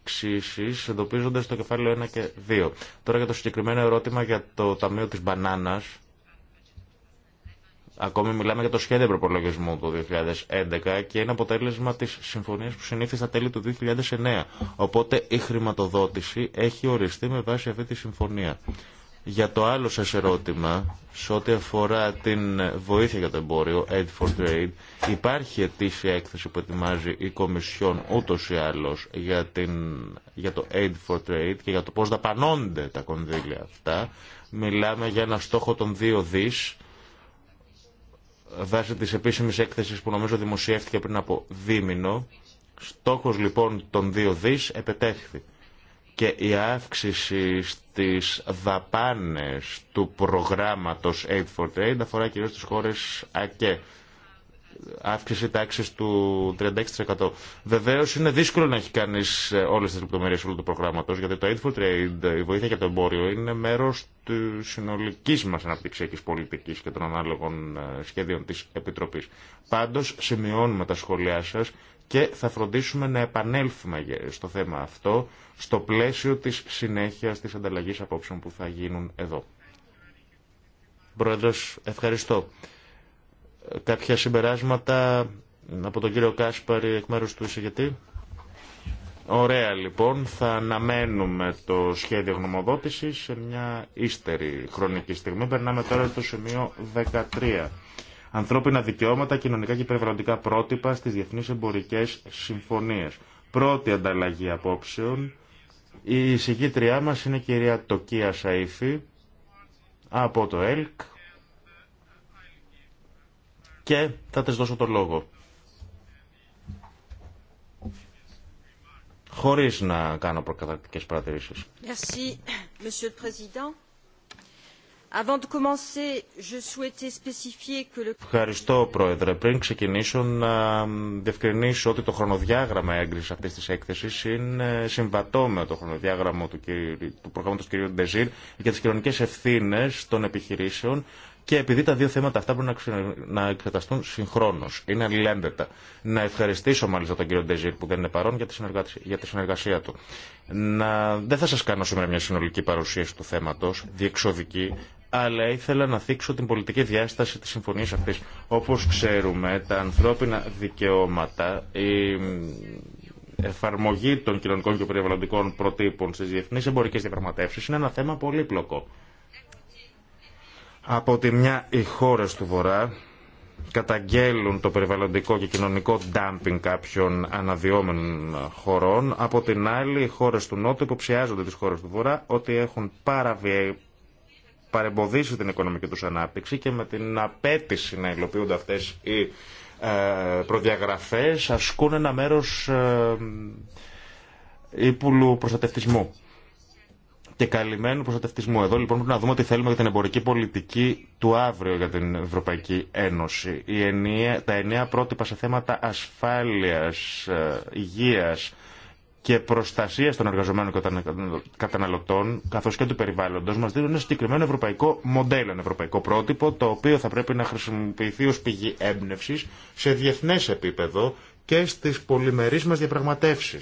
αυξήσει εντοπίζονται στο κεφάλαιο 1 και 2. Τώρα για το συγκεκριμένο ερώτημα για το Ταμείο τη Μπανάνα, Ακόμη μιλάμε για το σχέδιο προπολογισμού του 2011 και είναι αποτέλεσμα της συμφωνίας που συνήθισε στα τέλη του 2009. Οπότε η χρηματοδότηση έχει οριστεί με βάση αυτή τη συμφωνία. Για το άλλο σας ερώτημα, σε ό,τι αφορά την βοήθεια για το εμπόριο, Aid for Trade, υπάρχει ετήσια έκθεση που ετοιμάζει η Κομισιόν ούτως ή άλλως για, για το Aid for Trade και για το πώς δαπανώνται τα κονδύλια αυτά. Μιλάμε για ένα στόχο των 2 δις βάσει της επίσημης έκθεσης που νομίζω δημοσιεύτηκε πριν από δίμηνο. Στόχος λοιπόν των δύο δις επετέχθη και η αύξηση στις δαπάνες του προγράμματος Aid for Trade αφορά κυρίως τις χώρες ΑΚΕ αύξηση τάξη του 36%. Βεβαίω είναι δύσκολο να έχει κάνει ε, όλε τι λεπτομέρειε όλου του προγράμματο, γιατί το Aid for Trade, ε, η βοήθεια για το εμπόριο, είναι μέρο τη συνολική μα αναπτυξιακή πολιτική και των ανάλογων ε, σχέδιων τη Επιτροπή. Πάντω σημειώνουμε τα σχόλιά σα και θα φροντίσουμε να επανέλθουμε στο θέμα αυτό στο πλαίσιο της συνέχεια της ανταλλαγής απόψεων που θα γίνουν εδώ. Πρόεδρος, ευχαριστώ. Κάποια συμπεράσματα από τον κύριο Κάσπαρη εκ μέρους του εισηγητή. Ωραία λοιπόν, θα αναμένουμε το σχέδιο γνωμοδότησης σε μια ύστερη χρονική στιγμή. Περνάμε τώρα στο σημείο 13. Ανθρώπινα δικαιώματα, κοινωνικά και περιβαλλοντικά πρότυπα στις διεθνείς εμπορικές συμφωνίες. Πρώτη ανταλλαγή απόψεων. Η εισηγήτριά μα είναι η κυρία Τοκία Σαΐφη από το ΕΛΚ και θα της δώσω το λόγο. Χωρίς να κάνω προκαταρκτικές παρατηρήσεις. Ευχαριστώ, Πρόεδρε. Πριν ξεκινήσω, να διευκρινίσω ότι το χρονοδιάγραμμα έγκριση αυτή τη έκθεση είναι συμβατό με το χρονοδιάγραμμα του, του προγράμματο κ. Ντεζίρ για τις κοινωνικέ ευθύνες των επιχειρήσεων και επειδή τα δύο θέματα αυτά μπορούν να εξεταστούν συγχρόνω, είναι αλληλένδετα. Να ευχαριστήσω μάλιστα τον κύριο Ντεζίρ που δεν είναι παρόν για τη συνεργασία, για τη συνεργασία του. Να, δεν θα σα κάνω σήμερα μια συνολική παρουσίαση του θέματο, διεξοδική, αλλά ήθελα να θίξω την πολιτική διάσταση τη συμφωνίας αυτή. Όπω ξέρουμε, τα ανθρώπινα δικαιώματα, η εφαρμογή των κοινωνικών και περιβαλλοντικών προτύπων στι διεθνεί εμπορικέ διαπραγματεύσει, είναι ένα θέμα πολύπλοκο. Από τη μια οι χώρες του Βορρά καταγγέλουν το περιβαλλοντικό και κοινωνικό ντάμπινγκ κάποιων αναδυόμενων χωρών. Από την άλλη οι χώρες του Νότου υποψιάζονται τις χώρες του Βορρά ότι έχουν παρεμποδίσει την οικονομική τους ανάπτυξη και με την απέτηση να υλοποιούνται αυτές οι ε, προδιαγραφές ασκούν ένα μέρος ε, ύπουλου προστατευτισμού και καλυμμένου προστατευτισμού. Εδώ λοιπόν πρέπει να δούμε τι θέλουμε για την εμπορική πολιτική του αύριο για την Ευρωπαϊκή Ένωση. Η ενία, τα εννέα πρότυπα σε θέματα ασφάλειας, ε, υγείας, και προστασία των εργαζομένων των καταναλωτών, καθώ και του περιβάλλοντο, μα δίνουν ένα συγκεκριμένο ευρωπαϊκό μοντέλο, ένα ευρωπαϊκό πρότυπο, το οποίο θα πρέπει να χρησιμοποιηθεί ω πηγή έμπνευση σε διεθνέ επίπεδο και στι πολυμερεί μα διαπραγματεύσει.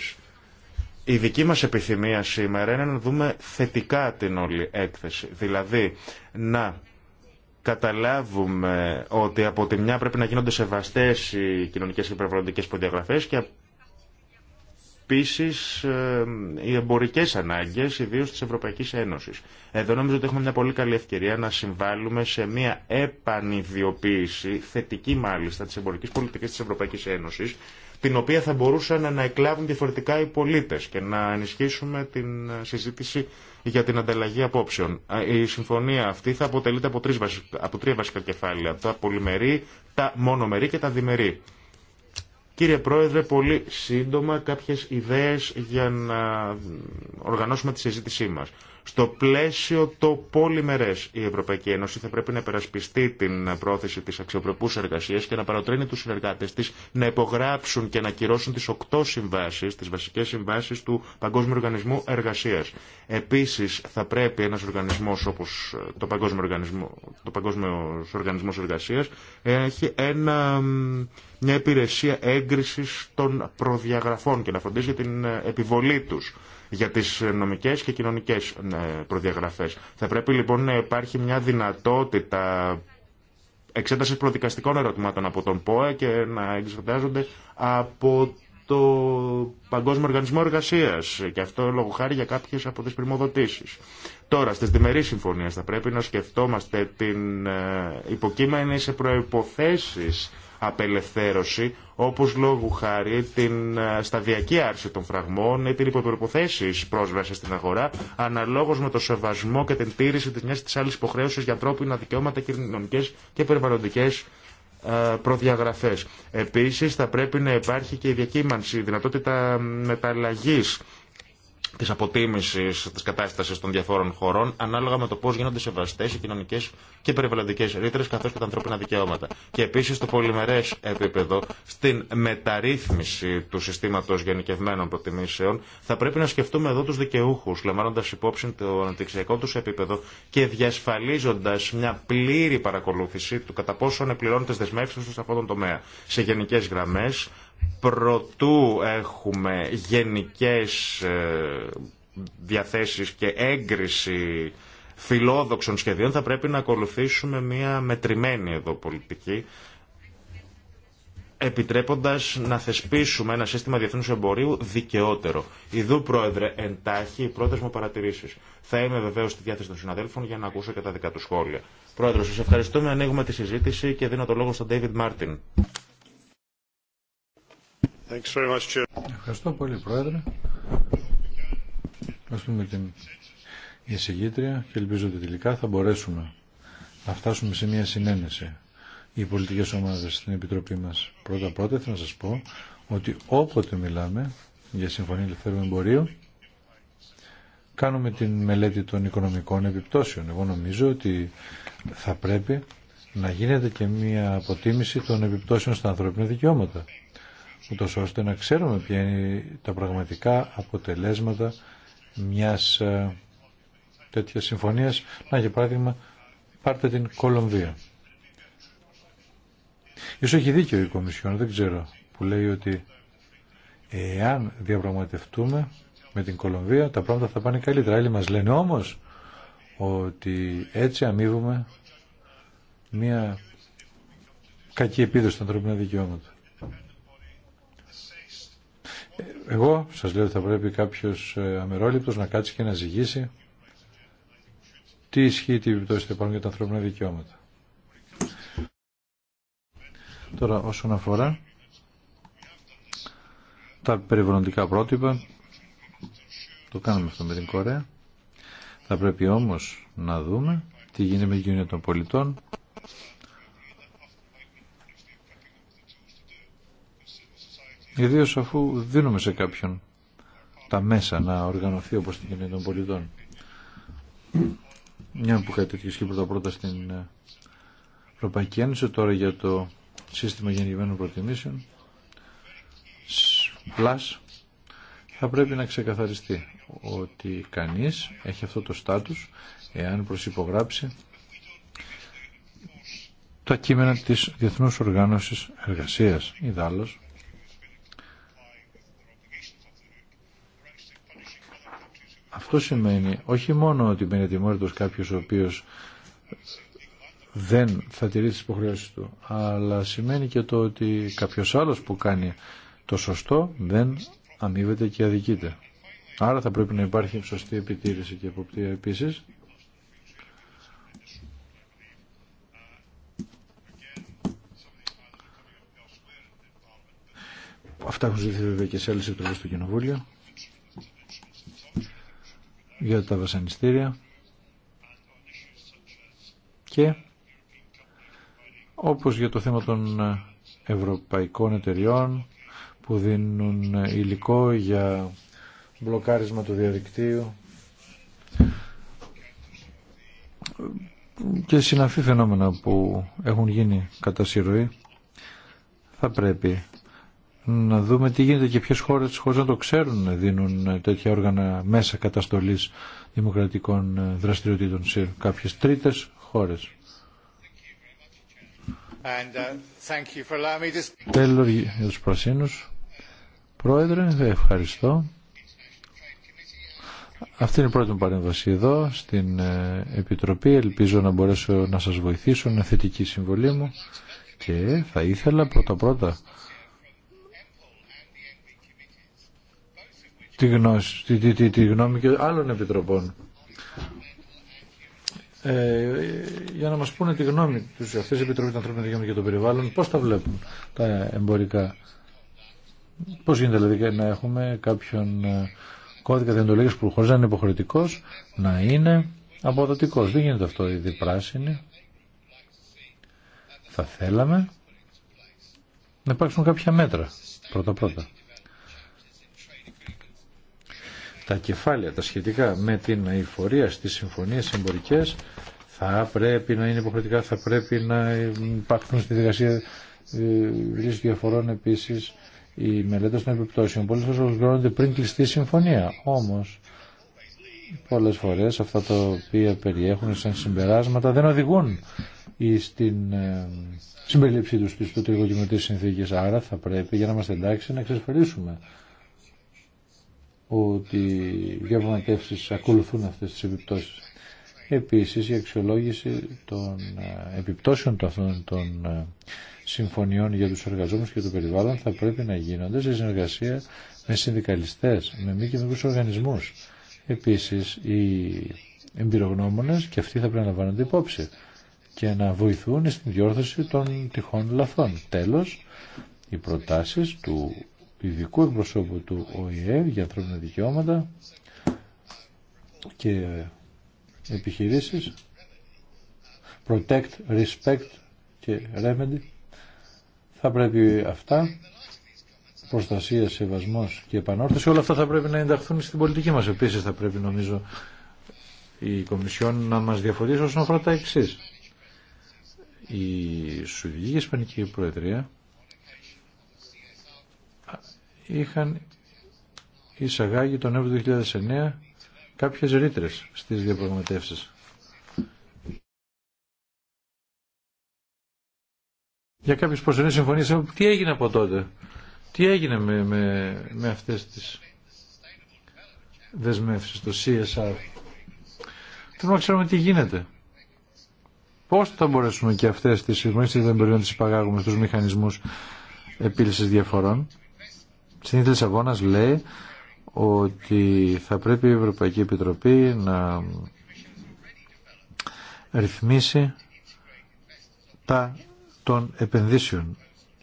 Η δική μας επιθυμία σήμερα είναι να δούμε θετικά την όλη έκθεση. Δηλαδή, να καταλάβουμε ότι από τη μια πρέπει να γίνονται σεβαστές οι κοινωνικές και περιβαλλοντικές προδιαγραφές και Επίσης, ε, οι εμπορικές ανάγκες, ιδίως της Ευρωπαϊκής Ένωσης. Εδώ νομίζω ότι έχουμε μια πολύ καλή ευκαιρία να συμβάλλουμε σε μια επανειδιοποίηση, θετική μάλιστα, της εμπορικής πολιτικής της Ευρωπαϊκής Ένωσης, την οποία θα μπορούσαν να εκλάβουν διαφορετικά οι πολίτες και να ενισχύσουμε την ε, συζήτηση για την ανταλλαγή απόψεων. Η συμφωνία αυτή θα αποτελείται από, τρεις, από τρία βασικά κεφάλαια, τα πολυμερή, τα μονομερή και τα διμερή. Κύριε Πρόεδρε, πολύ σύντομα κάποιες ιδέες για να οργανώσουμε τη συζήτησή μας. Στο πλαίσιο το πολυμερές η Ευρωπαϊκή Ένωση θα πρέπει να περασπιστεί την πρόθεση της αξιοπρεπούς εργασίας και να παροτρύνει τους συνεργάτες της να υπογράψουν και να κυρώσουν τις οκτώ συμβάσεις, τις βασικές συμβάσεις του Παγκόσμιου Οργανισμού Εργασίας. Επίσης θα πρέπει ένας οργανισμός όπως το Παγκόσμιο, Οργανισμό, το Οργανισμός Εργασίας έχει ένα μια υπηρεσία έγκριση των προδιαγραφών και να φροντίζει την ε, επιβολή τους για τις νομικές και κοινωνικές ε, προδιαγραφές. Θα πρέπει λοιπόν να υπάρχει μια δυνατότητα εξέταση προδικαστικών ερωτημάτων από τον ΠΟΕ και να εξετάζονται από το Παγκόσμιο Οργανισμό Εργασία και αυτό λόγω χάρη για κάποιε από τι πρημοδοτήσει. Τώρα, στι διμερεί συμφωνίε θα πρέπει να σκεφτόμαστε την ε, υποκείμενη σε προποθέσει απελευθέρωση, όπως λόγου χάρη την ε, σταδιακή άρση των φραγμών ή την υποπροποθέσεις πρόσβαση στην αγορά, αναλόγως με το σεβασμό και την τήρηση της μια τη άλλη υποχρέωση για ανθρώπινα δικαιώματα, κοινωνικέ και περιβαλλοντικές ε, προδιαγραφές. Επίσης θα πρέπει να υπάρχει και η διακύμανση, η δυνατότητα μεταλλαγή της αποτίμησης της κατάστασης των διαφόρων χωρών ανάλογα με το πώς γίνονται σεβαστές οι κοινωνικές και περιβαλλοντικές ρήτρες καθώς και τα ανθρώπινα δικαιώματα. Και επίσης στο πολυμερές επίπεδο στην μεταρρύθμιση του συστήματος γενικευμένων προτιμήσεων θα πρέπει να σκεφτούμε εδώ τους δικαιούχους λαμβάνοντας υπόψη το αναπτυξιακό τους επίπεδο και διασφαλίζοντας μια πλήρη παρακολούθηση του κατά πόσο ανεπληρώνουν τις δεσμεύσεις σε αυτόν τον τομέα. Σε γενικές γραμμές προτού έχουμε γενικές ε, διαθέσεις και έγκριση φιλόδοξων σχεδίων θα πρέπει να ακολουθήσουμε μια μετρημένη εδώ πολιτική επιτρέποντας να θεσπίσουμε ένα σύστημα διεθνούς εμπορίου δικαιότερο. Ιδού, Πρόεδρε, εντάχει οι πρώτες μου παρατηρήσεις. Θα είμαι βεβαίω στη διάθεση των συναδέλφων για να ακούσω και τα δικά του σχόλια. Πρόεδρο, σας ευχαριστούμε. Ανοίγουμε τη συζήτηση και δίνω το λόγο στον David Μάρτιν. Ευχαριστώ πολύ, Πρόεδρε. Ευχαριστούμε την εισηγήτρια και ελπίζω ότι τελικά θα μπορέσουμε να φτάσουμε σε μια συνένεση οι πολιτικές ομάδες στην Επιτροπή μας. Πρώτα-πρώτα θέλω να σας πω ότι όποτε μιλάμε για Συμφωνία Ελευθέρου Εμπορίου κάνουμε την μελέτη των οικονομικών επιπτώσεων. Εγώ νομίζω ότι θα πρέπει να γίνεται και μια αποτίμηση των επιπτώσεων στα ανθρωπίνα δικαιώματα ούτως ώστε να ξέρουμε ποια είναι τα πραγματικά αποτελέσματα μιας ε, τέτοιας συμφωνίας. Να, για παράδειγμα, πάρτε την Κολομβία. Ίσως έχει δίκιο η Κομισιόν, δεν ξέρω, που λέει ότι εάν διαπραγματευτούμε με την Κολομβία, τα πράγματα θα πάνε καλύτερα. Άλλοι μας λένε όμως ότι έτσι αμείβουμε μια κακή επίδοση των ανθρωπίνων δικαιώματων. Εγώ σας λέω ότι θα πρέπει κάποιος ε, αμερόληπτος να κάτσει και να ζυγίσει τι ισχύει, τι επιπτώσεις θα υπάρχουν για τα ανθρώπινα δικαιώματα. Τώρα όσον αφορά τα περιβαλλοντικά πρότυπα, το κάνουμε αυτό με την Κορέα, θα πρέπει όμως να δούμε τι γίνεται με την κοινωνία των πολιτών, Ιδίω αφού δίνουμε σε κάποιον τα μέσα να οργανωθεί όπως την κοινωνία των πολιτών. Μια που κάτι τέτοιο πρώτα πρώτα στην ε, Ευρωπαϊκή Ένωση, τώρα για το σύστημα γεννημένων προτιμήσεων, πλάς, θα πρέπει να ξεκαθαριστεί ότι κανείς έχει αυτό το στάτους εάν προσυπογράψει τα κείμενα της Διεθνούς Οργάνωσης Εργασίας, ή Αυτό σημαίνει όχι μόνο ότι μένει τιμόρυτος κάποιος ο οποίος δεν θα τηρεί τις υποχρεώσεις του, αλλά σημαίνει και το ότι κάποιος άλλος που κάνει το σωστό δεν αμείβεται και αδικείται. Άρα θα πρέπει να υπάρχει σωστή επιτήρηση και εποπτεία επίσης. Αυτά έχουν ζητήσει βέβαια και σε άλλες επιτροπές του Κοινοβούλιο για τα βασανιστήρια και όπως για το θέμα των ευρωπαϊκών εταιριών που δίνουν υλικό για μπλοκάρισμα του διαδικτύου και συναφή φαινόμενα που έχουν γίνει κατά συρροή θα πρέπει να δούμε τι γίνεται και ποιες χώρες χωρίς να το ξέρουν δίνουν τέτοια όργανα μέσα καταστολής δημοκρατικών ε, δραστηριοτήτων σε κάποιες τρίτες χώρες. Uh, Τέλος για τους πρασίνους. Πρόεδρε, ευχαριστώ. Αυτή είναι η πρώτη μου παρέμβαση εδώ στην ε, Επιτροπή. Ελπίζω να μπορέσω να σας βοηθήσω, είναι θετική συμβολή μου και θα ήθελα πρώτα-πρώτα τη, γνώση, τη, τη, τη, γνώμη και άλλων επιτροπών ε, για να μας πούνε τη γνώμη τους αυτές οι επιτροπές των ανθρώπινων δικαιωμάτων και των περιβάλλων πώς τα βλέπουν τα εμπορικά πώς γίνεται δηλαδή να έχουμε κάποιον ε, κώδικα διοντολογίας που χωρίς να είναι υποχρεωτικός να είναι αποδοτικός δεν γίνεται αυτό ήδη πράσινη θα θέλαμε να υπάρξουν κάποια μέτρα πρώτα πρώτα τα κεφάλαια, τα σχετικά με την αηφορία στις συμφωνίες εμπορικές θα πρέπει να είναι υποχρεωτικά, θα πρέπει να υπάρχουν στη δικασία λύση ε, διαφορών επίσης η μελέτε των επιπτώσεων. Πολλέ φορέ ολοκληρώνονται πριν κλειστεί η συμφωνία. Όμω, πολλέ φορέ αυτά τα οποία περιέχουν σαν συμπεράσματα δεν οδηγούν στην ε, συμπερίληψή του στι τριγωνικέ συνθήκε. Άρα, θα πρέπει για να είμαστε εντάξει να εξασφαλίσουμε ότι οι διαπραγματεύσει ακολουθούν αυτές τις επιπτώσεις. Επίσης η αξιολόγηση των ε, επιπτώσεων των αυτών των ε, συμφωνιών για τους εργαζόμενους και το περιβάλλον θα πρέπει να γίνονται σε συνεργασία με συνδικαλιστές, με μη κοινωνικούς οργανισμούς. Επίσης οι εμπειρογνώμονες και αυτοί θα πρέπει να λαμβάνονται υπόψη και να βοηθούν στην διόρθωση των τυχών λαθών. Τέλος, οι προτάσεις του του ειδικού εκπροσώπου του ΟΗΕ για ανθρώπινα δικαιώματα και επιχειρήσεις protect, respect και remedy θα πρέπει αυτά προστασία, σεβασμός και επανόρθωση όλα αυτά θα πρέπει να ενταχθούν στην πολιτική μας επίσης θα πρέπει νομίζω η Κομισιόν να μας διαφορήσει όσον αφορά τα εξής η Σουηδική Ισπανική Προεδρία είχαν εισαγάγει τον του 2009 κάποιες ρήτρες στις διαπραγματεύσεις. Για κάποιες προσωρινές συμφωνίες, ε, τι έγινε από τότε, τι έγινε με, με, με αυτές τις δεσμεύσεις, το CSR. Θέλουμε να ξέρουμε τι γίνεται. Πώς θα μπορέσουμε και αυτές τις συμφωνίες, δεν μπορούμε να τις υπαγάγουμε στους μηχανισμούς επίλυσης διαφορών. Συνήθως αγώνας λέει ότι θα πρέπει η Ευρωπαϊκή Επιτροπή να ρυθμίσει τα των επενδύσεων.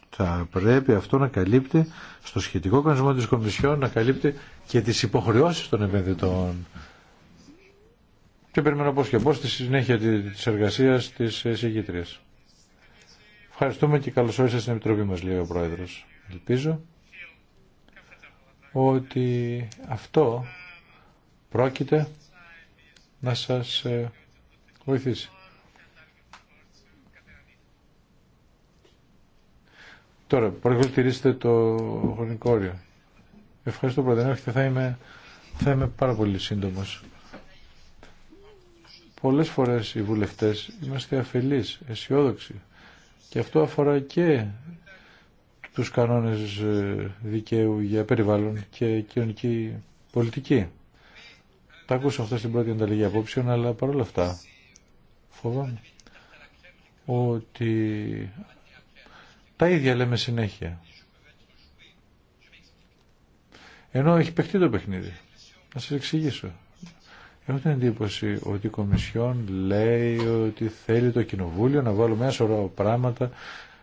Θα πρέπει αυτό να καλύπτει στο σχετικό κανονισμό της Κομισιόν να καλύπτει και τις υποχρεώσεις των επενδυτών. Και περιμένω πώς και πώς τη συνέχεια της εργασίας της συγκήτριας. Ευχαριστούμε και καλώς στην Επιτροπή μας, λέει ο Πρόεδρος. Ελπίζω ότι αυτό πρόκειται να σας ε, βοηθήσει. Τώρα, παρακολουθήστε το χρονικό όριο. Ευχαριστώ πρώτα. θα είμαι, θα είμαι πάρα πολύ σύντομος. Πολλές φορές οι βουλευτές είμαστε αφελείς, αισιόδοξοι. Και αυτό αφορά και τους κανόνες ε, δικαίου για περιβάλλον και κοινωνική πολιτική. Τα άκουσα αυτά στην πρώτη ανταλλαγή απόψεων, αλλά παρόλα αυτά φοβάμαι ότι τα ίδια λέμε συνέχεια. Ενώ έχει παιχτεί το παιχνίδι. Να σας εξηγήσω. Έχω την εντύπωση ότι η Κομισιόν λέει ότι θέλει το Κοινοβούλιο να βάλουμε ένα σωρό πράγματα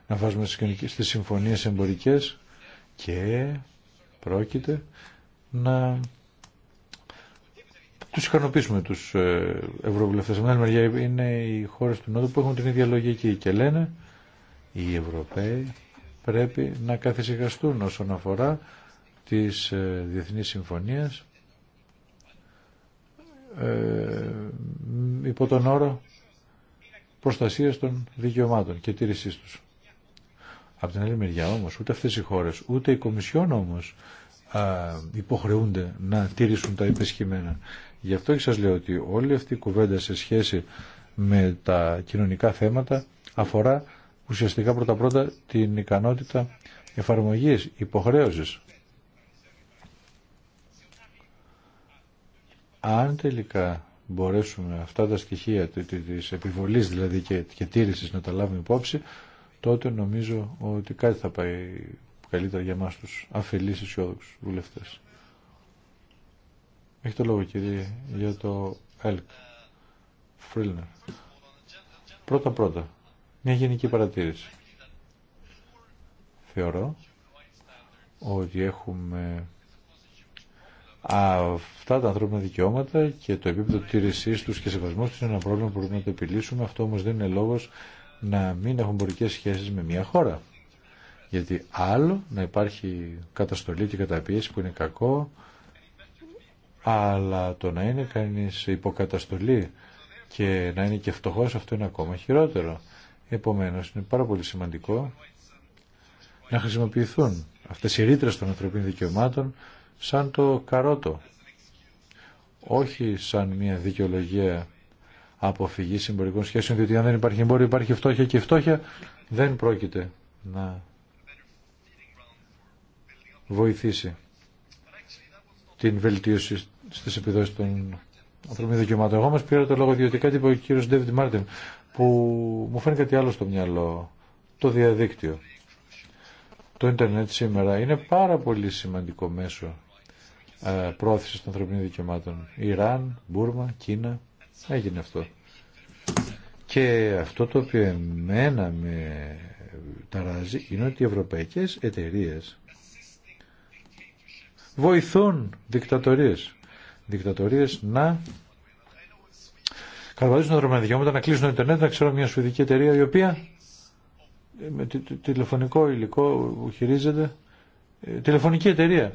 να βάζουμε στις συμφωνίες εμπορικές και πρόκειται να τους ικανοποιήσουμε τους ε, Ευρωβουλευτές. με άλλη μεριά είναι οι χώρες του Νότου που έχουν την ίδια λογική και λένε οι Ευρωπαίοι πρέπει να καθησυχαστούν όσον αφορά τι ε, διεθνείς συμφωνίες ε, υπό τον όρο προστασίας των δικαιωμάτων και τήρησής τους. Από την άλλη μεριά όμως, ούτε αυτές οι χώρες, ούτε η Κομισιόν όμως α, υποχρεούνται να τηρήσουν τα υπεσχημένα. Γι' αυτό και σας λέω ότι όλη αυτή η κουβέντα σε σχέση με τα κοινωνικά θέματα αφορά ουσιαστικά πρώτα-πρώτα την ικανότητα εφαρμογής, υποχρέωσης. Αν τελικά μπορέσουμε αυτά τα στοιχεία της επιβολής δηλαδή και, και τήρησης να τα λάβουμε υπόψη, τότε νομίζω ότι κάτι θα πάει καλύτερα για μας τους αφελείς αισιόδοξους βουλευτές. Έχει το λόγο κύριε για το ΕΛΚ. Φρίλνερ. Πρώτα πρώτα. Μια γενική παρατήρηση. Θεωρώ ότι έχουμε αυτά τα ανθρώπινα δικαιώματα και το επίπεδο τήρησή του και σεβασμός τους είναι ένα πρόβλημα που πρέπει να το επιλύσουμε. Αυτό όμως δεν είναι λόγος να μην έχουν πολιτικές σχέσεις με μια χώρα. Γιατί άλλο να υπάρχει καταστολή και καταπίεση που είναι κακό, αλλά το να είναι κανείς υποκαταστολή και να είναι και φτωχός αυτό είναι ακόμα χειρότερο. Επομένως είναι πάρα πολύ σημαντικό να χρησιμοποιηθούν αυτές οι ρήτρες των ανθρωπίνων δικαιωμάτων σαν το καρότο. Όχι σαν μια δικαιολογία αποφυγή συμπορικών σχέσεων, διότι αν δεν υπάρχει εμπόριο υπάρχει φτώχεια και φτώχεια δεν πρόκειται να βοηθήσει την βελτίωση στις επιδόσεις των ανθρωπίνων δικαιωμάτων. Εγώ όμως πήρα το λόγο διότι κάτι είπε ο κύριος Ντέβιντ Μάρτιν που μου φέρνει κάτι άλλο στο μυαλό, το διαδίκτυο. Το ίντερνετ σήμερα είναι πάρα πολύ σημαντικό μέσο ε, των ανθρωπίνων δικαιωμάτων. Ιράν, Μπούρμα, Κίνα, Έγινε αυτό. Και αυτό το οποίο εμένα με ταράζει είναι ότι οι ευρωπαϊκές εταιρείες βοηθούν δικτατορίες. Δικτατορίες να καρβαλίζουν τα δρομένα να κλείσουν το Ιντερνετ, να ξέρω μια σουηδική εταιρεία η οποία ε, με τηλεφωνικό υλικό που χειρίζεται, ε, τηλεφωνική εταιρεία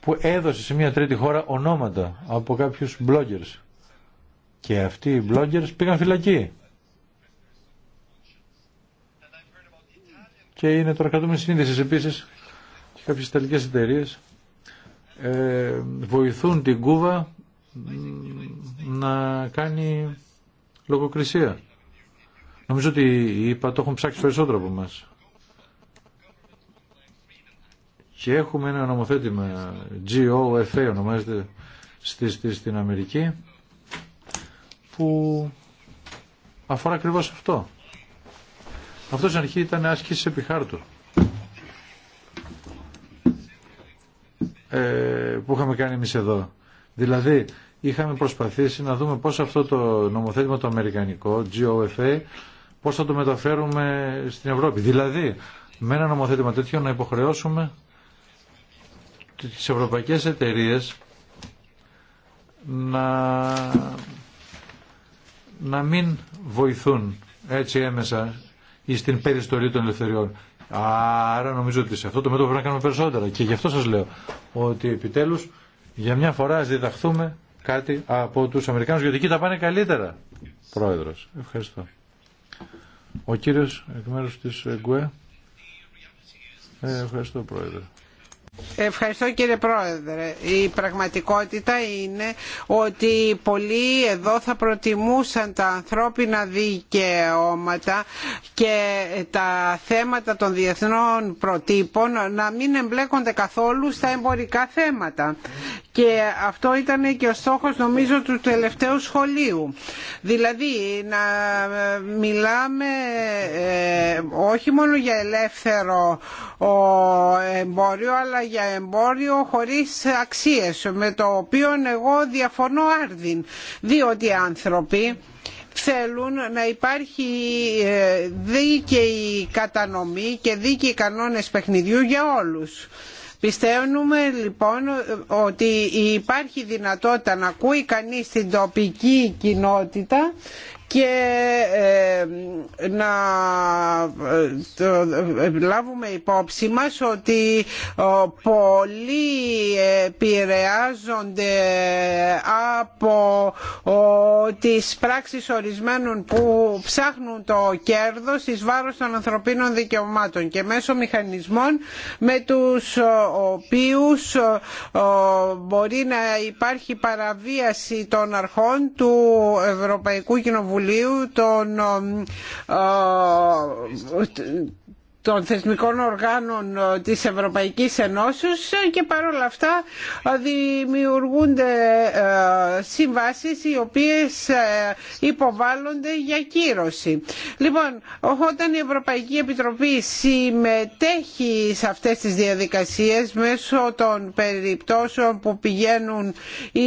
που έδωσε σε μια τρίτη χώρα ονόματα από κάποιους bloggers. Και αυτοί οι bloggers πήγαν φυλακή. Και είναι τώρα κρατούμε συνείδηση επίσης και κάποιες ιταλικές εταιρείε ε, βοηθούν την Κούβα να κάνει λογοκρισία. Νομίζω ότι οι ΙΠΑ το έχουν ψάξει περισσότερο από εμάς. Και έχουμε ένα νομοθέτημα GOFA ονομάζεται στη, στη, στην Αμερική που αφορά ακριβώς αυτό. Αυτό στην αρχή ήταν άσκηση επιχάρτου. Ε, που είχαμε κάνει εμείς εδώ. Δηλαδή, είχαμε προσπαθήσει να δούμε πώς αυτό το νομοθέτημα το αμερικανικό, GOFA, πώς θα το μεταφέρουμε στην Ευρώπη. Δηλαδή, με ένα νομοθέτημα τέτοιο να υποχρεώσουμε τις ευρωπαϊκές εταιρείες να να μην βοηθούν έτσι έμεσα ή στην περιστολή των ελευθεριών. Άρα νομίζω ότι σε αυτό το μέτωπο πρέπει να κάνουμε περισσότερα. Και γι' αυτό σας λέω ότι επιτέλους για μια φορά ας διδαχθούμε κάτι από τους Αμερικάνους γιατί εκεί τα πάνε καλύτερα. Πρόεδρος. Ευχαριστώ. Ο κύριος εκ μέρους της ΕΚΟΕ. Ε, ευχαριστώ πρόεδρε. Ευχαριστώ κύριε Πρόεδρε. Η πραγματικότητα είναι ότι πολλοί εδώ θα προτιμούσαν τα ανθρώπινα δικαιώματα και τα θέματα των διεθνών προτύπων να μην εμπλέκονται καθόλου στα εμπορικά θέματα. Και αυτό ήταν και ο στόχος νομίζω του τελευταίου σχολείου. Δηλαδή να μιλάμε ε, όχι μόνο για ελεύθερο εμπόριο αλλά για εμπόριο χωρίς αξίες με το οποίο εγώ διαφωνώ άρδιν διότι οι άνθρωποι θέλουν να υπάρχει ε, δίκαιη κατανομή και δίκαιοι κανόνες παιχνιδιού για όλους. Πιστεύουμε λοιπόν ότι υπάρχει δυνατότητα να ακούει κανείς την τοπική κοινότητα και ε, να ε, ε, λάβουμε υπόψη μας ότι πολλοί επηρεάζονται από τις πράξεις ορισμένων που ψάχνουν το κέρδος εις βάρος των ανθρωπίνων δικαιωμάτων και μέσω μηχανισμών με τους οποίους μπορεί να υπάρχει παραβίαση των αρχών του Ευρωπαϊκού Κοινοβουλίου Κοινοβουλίου των ε, ε, των θεσμικών οργάνων ε, της Ευρωπαϊκής Ενώσεως και παρόλα αυτά ε, δημιουργούνται ε, συμβάσεις οι οποίες υποβάλλονται για κύρωση. Λοιπόν, όταν η Ευρωπαϊκή Επιτροπή συμμετέχει σε αυτές τις διαδικασίες μέσω των περιπτώσεων που πηγαίνουν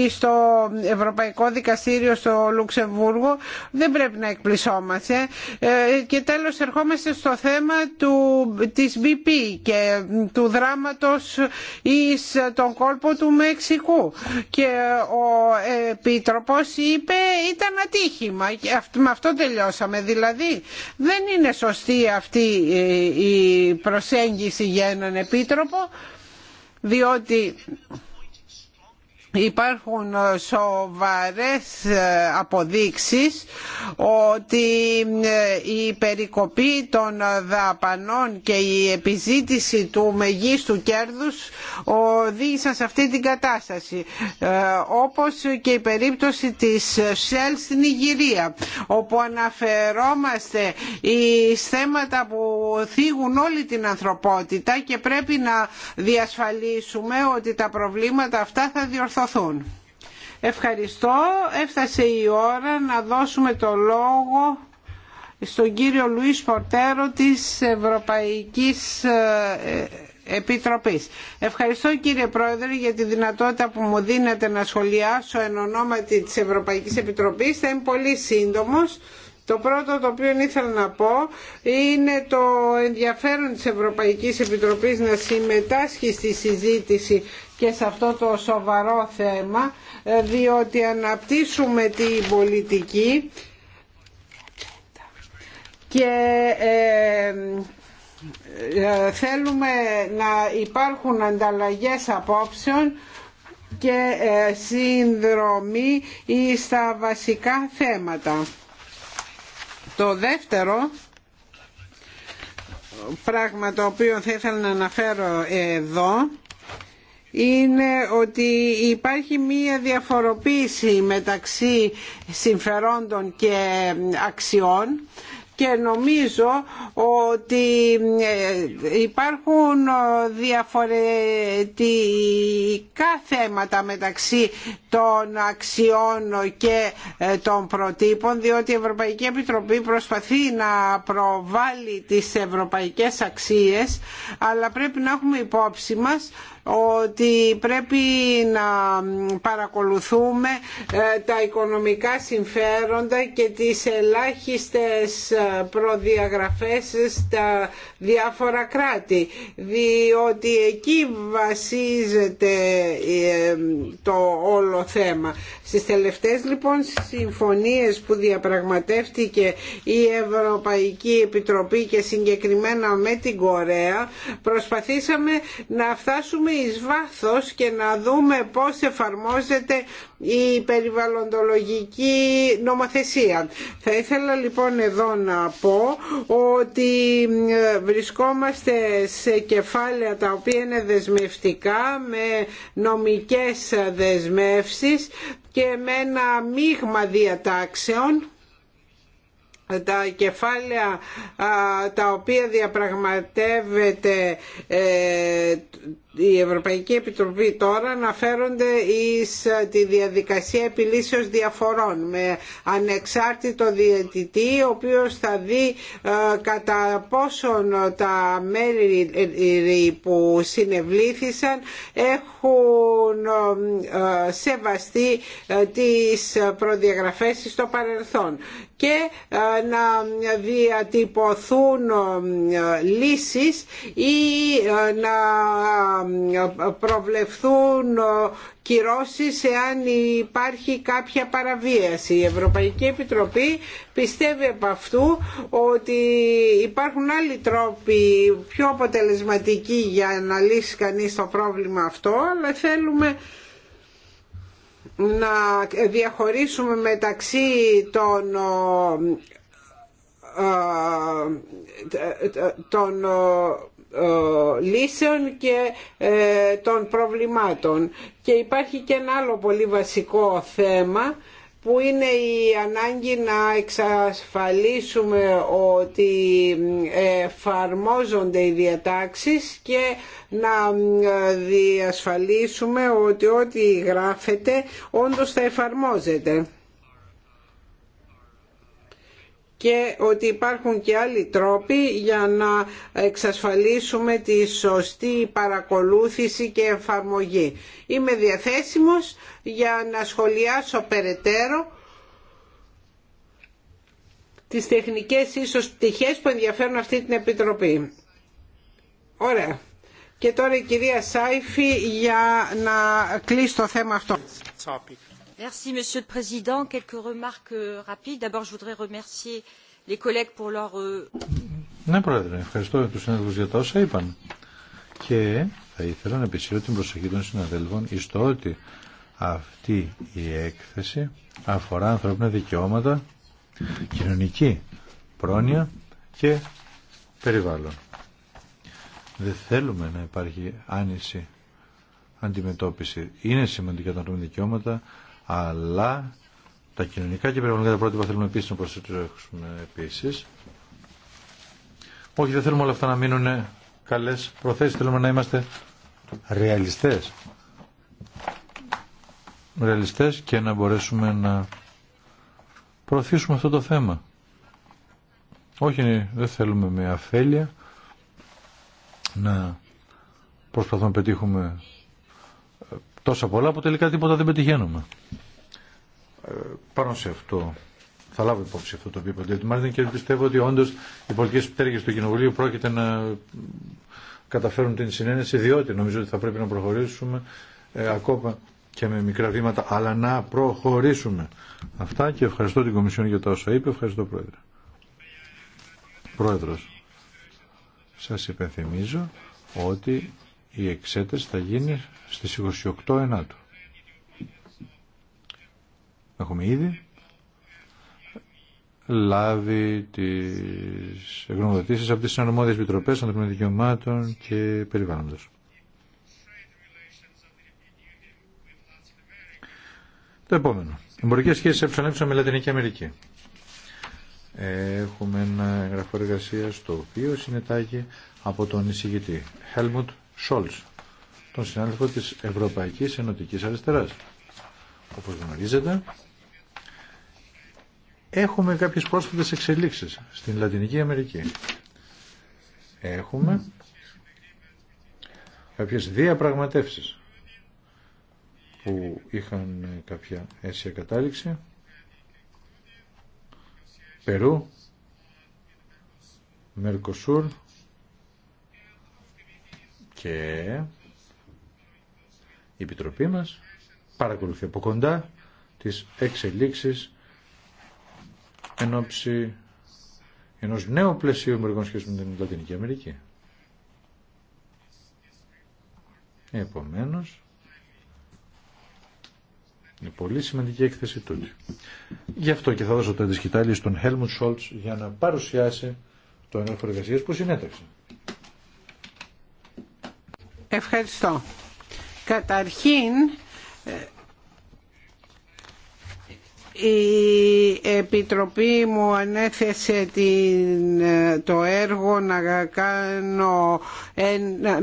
στο Ευρωπαϊκό Δικαστήριο στο Λουξεμβούργο δεν πρέπει να εκπλησόμαστε και τέλος ερχόμαστε στο θέμα του της BP και του δράματος εις τον κόλπο του Μεξικού και ο Επίτροπος είπε ήταν ατύχημα με αυτό τελειώσαμε δηλαδή δεν είναι σωστή αυτή ε, η προσέγγιση για έναν Επίτροπο διότι υπάρχουν ε, σοβαρές ε, αποδείξεις ότι ε, η περικοπή των δαπανών και η επιζήτηση του μεγίστου κέρδους οδήγησαν σε αυτή την κατάσταση όπως και η περίπτωση της Shell στην Ιγυρία όπου αναφερόμαστε οι θέματα που θίγουν όλη την ανθρωπότητα και πρέπει να διασφαλίσουμε ότι τα προβλήματα αυτά θα διορθώσουν Ευχαριστώ. Έφτασε η ώρα να δώσουμε το λόγο στον κύριο Λουίς Πορτέρο της Ευρωπαϊκής ε, Επιτροπής. Ευχαριστώ κύριε Πρόεδρε για τη δυνατότητα που μου δίνετε να σχολιάσω εν ονόματι της Ευρωπαϊκής Επιτροπής. Θα είμαι πολύ σύντομος. Το πρώτο το οποίο ήθελα να πω είναι το ενδιαφέρον της Ευρωπαϊκής Επιτροπής να συμμετάσχει στη συζήτηση και σε αυτό το σοβαρό θέμα ε, διότι αναπτύσσουμε την πολιτική και ε, ε, θέλουμε να υπάρχουν ανταλλαγές απόψεων και συνδρομή στα βασικά θέματα. Το δεύτερο πράγμα το οποίο θα ήθελα να αναφέρω εδώ είναι ότι υπάρχει μία διαφοροποίηση μεταξύ συμφερόντων και αξιών και νομίζω ότι ε, υπάρχουν ε, διαφορετικά θέματα μεταξύ των αξιών και ε, των προτύπων διότι η Ευρωπαϊκή Επιτροπή προσπαθεί να προβάλλει τις ευρωπαϊκές αξίες αλλά πρέπει να έχουμε υπόψη μας ότι πρέπει να παρακολουθούμε ε, τα οικονομικά συμφέροντα και τις ελάχιστες ε, προδιαγραφές στα διάφορα κράτη διότι εκεί βασίζεται ε, το όλο θέμα. Στις τελευταίες λοιπόν συμφωνίες που διαπραγματεύτηκε η Ευρωπαϊκή Επιτροπή και συγκεκριμένα με την Κορέα προσπαθήσαμε να φτάσουμε εις βάθος και να δούμε πώς εφαρμόζεται η περιβαλλοντολογική νομοθεσία. Θα ήθελα λοιπόν εδώ να πω ότι βρισκόμαστε σε κεφάλαια τα οποία είναι δεσμευτικά με νομικές δεσμεύσεις και με ένα μείγμα διατάξεων τα κεφάλαια τα οποία διαπραγματεύεται ε, η Ευρωπαϊκή Επιτροπή τώρα να αναφέρονται εις ε, τη διαδικασία επιλύσεως διαφορών με ανεξάρτητο διαιτητή ο οποίος θα δει ε, κατά πόσον τα μέρη ε, που συνευλήθησαν έχουν σεβαστεί τις προδιαγραφές στο παρελθόν και να διατυπωθούν λύσεις ή να προβλεφθούν κυρώσεις εάν υπάρχει κάποια παραβίαση. Η Ευρωπαϊκή Επιτροπή πιστεύει από αυτού ότι υπάρχουν άλλοι τρόποι πιο αποτελεσματικοί για να λύσει κανείς το πρόβλημα αυτό, αλλά θέλουμε να διαχωρίσουμε μεταξύ των ε, ε, ε, των ε, λύσεων και ε, των προβλημάτων. Και υπάρχει και ένα άλλο πολύ βασικό θέμα που είναι η ανάγκη να εξασφαλίσουμε ότι ε, εφαρμόζονται οι διατάξεις και να διασφαλίσουμε ότι ό,τι γράφεται όντως θα εφαρμόζεται και ότι υπάρχουν και άλλοι τρόποι για να εξασφαλίσουμε τη σωστή παρακολούθηση και εφαρμογή. Είμαι διαθέσιμος για να σχολιάσω περαιτέρω τις τεχνικές ίσως πτυχές που ενδιαφέρουν αυτή την Επιτροπή. Ωραία. Και τώρα η κυρία Σάιφη για να κλείσει το θέμα αυτό monsieur président quelques remarques euh, rapides. d'abord je voudrais remercier les collègues pour leur. Euh, ναι, ευχαριστώ τους συναδέλφους για τα όσα είπαν και θα ήθελα να επισύρω την προσοχή των συναδέλφων στο ότι αυτή η έκθεση αφορά ανθρώπινα δικαιώματα κοινωνική πρόνοια και περιβάλλον. Δεν θέλουμε να υπάρχει άνηση αντιμετώπιση. Είναι σημαντικά τα ανθρώπινα δικαιώματα, αλλά τα κοινωνικά και περιβαλλοντικά πρότυπα θέλουμε επίσης να προσέξουμε επίσης. Όχι, δεν θέλουμε όλα αυτά να μείνουν καλές προθέσεις, θέλουμε να είμαστε ρεαλιστές. Ρεαλιστές και να μπορέσουμε να προωθήσουμε αυτό το θέμα. Όχι, δεν θέλουμε με αφέλεια να προσπαθούμε να πετύχουμε τόσα πολλά που τελικά τίποτα δεν πετυχαίνουμε. Ε, πάνω σε αυτό θα λάβω υπόψη αυτό το οποίο είπατε. Μάλλον και πιστεύω ότι όντω οι πολιτικέ πτέρυγε του Κοινοβουλίου πρόκειται να καταφέρουν την συνένεση, διότι νομίζω ότι θα πρέπει να προχωρήσουμε ε, ακόμα και με μικρά βήματα, αλλά να προχωρήσουμε. Αυτά και ευχαριστώ την Κομισιόν για τα όσα είπε. Ευχαριστώ, Πρόεδρε. Πρόεδρο. Σα υπενθυμίζω ότι η εξέταση θα γίνει στι 28 Ενάτου. Έχουμε ήδη λάβει τις γνωμοδοτήσεις από τις συναρμόδιες επιτροπέ ανθρωπίνων δικαιωμάτων και περιβάλλοντος. Το επόμενο. Εμπορικές σχέσεις ΕΕ με Λατινική Αμερική. Έχουμε ένα εγγραφό εργασία το οποίο συνετάγει από τον εισηγητή Helmut Scholz, τον συνάδελφο της Ευρωπαϊκής Ενωτικής Αριστεράς. Όπως γνωρίζετε, έχουμε κάποιες πρόσφατες εξελίξεις στην Λατινική Αμερική. Έχουμε κάποιες διαπραγματεύσεις που είχαν κάποια αίσια κατάληξη. Περού, Μερκοσούρ και η Επιτροπή μας παρακολουθεί από κοντά τις εξελίξεις εν ενός νέου πλαισίου μερικών σχέσεων με την Λατινική Αμερική. Επομένως, είναι πολύ σημαντική έκθεση τούτη. Γι' αυτό και θα δώσω το αντισκητάλι στον Helmut Scholz για να παρουσιάσει το έγγραφο εργασία που συνέταξε. Ευχαριστώ. Καταρχήν ε, η Επιτροπή μου ανέθεσε την, το έργο να κάνω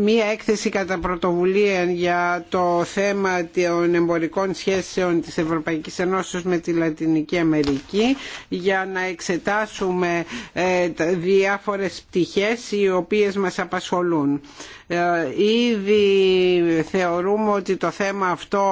μία έκθεση κατά πρωτοβουλία για το θέμα των εμπορικών σχέσεων της Ευρωπαϊκής Ενώσης με τη Λατινική Αμερική για να εξετάσουμε ε, διάφορες πτυχές οι οποίες μας απασχολούν. Ε, ήδη θεωρούμε ότι το θέμα αυτό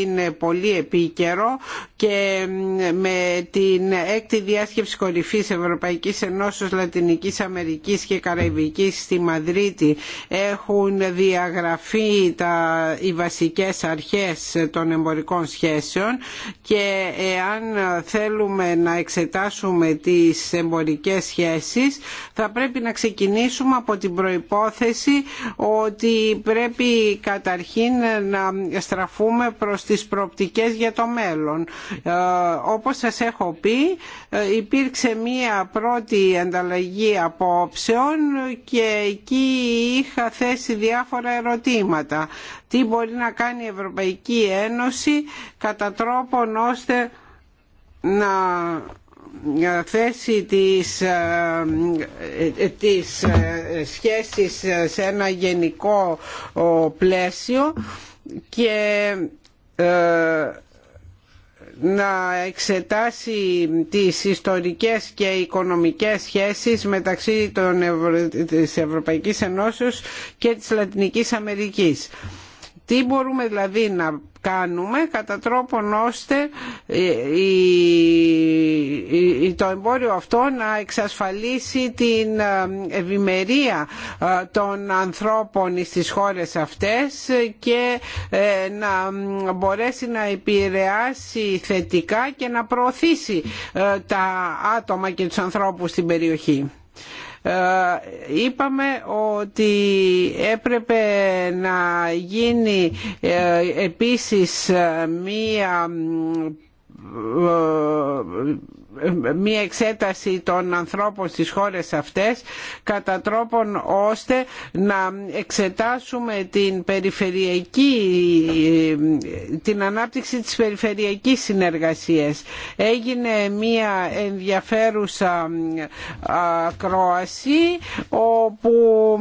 είναι πολύ επίκαιρο και με την έκτη διάσκεψη κορυφής Ευρωπαϊκής Ενώσεως Λατινικής Αμερικής και Καραϊβικής στη Μαδρίτη έχουν διαγραφεί τα, οι βασικές αρχές των εμπορικών σχέσεων και εάν θέλουμε να εξετάσουμε τις εμπορικές σχέσεις θα πρέπει να ξεκινήσουμε από την προϋπόθεση ότι πρέπει καταρχήν να στραφούμε προς τις προοπτικές για το μέλλον ε, όπως σας έχω πει υπήρξε μία πρώτη ανταλλαγή απόψεων και εκεί είχα θέσει διάφορα ερωτήματα. Τι μπορεί να κάνει η Ευρωπαϊκή Ένωση κατά τρόπον ώστε να θέσει τις ε, ε, τις ε, σχέσεις σε ένα γενικό πλαίσιο και να εξετάσει τις ιστορικές και οικονομικές σχέσεις μεταξύ των Ευρω... της Ευρωπαϊκής Ενώσεως και της Λατινικής Αμερικής. Τι μπορούμε δηλαδή να κάνουμε κατά τρόπον ώστε ε, το εμπόριο αυτό να εξασφαλίσει την ε, ευημερία ε, των ανθρώπων στις χώρες αυτές και να μπορέσει να επηρεάσει θετικά και να προωθήσει τα άτομα και τους ανθρώπους στην περιοχή. Ε, είπαμε ότι έπρεπε να γίνει ε, επίσης ε, μία μια εξέταση των ανθρώπων στις χώρες αυτές κατά τρόπον ώστε να εξετάσουμε την περιφερειακή την ανάπτυξη της περιφερειακής συνεργασίας έγινε μια ενδιαφέρουσα ακρόαση όπου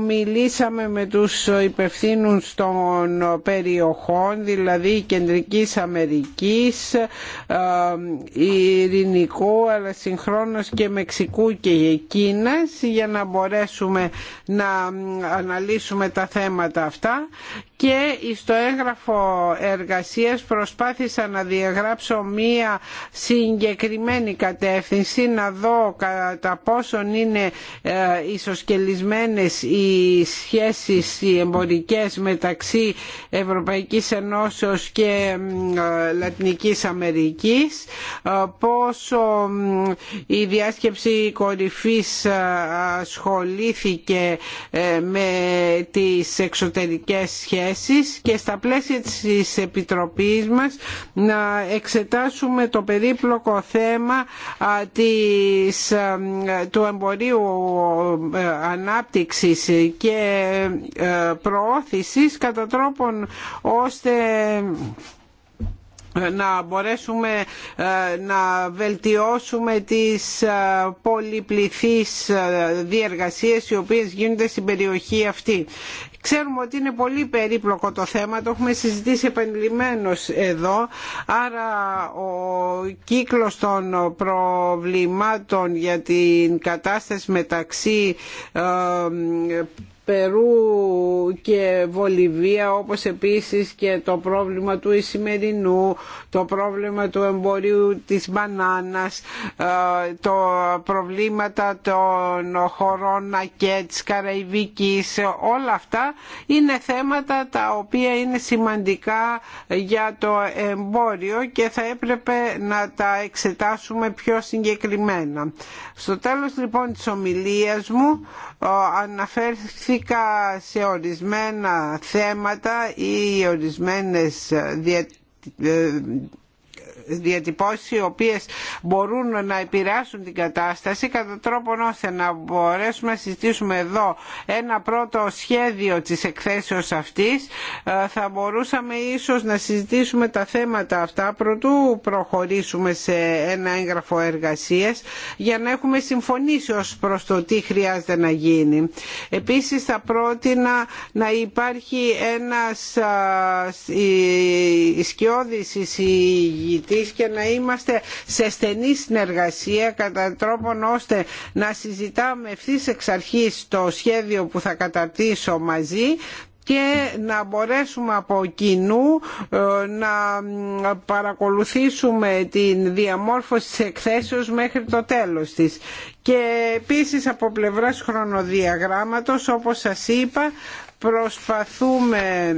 μιλήσαμε με τους υπευθύνους των περιοχών δηλαδή Κεντρικής Αμερικής ε, Ειρηνικού αλλά συγχρόνως και Μεξικού και Κίνας για να μπορέσουμε να αναλύσουμε τα θέματα αυτά και στο έγγραφο εργασίας προσπάθησα να διαγράψω μία συγκεκριμένη κατεύθυνση να δω κατά πόσον είναι ε, ισοσκελισμένες οι σχέσεις οι εμπορικές μεταξύ Ευρωπαϊκής Ενώσεως και ε, Λατινικής Αμερικής ε, πόσο η διάσκεψη κορυφής ασχολήθηκε ε, με τις εξωτερικές σχέσεις και στα πλαίσια της Επιτροπής μας να εξετάσουμε το περίπλοκο θέμα της, ε, του εμπορίου ε, ανάπτυξης και προώθησης κατά τρόπον ώστε να μπορέσουμε ε, να βελτιώσουμε τις ε, πολυπληθείς ε, διεργασίες οι οποίες γίνονται στην περιοχή αυτή. Ξέρουμε ότι είναι πολύ περίπλοκο το θέμα, το έχουμε συζητήσει επανειλημμένως εδώ, άρα ο κύκλος των προβλημάτων για την κατάσταση μεταξύ Περού και Βολιβία όπως επίσης και το πρόβλημα του Ισημερινού, το πρόβλημα του εμπορίου της μπανάνας, ε, το προβλήματα των χωρών και της Καραϊβικής, όλα αυτά είναι θέματα τα οποία είναι σημαντικά για το εμπόριο και θα έπρεπε να τα εξετάσουμε πιο συγκεκριμένα. Στο τέλος λοιπόν της ομιλίας μου ε, αναφέρθηκε αναφέρθηκα σε ορισμένα θέματα ή ορισμένες διατυπώσεις ε, διατυπώσεις οι οποίες μπορούν να επηρεάσουν την κατάσταση κατά τρόπον ώστε να μπορέσουμε να συζητήσουμε εδώ ένα πρώτο σχέδιο της εκθέσεως αυτής ε, θα μπορούσαμε ίσως να συζητήσουμε τα θέματα αυτά προτού προχωρήσουμε σε ένα έγγραφο εργασίες για να έχουμε συμφωνήσει ως προς το τι χρειάζεται να γίνει. Επίσης θα πρότεινα να υπάρχει ένας ε, σκιώδης εισηγητής και να είμαστε σε στενή συνεργασία κατά τρόπον ώστε να συζητάμε ευθύ εξ αρχής το σχέδιο που θα καταρτήσω μαζί και να μπορέσουμε από κοινού ε, να παρακολουθήσουμε την διαμόρφωση της εκθέσεως μέχρι το τέλος της. Και επίσης από πλευράς χρονοδιαγράμματος όπως σας είπα προσπαθούμε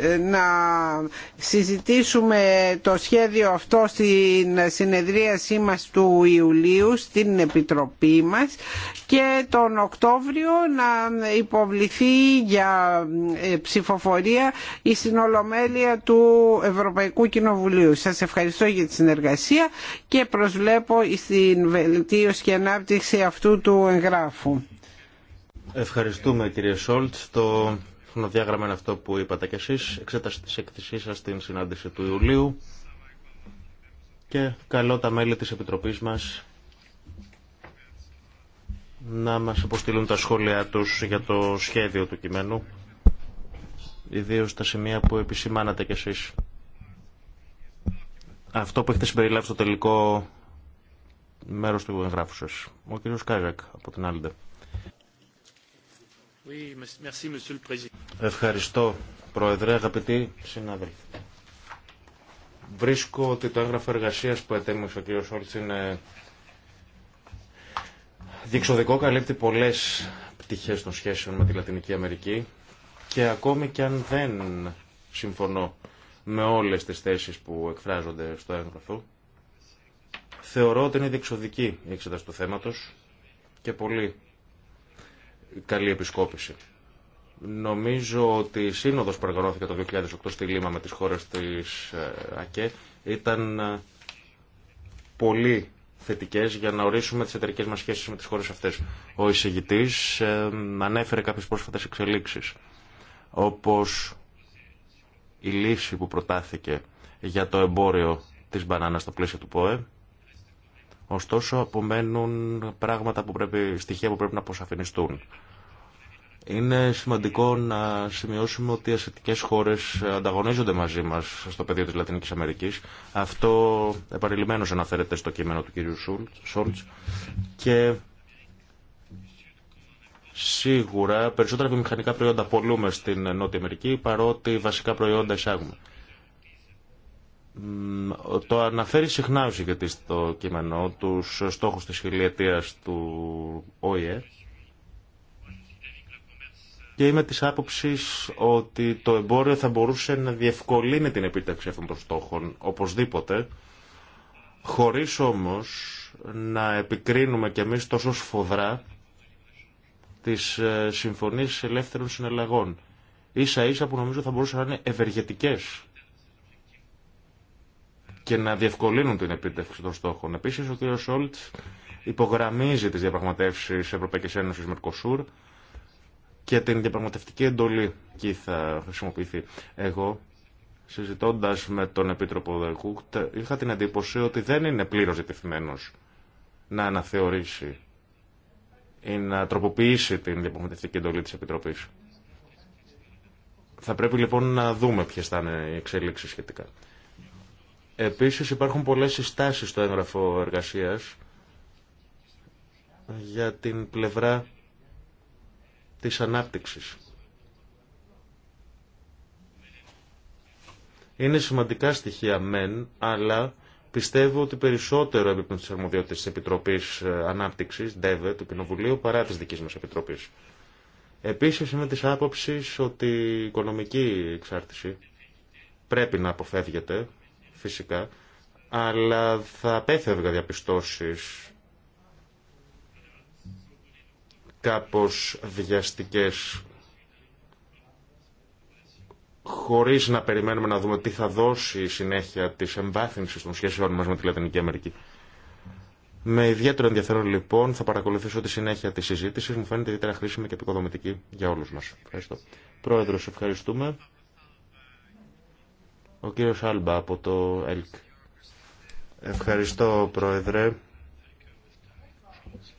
ε, να συζητήσουμε το σχέδιο αυτό στην συνεδρίασή μας του Ιουλίου στην Επιτροπή μας και τον Οκτώβριο να υποβληθεί για ε, ψηφοφορία η συνολομέλεια του Ευρωπαϊκού Κοινοβουλίου. Σας ευχαριστώ για τη συνεργασία και προσβλέπω στην βελτίωση και ανάπτυξη αυτού του εγγράφου. Ευχαριστούμε κύριε Σόλτ. Το χρονοδιάγραμμα είναι αυτό που είπατε κι εσείς. Εξέταση της εκθεσής σας στην συνάντηση του Ιουλίου. Και καλό τα μέλη της Επιτροπής μας να μας αποστείλουν τα σχόλια τους για το σχέδιο του κειμένου. Ιδίως τα σημεία που επισημάνατε κι εσείς. Αυτό που έχετε συμπεριλάβει στο τελικό μέρος του εγγράφου σας. Ο κύριος Κάζακ από την άλλη. Ευχαριστώ, Πρόεδρε, αγαπητοί συνάδελφοι. Βρίσκω ότι το έγγραφο εργασία που ετέμισε ο κ. Σόλτ είναι διεξοδικό, καλύπτει πολλέ πτυχέ των σχέσεων με τη Λατινική Αμερική και ακόμη και αν δεν συμφωνώ με όλες τι θέσει που εκφράζονται στο έγγραφο, θεωρώ ότι είναι διεξοδική η εξέταση του θέματος και πολύ καλή επισκόπηση. Νομίζω ότι η σύνοδος που οργανώθηκε το 2008 στη Λίμα με τις χώρες της ε, ΑΚΕ ήταν ε, πολύ θετικές για να ορίσουμε τις εταιρικέ μας σχέσεις με τις χώρες αυτές. Ο εισηγητής ε, ανέφερε κάποιες πρόσφατες εξελίξεις, όπως η λύση που προτάθηκε για το εμπόριο της μπανάνας στο πλαίσιο του ΠΟΕ. Ωστόσο, απομένουν πράγματα που πρέπει, στοιχεία που πρέπει να αποσαφινιστούν. Είναι σημαντικό να σημειώσουμε ότι οι ασιατικές χώρες ανταγωνίζονται μαζί μας στο πεδίο της Λατινικής Αμερικής. Αυτό επαριλημμένως αναφέρεται στο κείμενο του κ. Σόλτς και σίγουρα περισσότερα βιομηχανικά προϊόντα πολλούμε στην Νότια Αμερική παρότι βασικά προϊόντα εισάγουμε. Το αναφέρει συχνά ο συγκεκριτή στο κείμενο τους στόχους της χιλιετίας του ΟΗΕ και είμαι της άποψης ότι το εμπόριο θα μπορούσε να διευκολύνει την επίτευξη αυτών των στόχων, οπωσδήποτε, χωρίς όμως να επικρίνουμε κι εμείς τόσο σφοδρά τις ε, συμφωνίες ελεύθερων συναλλαγών. Ίσα ίσα που νομίζω θα μπορούσαν να είναι ευεργετικέ και να διευκολύνουν την επίτευξη των στόχων. Επίσης, ο κ. Σόλτ υπογραμμίζει τις διαπραγματεύσεις Ευρωπαϊκής Ένωσης Μερκοσούρ και την διαπραγματευτική εντολή εκεί θα χρησιμοποιηθεί. Εγώ, συζητώντα με τον Επίτροπο Δεκούκτ, είχα την εντύπωση ότι δεν είναι πλήρω διτεθειμένο να αναθεωρήσει ή να τροποποιήσει την διαπραγματευτική εντολή τη Επιτροπή. Θα πρέπει λοιπόν να δούμε ποιε θα είναι οι εξέλιξει σχετικά. Επίση, υπάρχουν πολλέ συστάσει στο έγγραφο εργασία για την πλευρά της ανάπτυξης. Είναι σημαντικά στοιχεία μεν, αλλά πιστεύω ότι περισσότερο έπρεπε τη αρμοδιότητα τη επιτροπή ε, Ανάπτυξης, ΔΕΒΕ, του Κοινοβουλίου, παρά τη δική μα επιτροπή. Επίσης είμαι τη άποψη ότι η οικονομική εξάρτηση πρέπει να αποφεύγεται, φυσικά, αλλά θα απέφευγα διαπιστώσεις κάπως βιαστικές χωρίς να περιμένουμε να δούμε τι θα δώσει η συνέχεια της εμβάθυνσης των σχέσεων μας με τη Λατινική Αμερική. Με ιδιαίτερο ενδιαφέρον λοιπόν θα παρακολουθήσω τη συνέχεια της συζήτησης. Μου φαίνεται ιδιαίτερα χρήσιμη και επικοδομητική για όλους μας. Ευχαριστώ. Πρόεδρος, ευχαριστούμε. Ο κύριος Άλμπα από το ΕΛΚ. Ευχαριστώ, Πρόεδρε.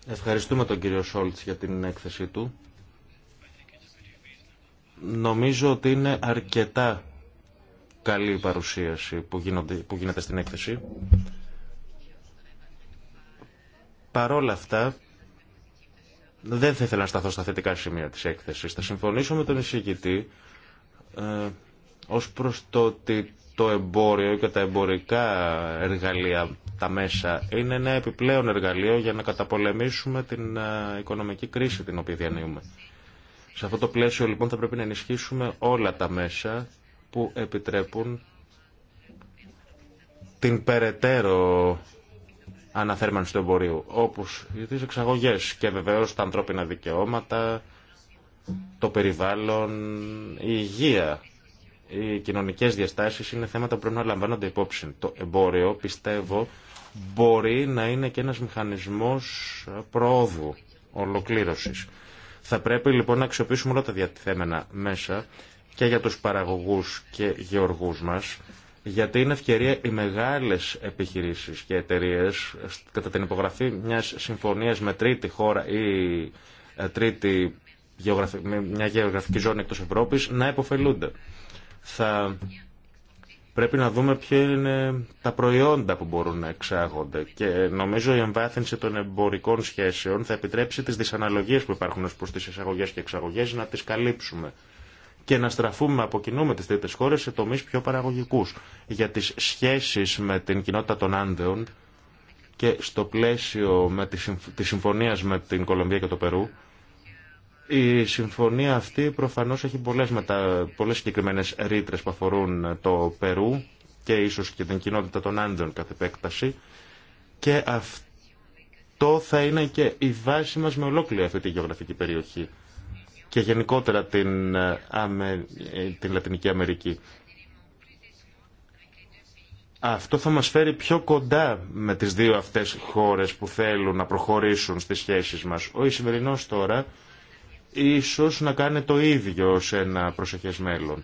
Ευχαριστούμε τον κύριο Σόλτς για την έκθεση του. Νομίζω ότι είναι αρκετά καλή η παρουσίαση που, που γίνεται στην έκθεση. Παρόλα αυτά, δεν θα ήθελα να σταθώ στα θετικά σημεία της έκθεσης. Θα συμφωνήσω με τον εισηγητή ε, ως προς το ότι το εμπόριο και τα εμπορικά εργαλεία, τα μέσα, είναι ένα επιπλέον εργαλείο για να καταπολεμήσουμε την ε, οικονομική κρίση την οποία διανύουμε. Σε αυτό το πλαίσιο λοιπόν θα πρέπει να ενισχύσουμε όλα τα μέσα που επιτρέπουν την περαιτέρω αναθέρμανση του εμπορίου, όπως τις εξαγωγές και βεβαίως τα ανθρώπινα δικαιώματα, το περιβάλλον, η υγεία οι κοινωνικέ διαστάσεις είναι θέματα που πρέπει να λαμβάνονται υπόψη. Το εμπόριο, πιστεύω, μπορεί να είναι και ένας μηχανισμός προόδου, ολοκλήρωσης. Θα πρέπει λοιπόν να αξιοποιήσουμε όλα τα διατηθέμενα μέσα και για τους παραγωγούς και γεωργούς μας, γιατί είναι ευκαιρία οι μεγάλες επιχειρήσεις και εταιρείε κατά την υπογραφή μια συμφωνία με τρίτη χώρα ή ε, τρίτη μια γεωγραφική ζώνη εκτό Ευρώπη να υποφελούνται. Θα πρέπει να δούμε ποια είναι τα προϊόντα που μπορούν να εξάγονται και νομίζω η εμβάθυνση των εμπορικών σχέσεων θα επιτρέψει τις δυσαναλογίες που υπάρχουν ως προς τις εισαγωγές και εξαγωγές να τις καλύψουμε και να στραφούμε από κοινού με τις τρίτες χώρες σε τομείς πιο παραγωγικούς για τις σχέσεις με την κοινότητα των Άνδεων και στο πλαίσιο με τη συμφωνίας με την Κολομβία και το Περού η συμφωνία αυτή προφανώς έχει πολλές, μετα... πολλές συγκεκριμένες ρήτρες που αφορούν το Περού και ίσως και την κοινότητα των Άντζων κατ' επέκταση και αυτό θα είναι και η βάση μας με ολόκληρη αυτή τη γεωγραφική περιοχή και γενικότερα την, Αμε... την Λατινική Αμερική. Αυτό θα μας φέρει πιο κοντά με τις δύο αυτές χώρες που θέλουν να προχωρήσουν στις σχέσεις μας. Ο Ισημερινός τώρα ίσως να κάνει το ίδιο σε ένα προσεχές μέλλον.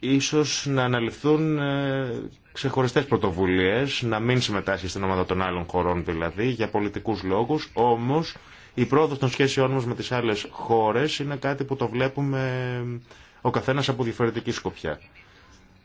Ίσως να αναλυφθούν ε, ξεχωριστές πρωτοβουλίες, να μην συμμετάσχει στην ομάδα των άλλων χωρών δηλαδή, για πολιτικούς λόγους, όμως η πρόοδος των σχέσεών μας με τις άλλες χώρες είναι κάτι που το βλέπουμε ο καθένας από διαφορετική σκοπιά.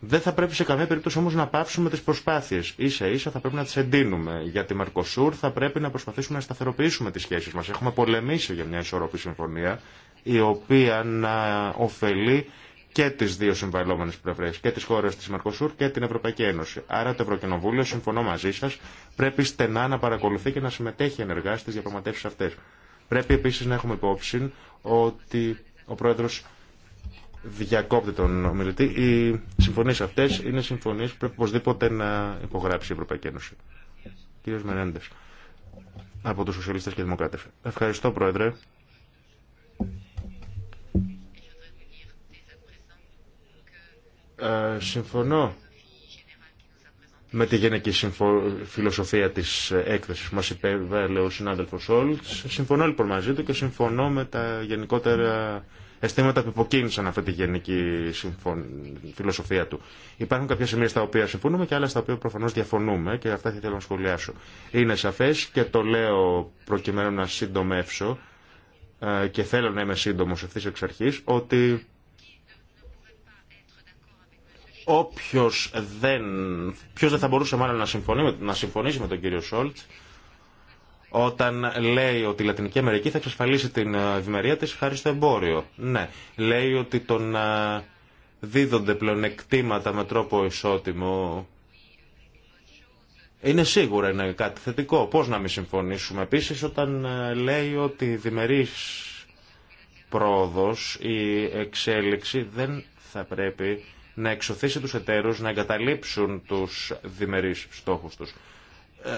Δεν θα πρέπει σε καμία περίπτωση όμω να πάψουμε τι προσπάθειε. σα ίσα θα πρέπει να τι εντείνουμε. Για τη Μαρκοσούρ θα πρέπει να προσπαθήσουμε να σταθεροποιήσουμε τι σχέσει μα. Έχουμε πολεμήσει για μια ισορροπή συμφωνία η οποία να ωφελεί και τι δύο συμβαλλόμενε πλευρέ, και τι χώρε τη Μαρκοσούρ και την Ευρωπαϊκή Ένωση. Άρα το Ευρωκοινοβούλιο, συμφωνώ μαζί σα, πρέπει στενά να παρακολουθεί και να συμμετέχει ενεργά στι διαπραγματεύσει αυτέ. Πρέπει επίση να έχουμε υπόψη ότι ο πρόεδρο Διακόπτε τον ομιλητή. Οι συμφωνίε αυτέ είναι συμφωνίε που πρέπει οπωσδήποτε να υπογράψει η Ευρωπαϊκή Ένωση. Κύριο Μενέντε, από του Σοσιαλιστέ και Δημοκράτε. Ευχαριστώ, Πρόεδρε. Ε, συμφωνώ με τη γενική φιλοσοφία της έκθεσης που μας υπέβαλε ο συνάδελφος Σόλτς. Συμφωνώ λοιπόν μαζί του και συμφωνώ με τα γενικότερα αισθήματα που υποκίνησαν αυτή τη γενική φιλοσοφία του. Υπάρχουν κάποια σημεία στα οποία συμφωνούμε και άλλα στα οποία προφανώ διαφωνούμε και αυτά θα ήθελα να σχολιάσω. Είναι σαφέ και το λέω προκειμένου να συντομεύσω ε, και θέλω να είμαι σύντομο ευθύ εξ αρχή ότι όποιος δεν, ποιος δεν θα μπορούσε μάλλον να, συμφωνήσει με τον κύριο Σόλτ όταν λέει ότι η Λατινική Αμερική θα εξασφαλίσει την ε, ευημερία της χάρη στο εμπόριο. Ναι, λέει ότι το να δίδονται πλεονεκτήματα με τρόπο ισότιμο είναι σίγουρα είναι κάτι θετικό. Πώς να μην συμφωνήσουμε επίσης όταν ε, λέει ότι η διμερής πρόοδος, η εξέλιξη δεν θα πρέπει να εξωθήσει τους εταίρους να εγκαταλείψουν τους διμερείς στόχους τους. Ε,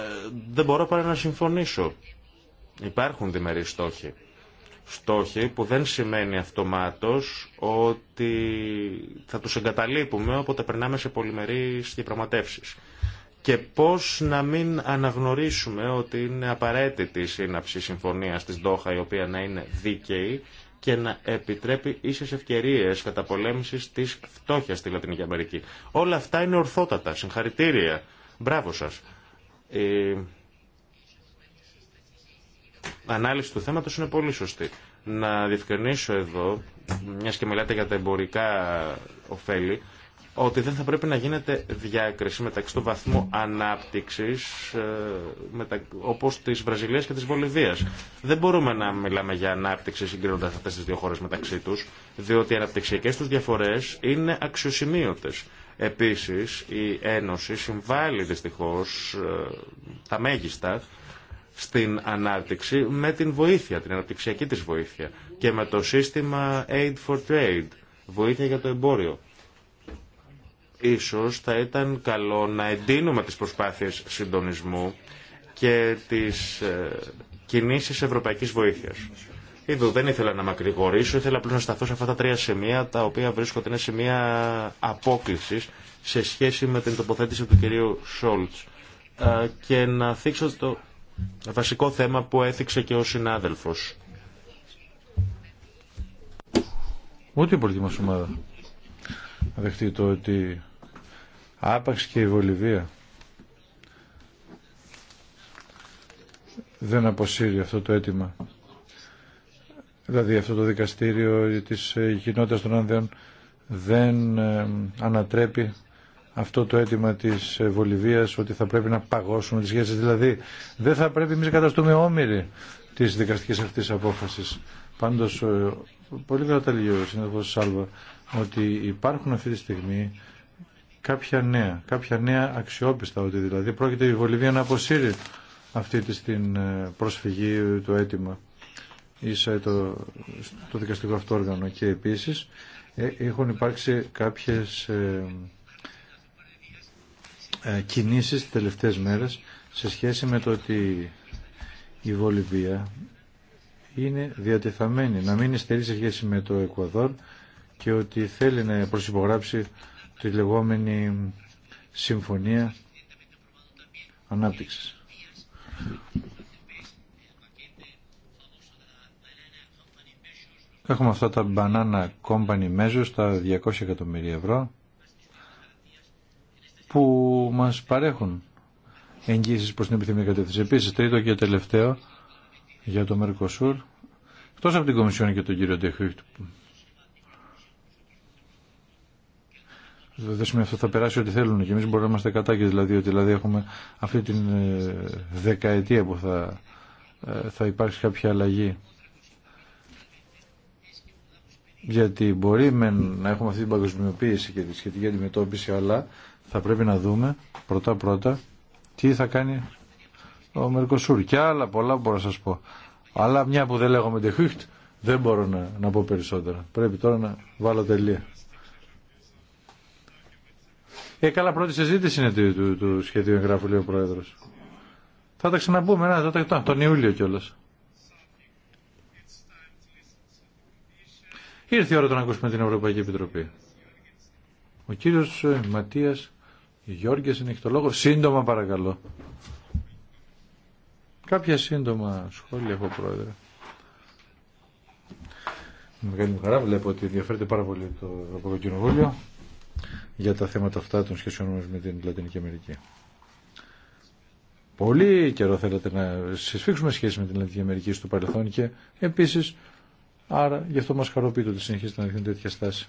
δεν μπορώ παρά να συμφωνήσω. Υπάρχουν διμερεί στόχοι. Στόχοι που δεν σημαίνει αυτομάτως ότι θα τους εγκαταλείπουμε όποτε περνάμε σε πολυμερείς διαπραγματεύσεις. Και πώς να μην αναγνωρίσουμε ότι είναι απαραίτητη η σύναψη συμφωνίας της Δόχα η οποία να είναι δίκαιη και να επιτρέπει ίσες ευκαιρίες καταπολέμησης της φτώχειας στη Λατινική Αμερική. Όλα αυτά είναι ορθότατα. Συγχαρητήρια. Μπράβο σας. Η ε, ανάλυση του θέματος είναι πολύ σωστή. Να διευκρινίσω εδώ, μιας και μιλάτε για τα εμπορικά ωφέλη, ότι δεν θα πρέπει να γίνεται διάκριση μεταξύ του βαθμού ανάπτυξης ε, μετα... όπως της Βραζιλίας και της Βολιβίας. Δεν μπορούμε να μιλάμε για ανάπτυξη συγκρίνοντας αυτές τις δύο χώρες μεταξύ τους, διότι οι αναπτυξιακές τους διαφορές είναι αξιοσημείωτες. Επίσης, η Ένωση συμβάλλει δυστυχώς ε, τα μέγιστα στην ανάπτυξη με την βοήθεια, την αναπτυξιακή της βοήθεια και με το σύστημα Aid for Trade, βοήθεια για το εμπόριο. Ίσως θα ήταν καλό να εντείνουμε τις προσπάθειες συντονισμού και τις ε, κινήσεις ευρωπαϊκής βοήθειας. Εδώ δεν ήθελα να μακρηγορήσω, ήθελα απλώ να σταθώ σε αυτά τα τρία σημεία τα οποία βρίσκονται σε σημεία απόκληση σε σχέση με την τοποθέτηση του κυρίου Σόλτ. Ε, και να θίξω το βασικό θέμα που έθιξε και ο συνάδελφο. Ούτε η πολιτική μα ομάδα να δεχτεί το ότι άπαξ και η Βολιβία δεν αποσύρει αυτό το αίτημα Δηλαδή αυτό το δικαστήριο της ε, κοινότητας των Άνδεων δεν ε, ανατρέπει αυτό το αίτημα της ε, Βολιβίας ότι θα πρέπει να παγώσουμε τις σχέσεις. Δηλαδή δεν θα πρέπει εμείς να καταστούμε όμοιροι της δικαστικής αυτής απόφασης. Πάντως πολύ καλά τα ο Σάλβα ότι υπάρχουν αυτή τη στιγμή κάποια νέα, κάποια νέα αξιόπιστα ότι δηλαδή πρόκειται η Βολιβία να αποσύρει αυτή τη την προσφυγή του αίτημα ίσα το, το δικαστικό αυτό όργανο και επίσης ε, έχουν υπάρξει κάποιες ε, ε, κινήσεις τις τελευταίες μέρες σε σχέση με το ότι η Βολιβία είναι διατεθαμένη να μην είναι σε σχέση με το Εκουαδόρ και ότι θέλει να προσυπογράψει τη λεγόμενη συμφωνία ανάπτυξης. Έχουμε αυτά τα banana company μέσω στα 200 εκατομμύρια ευρώ, που μας παρέχουν εγγύσεις προς την επιθυμία κατεύθυνση. Επίσης, τρίτο και τελευταίο για το Mercosur, εκτός από την Κομισιόν και τον κύριο Ντεχούχτ. Δεν σημαίνει αυτό θα περάσει ό,τι θέλουν και εμείς μπορούμε να είμαστε και δηλαδή ότι δηλαδή έχουμε αυτή την ε, δεκαετία που θα, ε, θα υπάρξει κάποια αλλαγή. Γιατί μπορεί με να έχουμε αυτή την παγκοσμιοποίηση και τη σχετική αντιμετώπιση, αλλά θα πρέπει να δούμε πρώτα-πρώτα τι θα κάνει ο Μερκοσούρ. Και άλλα πολλά μπορώ να σας πω. Αλλά μια που δεν λέγομαι τη δεν μπορώ να, να πω περισσότερα. Πρέπει τώρα να βάλω τελεία. Ε, καλά πρώτη συζήτηση είναι του, του, του σχεδίου εγγράφου, λέει ο Πρόεδρος. Θα τα ξαναπούμε, να, τον Ιούλιο κιόλας. Ήρθε η ώρα να ακούσουμε την Ευρωπαϊκή Επιτροπή. Ο κύριος ε, Ματίας Γιώργης είναι έχει το λόγο. Σύντομα παρακαλώ. Κάποια σύντομα σχόλια έχω πρόεδρε. Με μεγάλη μου χαρά βλέπω ότι ενδιαφέρεται πάρα πολύ το Ευρωπαϊκό Κοινοβούλιο για τα θέματα αυτά των σχέσεων μας με την Λατινική Αμερική. Πολύ καιρό θέλατε να συσφίξουμε σχέση με την Λατινική Αμερική στο παρελθόν και επίσης Άρα γι' αυτό μας χαροποιεί το ότι συνεχίζεται να δείχνει τέτοια στάση.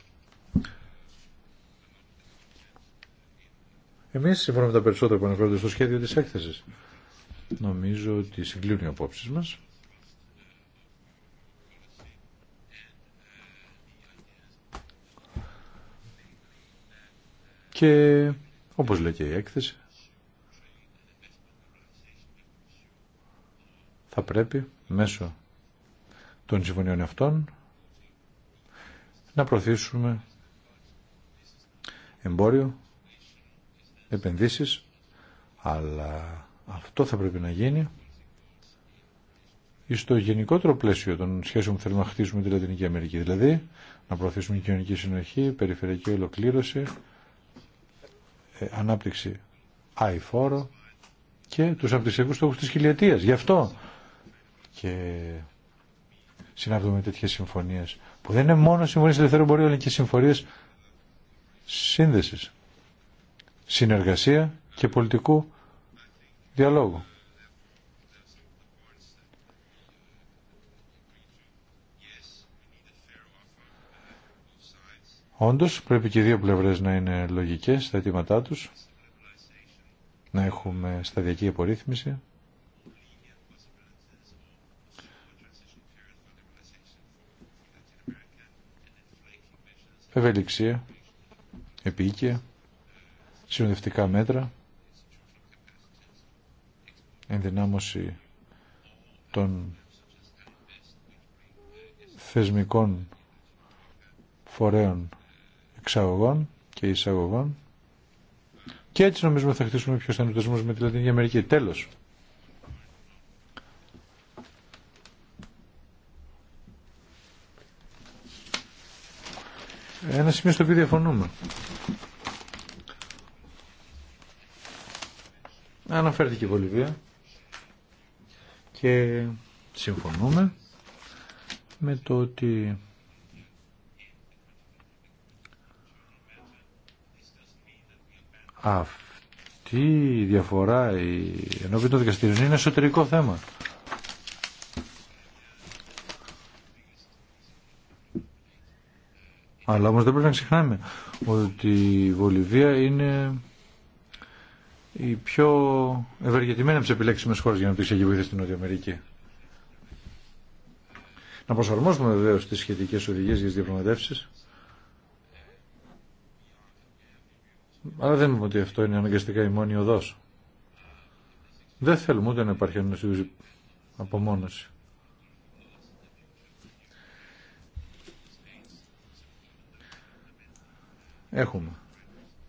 Εμεί συμφωνούμε με τα περισσότερα που αναφέρονται στο σχέδιο τη έκθεση. Νομίζω ότι συγκλίνουν οι απόψεις μα. Και όπω λέει και η έκθεση, θα πρέπει μέσω των συμφωνιών αυτών να προωθήσουμε εμπόριο, επενδύσεις, αλλά αυτό θα πρέπει να γίνει στο γενικότερο πλαίσιο των σχέσεων που θέλουμε να χτίσουμε τη Λατινική Αμερική. Δηλαδή, να προωθήσουμε κοινωνική συνοχή, περιφερειακή ολοκλήρωση, ε, ανάπτυξη αηφόρο και τους απτυσιακούς στόχους της χιλιετίας. Γι' αυτό και συνάπτουμε τέτοιε συμφωνίε που δεν είναι μόνο συμφωνίες ελευθερών να αλλά και συμφωνίε σύνδεσης, συνεργασία και πολιτικού διαλόγου. Όντω πρέπει και οι δύο πλευρέ να είναι λογικές στα αιτήματά τους, να έχουμε σταδιακή απορρίθμιση. ευελιξία, επίοικια, συνοδευτικά μέτρα, ενδυνάμωση των θεσμικών φορέων εξαγωγών και εισαγωγών και έτσι νομίζουμε θα χτίσουμε πιο στενούς με τη Λατινική Αμερική. Τέλος. ένα σημείο στο οποίο διαφωνούμε. Αναφέρθηκε η Βολιβία και συμφωνούμε με το ότι αυτή η διαφορά η το των δικαστηρίων είναι εσωτερικό θέμα. Αλλά όμως δεν πρέπει να ξεχνάμε ότι η Βολιβία είναι η πιο ευεργετημένη από τις επιλέξιμες χώρες για να η βοήθεια στην Νότια Αμερική. Να προσαρμόσουμε βεβαίω τι σχετικέ οδηγίε για τι διαπραγματεύσεις, Αλλά δεν είναι ότι αυτό είναι αναγκαστικά η μόνη οδός. Δεν θέλουμε ούτε να υπάρχει ένα απομόνωση. έχουμε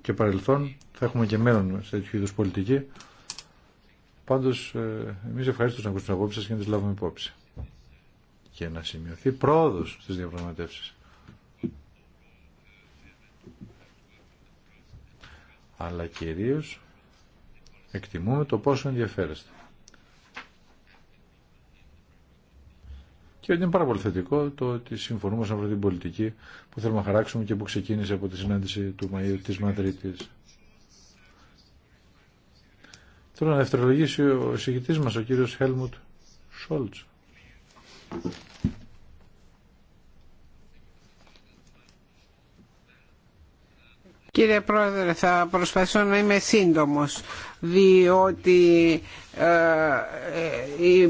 και παρελθόν, θα έχουμε και μέλλον σε τέτοιου είδου πολιτική. Πάντω, ε, εμεί ευχαριστούμε να ακούσουμε απόψει και να τι λάβουμε υπόψη. Και να σημειωθεί πρόοδο στι διαπραγματεύσει. Αλλά κυρίω εκτιμούμε το πόσο ενδιαφέρεστε. Και είναι πάρα πολύ θετικό το ότι συμφωνούμε σε αυτή την πολιτική που θέλουμε να χαράξουμε και που ξεκίνησε από τη συνάντηση του Μαΐου της Μαδρίτης. Θέλω να δευτερολογήσει ο εισηγητής μας, ο κύριος Χέλμουτ Σόλτς. Κύριε Πρόεδρε, θα προσπαθήσω να είμαι σύντομος διότι ε, ε,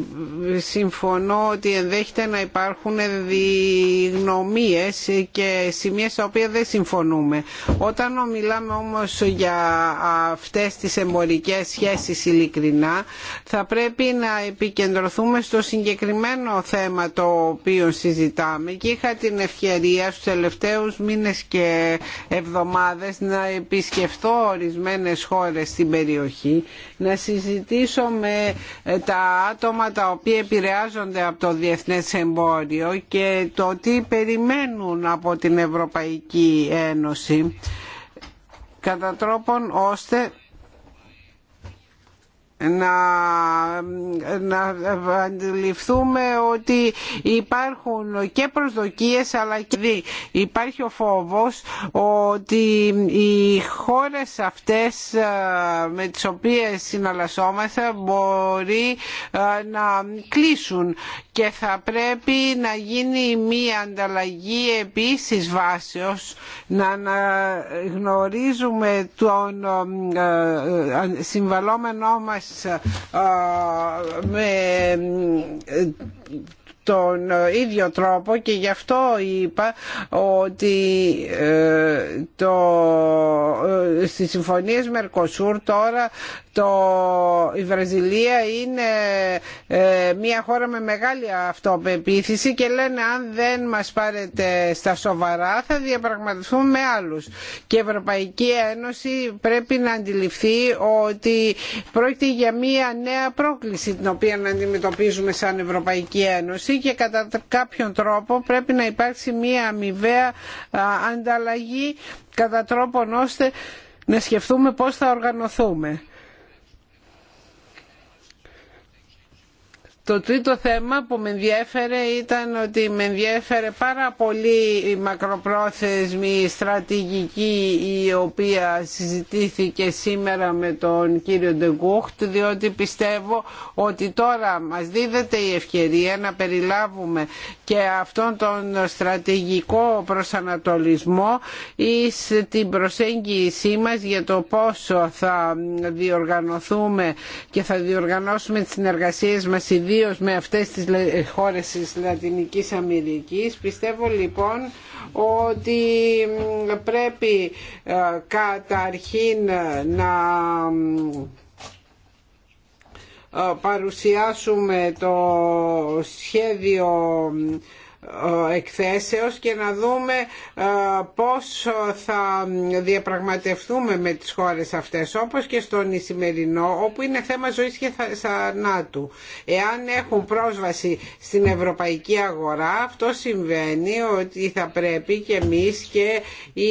ε, συμφωνώ ότι ενδέχεται να υπάρχουν διγνωμίες και σημεία στα οποία δεν συμφωνούμε. Όταν μιλάμε όμως για αυτές τις εμπορικές σχέσεις ειλικρινά θα πρέπει να επικεντρωθούμε στο συγκεκριμένο θέμα το οποίο συζητάμε και είχα την ευκαιρία στους τελευταίους μήνες και εβδομάδες να επισκεφθώ ορισμένες χώρες στην περιοχή να συζητήσω με ε, τα άτομα τα οποία επηρεάζονται από το διεθνές εμπόριο και το τι περιμένουν από την Ευρωπαϊκή Ένωση κατά τρόπον ώστε να, να αντιληφθούμε ότι υπάρχουν και προσδοκίες αλλά και υπάρχει ο φόβος ότι οι χώρες αυτές ε, με τις οποίες συναλλασσόμαστε μπορεί ε, να κλείσουν και θα πρέπει να γίνει μία ανταλλαγή επίσης βάσεως να γνωρίζουμε τον ε, ε, συμβαλόμενό μας ε, με τον ίδιο τρόπο και γι' αυτό είπα ότι το, στις συμφωνίες Μερκοσούρ τώρα το, η Βραζιλία είναι ε, μια χώρα με μεγάλη αυτοπεποίθηση και λένε αν δεν μας πάρετε στα σοβαρά θα διαπραγματευτούμε με άλλους. Και η Ευρωπαϊκή Ένωση πρέπει να αντιληφθεί ότι πρόκειται για μια νέα πρόκληση την οποία να αντιμετωπίζουμε σαν Ευρωπαϊκή Ένωση και κατά κάποιον τρόπο πρέπει να υπάρξει μια αμοιβαία ανταλλαγή κατά τρόπον ώστε να σκεφτούμε πώς θα οργανωθούμε. Το τρίτο θέμα που με ενδιέφερε ήταν ότι με ενδιέφερε πάρα πολύ η μακροπρόθεσμη στρατηγική η οποία συζητήθηκε σήμερα με τον κύριο Ντεγκούχτ διότι πιστεύω ότι τώρα μας δίδεται η ευκαιρία να περιλάβουμε και αυτόν τον στρατηγικό προσανατολισμό ή την προσέγγιση μας για το πόσο θα διοργανωθούμε και θα διοργανώσουμε τις συνεργασίες μας ιδίως με αυτές τις χώρες της Λατινικής Αμερικής. Πιστεύω λοιπόν ότι πρέπει ε, καταρχήν ε, να ε, παρουσιάσουμε το σχέδιο ε, εκθέσεως και να δούμε ε, πώς θα διαπραγματευτούμε με τις χώρες αυτές όπως και στον Ισημερινό όπου είναι θέμα ζωής και θανάτου. Εάν έχουν πρόσβαση στην ευρωπαϊκή αγορά αυτό συμβαίνει ότι θα πρέπει και εμείς και η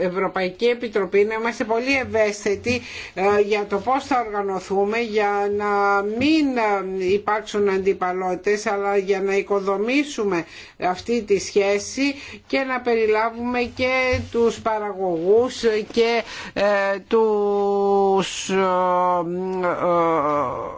ε, Ευρωπαϊκή Επιτροπή να είμαστε πολύ ευαίσθητοι για το πώς θα οργανωθούμε για να μην υπάρξουν αντιπαλότητες αλλά για να οικοδομήσουμε αυτή τη σχέση και να περιλάβουμε και τους παραγωγούς και ε, τους ε, ε,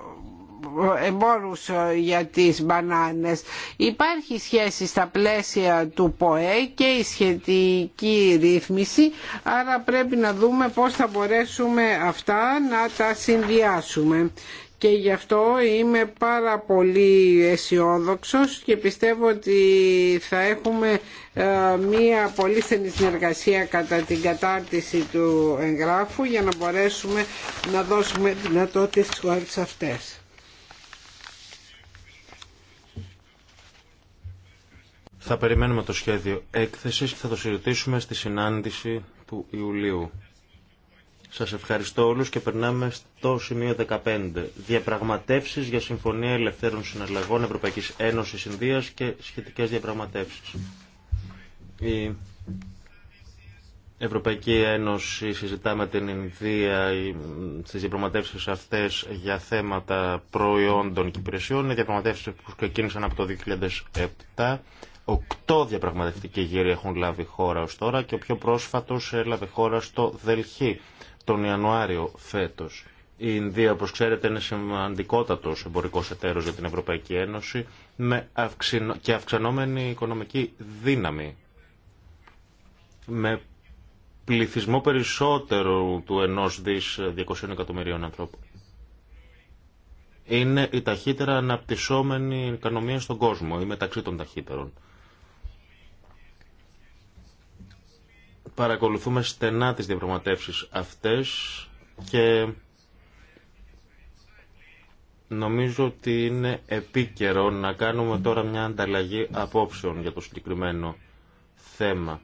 εμπόρους για τις μπανάνες. Υπάρχει σχέση στα πλαίσια του ΠΟΕ και η σχετική ρύθμιση, άρα πρέπει να δούμε πώς θα μπορέσουμε αυτά να τα συνδυάσουμε και γι' αυτό είμαι πάρα πολύ αισιόδοξο και πιστεύω ότι θα έχουμε ε, μία πολύ στενή συνεργασία κατά την κατάρτιση του εγγράφου για να μπορέσουμε να δώσουμε δυνατότητε στις χώρες αυτές. Θα περιμένουμε το σχέδιο έκθεσης και θα το συζητήσουμε στη συνάντηση του Ιουλίου. Σας ευχαριστώ όλους και περνάμε στο σημείο 15. Διαπραγματεύσεις για Συμφωνία Ελευθέρων Συναλλαγών Ευρωπαϊκής Ένωσης Ινδίας και σχετικές διαπραγματεύσεις. Η Ευρωπαϊκή Ένωση συζητά με την Ινδία στις διαπραγματεύσεις αυτές για θέματα προϊόντων και υπηρεσιών. Είναι διαπραγματεύσεις που ξεκίνησαν από το 2007. Οκτώ διαπραγματευτικοί γύροι έχουν λάβει χώρα ως τώρα και ο πιο πρόσφατος έλαβε χώρα στο Δελχή τον Ιανουάριο φέτος. Η Ινδία, όπως ξέρετε, είναι σημαντικότατος εμπορικός εταίρος για την Ευρωπαϊκή Ένωση με αυξηνο... και αυξανόμενη οικονομική δύναμη. Με πληθυσμό περισσότερο του ενός δις 200 εκατομμυρίων ανθρώπων. Είναι η ταχύτερα αναπτυσσόμενη οικονομία στον κόσμο ή μεταξύ των ταχύτερων. παρακολουθούμε στενά τις διαπραγματεύσεις αυτές και νομίζω ότι είναι επίκαιρο να κάνουμε τώρα μια ανταλλαγή απόψεων για το συγκεκριμένο θέμα,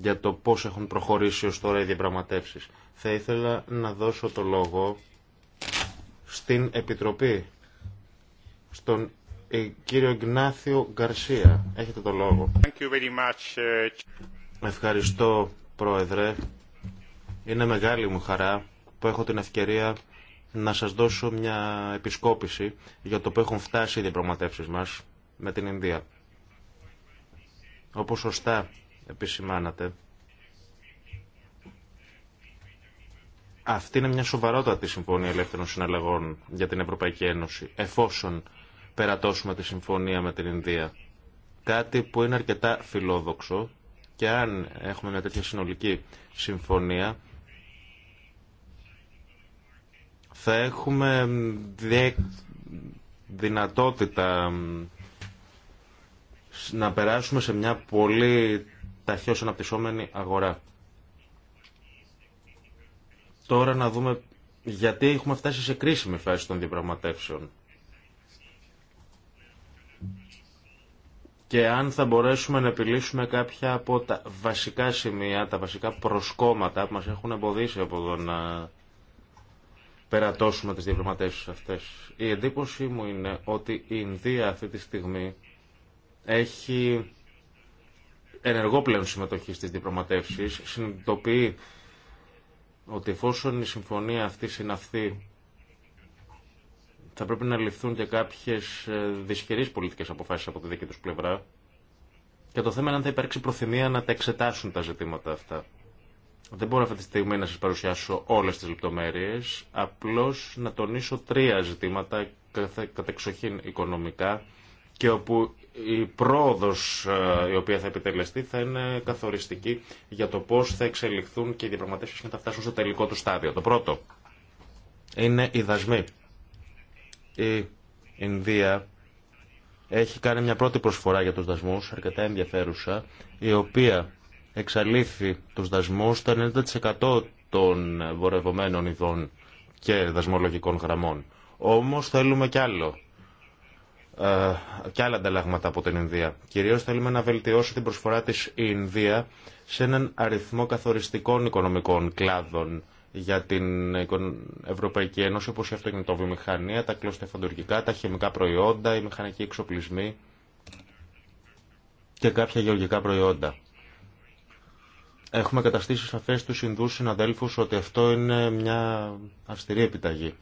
για το πώς έχουν προχωρήσει ως τώρα οι διαπραγματεύσεις. Θα ήθελα να δώσω το λόγο στην Επιτροπή, στον ε, κύριο Γκνάθιο Γκαρσία. Έχετε το λόγο. Ε, Ευχαριστώ Πρόεδρε, είναι μεγάλη μου χαρά που έχω την ευκαιρία να σας δώσω μια επισκόπηση για το που έχουν φτάσει οι διαπραγματεύσει μας με την Ινδία. Όπως σωστά επισημάνατε, αυτή είναι μια σοβαρότατη συμφωνία ελεύθερων συναλλαγών για την Ευρωπαϊκή Ένωση, εφόσον περατώσουμε τη συμφωνία με την Ινδία. Κάτι που είναι αρκετά φιλόδοξο και αν έχουμε μια τέτοια συνολική συμφωνία θα έχουμε δυνατότητα να περάσουμε σε μια πολύ ταχύως αναπτυσσόμενη αγορά. Τώρα να δούμε γιατί έχουμε φτάσει σε κρίσιμη φάση των διαπραγματεύσεων. και αν θα μπορέσουμε να επιλύσουμε κάποια από τα βασικά σημεία, τα βασικά προσκόμματα που μας έχουν εμποδίσει από εδώ να περατώσουμε τις διαπραγματεύσεις αυτές. Η εντύπωση μου είναι ότι η Ινδία αυτή τη στιγμή έχει ενεργό πλέον συμμετοχή στις διαπραγματεύσεις, συνειδητοποιεί ότι εφόσον η συμφωνία αυτή συναυθεί θα πρέπει να ληφθούν και κάποιε δυσχερεί πολιτικέ αποφάσει από τη δική του πλευρά και το θέμα είναι αν θα υπάρξει προθυμία να τα εξετάσουν τα ζητήματα αυτά. Δεν μπορώ αυτή τη στιγμή να σα παρουσιάσω όλε τι λεπτομέρειε. Απλώ να τονίσω τρία ζητήματα κατεξοχήν οικονομικά και όπου η πρόοδο ε, η οποία θα επιτελεστεί θα είναι καθοριστική για το πώ θα εξελιχθούν και οι διαπραγματεύσει να τα φτάσουν στο τελικό του στάδιο. Το πρώτο είναι οι δασμοί. Η Ινδία έχει κάνει μια πρώτη προσφορά για τους δασμούς, αρκετά ενδιαφέρουσα, η οποία εξαλείφει τους δασμούς στο 90% των βορευωμένων ειδών και δασμολογικών γραμμών. Όμως θέλουμε κι άλλο ε, κι άλλα ανταλλάγματα από την Ινδία. Κυρίως θέλουμε να βελτιώσει την προσφορά της η Ινδία σε έναν αριθμό καθοριστικών οικονομικών κλάδων για την Ευρωπαϊκή Ένωση, όπως η αυτοκινητοβιομηχανία, τα κλωστεφαντουργικά, τα χημικά προϊόντα, οι μηχανικοί εξοπλισμοί και κάποια γεωργικά προϊόντα. Έχουμε καταστήσει σαφές στους Ινδούς συναδέλφους ότι αυτό είναι μια αυστηρή επιταγή.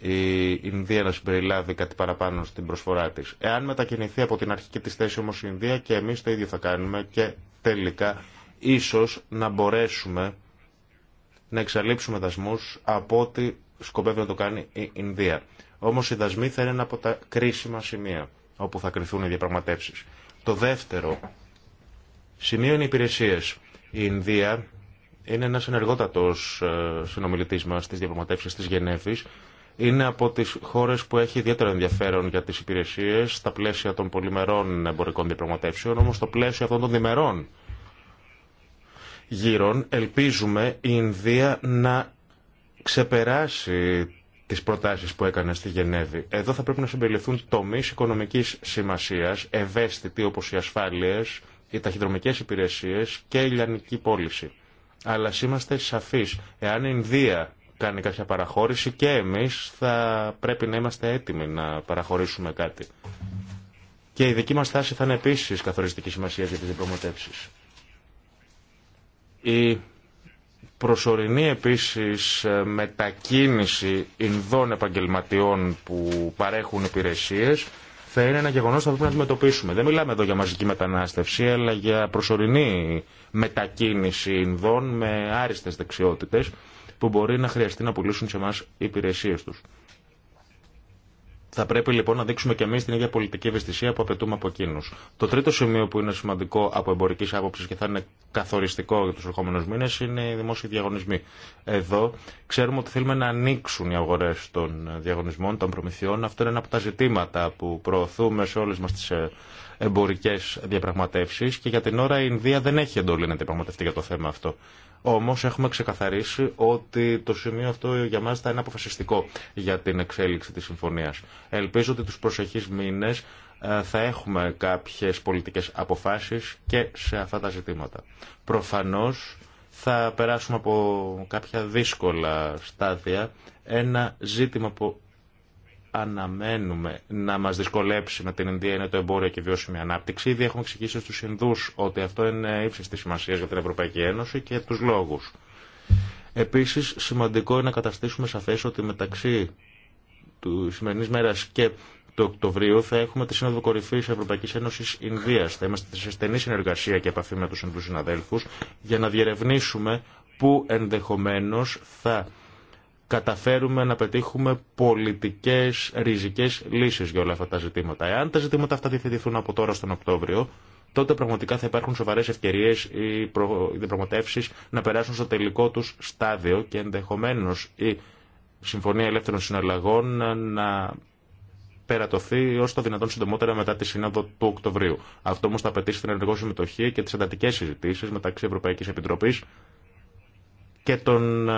Η Ινδία να συμπεριλάβει κάτι παραπάνω στην προσφορά τη. Εάν μετακινηθεί από την αρχική τη θέση όμω η Ινδία και εμεί το ίδιο θα κάνουμε και τελικά ίσω να μπορέσουμε να εξαλείψουμε δασμού από ό,τι σκοπεύει να το κάνει η Ινδία. Όμω οι δασμοί θα είναι ένα από τα κρίσιμα σημεία όπου θα κρυθούν οι διαπραγματεύσει. Το δεύτερο σημείο είναι οι υπηρεσίες. Η Ινδία είναι ένα ενεργότατο ε, συνομιλητή μα στις διαπραγματεύσει τη Γενέφη. Είναι από τι χώρε που έχει ιδιαίτερο ενδιαφέρον για τι υπηρεσίε, στα πλαίσια των πολυμερών εμπορικών διαπραγματεύσεων, όμω το πλαίσιο αυτών των διμερών γύρων. Ελπίζουμε η Ινδία να ξεπεράσει τις προτάσεις που έκανε στη Γενέβη. Εδώ θα πρέπει να συμπεριληφθούν τομείς οικονομικής σημασίας, ευαίσθητοι όπως οι ασφάλειες, οι ταχυδρομικές υπηρεσίες και η λιανική πώληση. Αλλά είμαστε σαφείς, εάν η Ινδία κάνει κάποια παραχώρηση και εμείς θα πρέπει να είμαστε έτοιμοι να παραχωρήσουμε κάτι. Και η δική μας τάση θα είναι επίσης καθοριστική σημασία για τις διπλωματεύσεις. Η προσωρινή επίσης ε, μετακίνηση Ινδών επαγγελματιών που παρέχουν υπηρεσίες θα είναι ένα γεγονός που θα πρέπει να αντιμετωπίσουμε. Δεν μιλάμε εδώ για μαζική μετανάστευση, αλλά για προσωρινή μετακίνηση Ινδών με άριστες δεξιότητες που μπορεί να χρειαστεί να πουλήσουν σε εμά υπηρεσίες τους. Θα πρέπει λοιπόν να δείξουμε και εμεί την ίδια πολιτική ευαισθησία που απαιτούμε από εκείνου. Το τρίτο σημείο που είναι σημαντικό από εμπορική άποψη και θα είναι καθοριστικό για του ερχόμενου μήνε είναι οι δημόσιοι διαγωνισμοί. Εδώ ξέρουμε ότι θέλουμε να ανοίξουν οι αγορέ των διαγωνισμών, των προμηθειών. Αυτό είναι ένα από τα ζητήματα που προωθούμε σε όλε μα τι ε, εμπορικέ διαπραγματεύσει και για την ώρα η Ινδία δεν έχει εντολή να διαπραγματευτεί για το θέμα αυτό. Όμω έχουμε ξεκαθαρίσει ότι το σημείο αυτό για μα θα είναι αποφασιστικό για την εξέλιξη τη συμφωνία. Ελπίζω ότι του προσεχεί μήνε ε, θα έχουμε κάποιε πολιτικέ αποφάσει και σε αυτά τα ζητήματα. Προφανώ θα περάσουμε από κάποια δύσκολα στάδια. Ένα ζήτημα που αναμένουμε να μα δυσκολέψει με την Ινδία είναι το εμπόριο και η βιώσιμη ανάπτυξη. Ήδη έχουμε εξηγήσει στους Ινδούς ότι αυτό είναι ύψης της για την Ευρωπαϊκή Ένωση και του λόγου. Επίση, σημαντικό είναι να καταστήσουμε σαφέ ότι μεταξύ του σημερινή μέρα και του Οκτωβρίου θα έχουμε τη Σύνοδο Κορυφή Ευρωπαϊκή Ένωση Ινδία. Θα είμαστε σε στενή συνεργασία και επαφή με του Ινδού συναδέλφου για να διερευνήσουμε πού ενδεχομένω θα καταφέρουμε να πετύχουμε πολιτικές ριζικές λύσεις για όλα αυτά τα ζητήματα. Εάν τα ζητήματα αυτά διευθυνθούν από τώρα στον Οκτώβριο, τότε πραγματικά θα υπάρχουν σοβαρέ ευκαιρίε οι διαπραγματεύσει να περάσουν στο τελικό του στάδιο και ενδεχομένω η Συμφωνία Ελεύθερων Συναλλαγών να περατωθεί ω το δυνατόν συντομότερα μετά τη Σύνοδο του Οκτωβρίου. Αυτό όμω θα απαιτήσει την ενεργό συμμετοχή και τι εντατικέ συζητήσει μεταξύ Ευρωπαϊκή Επιτροπή και των ε,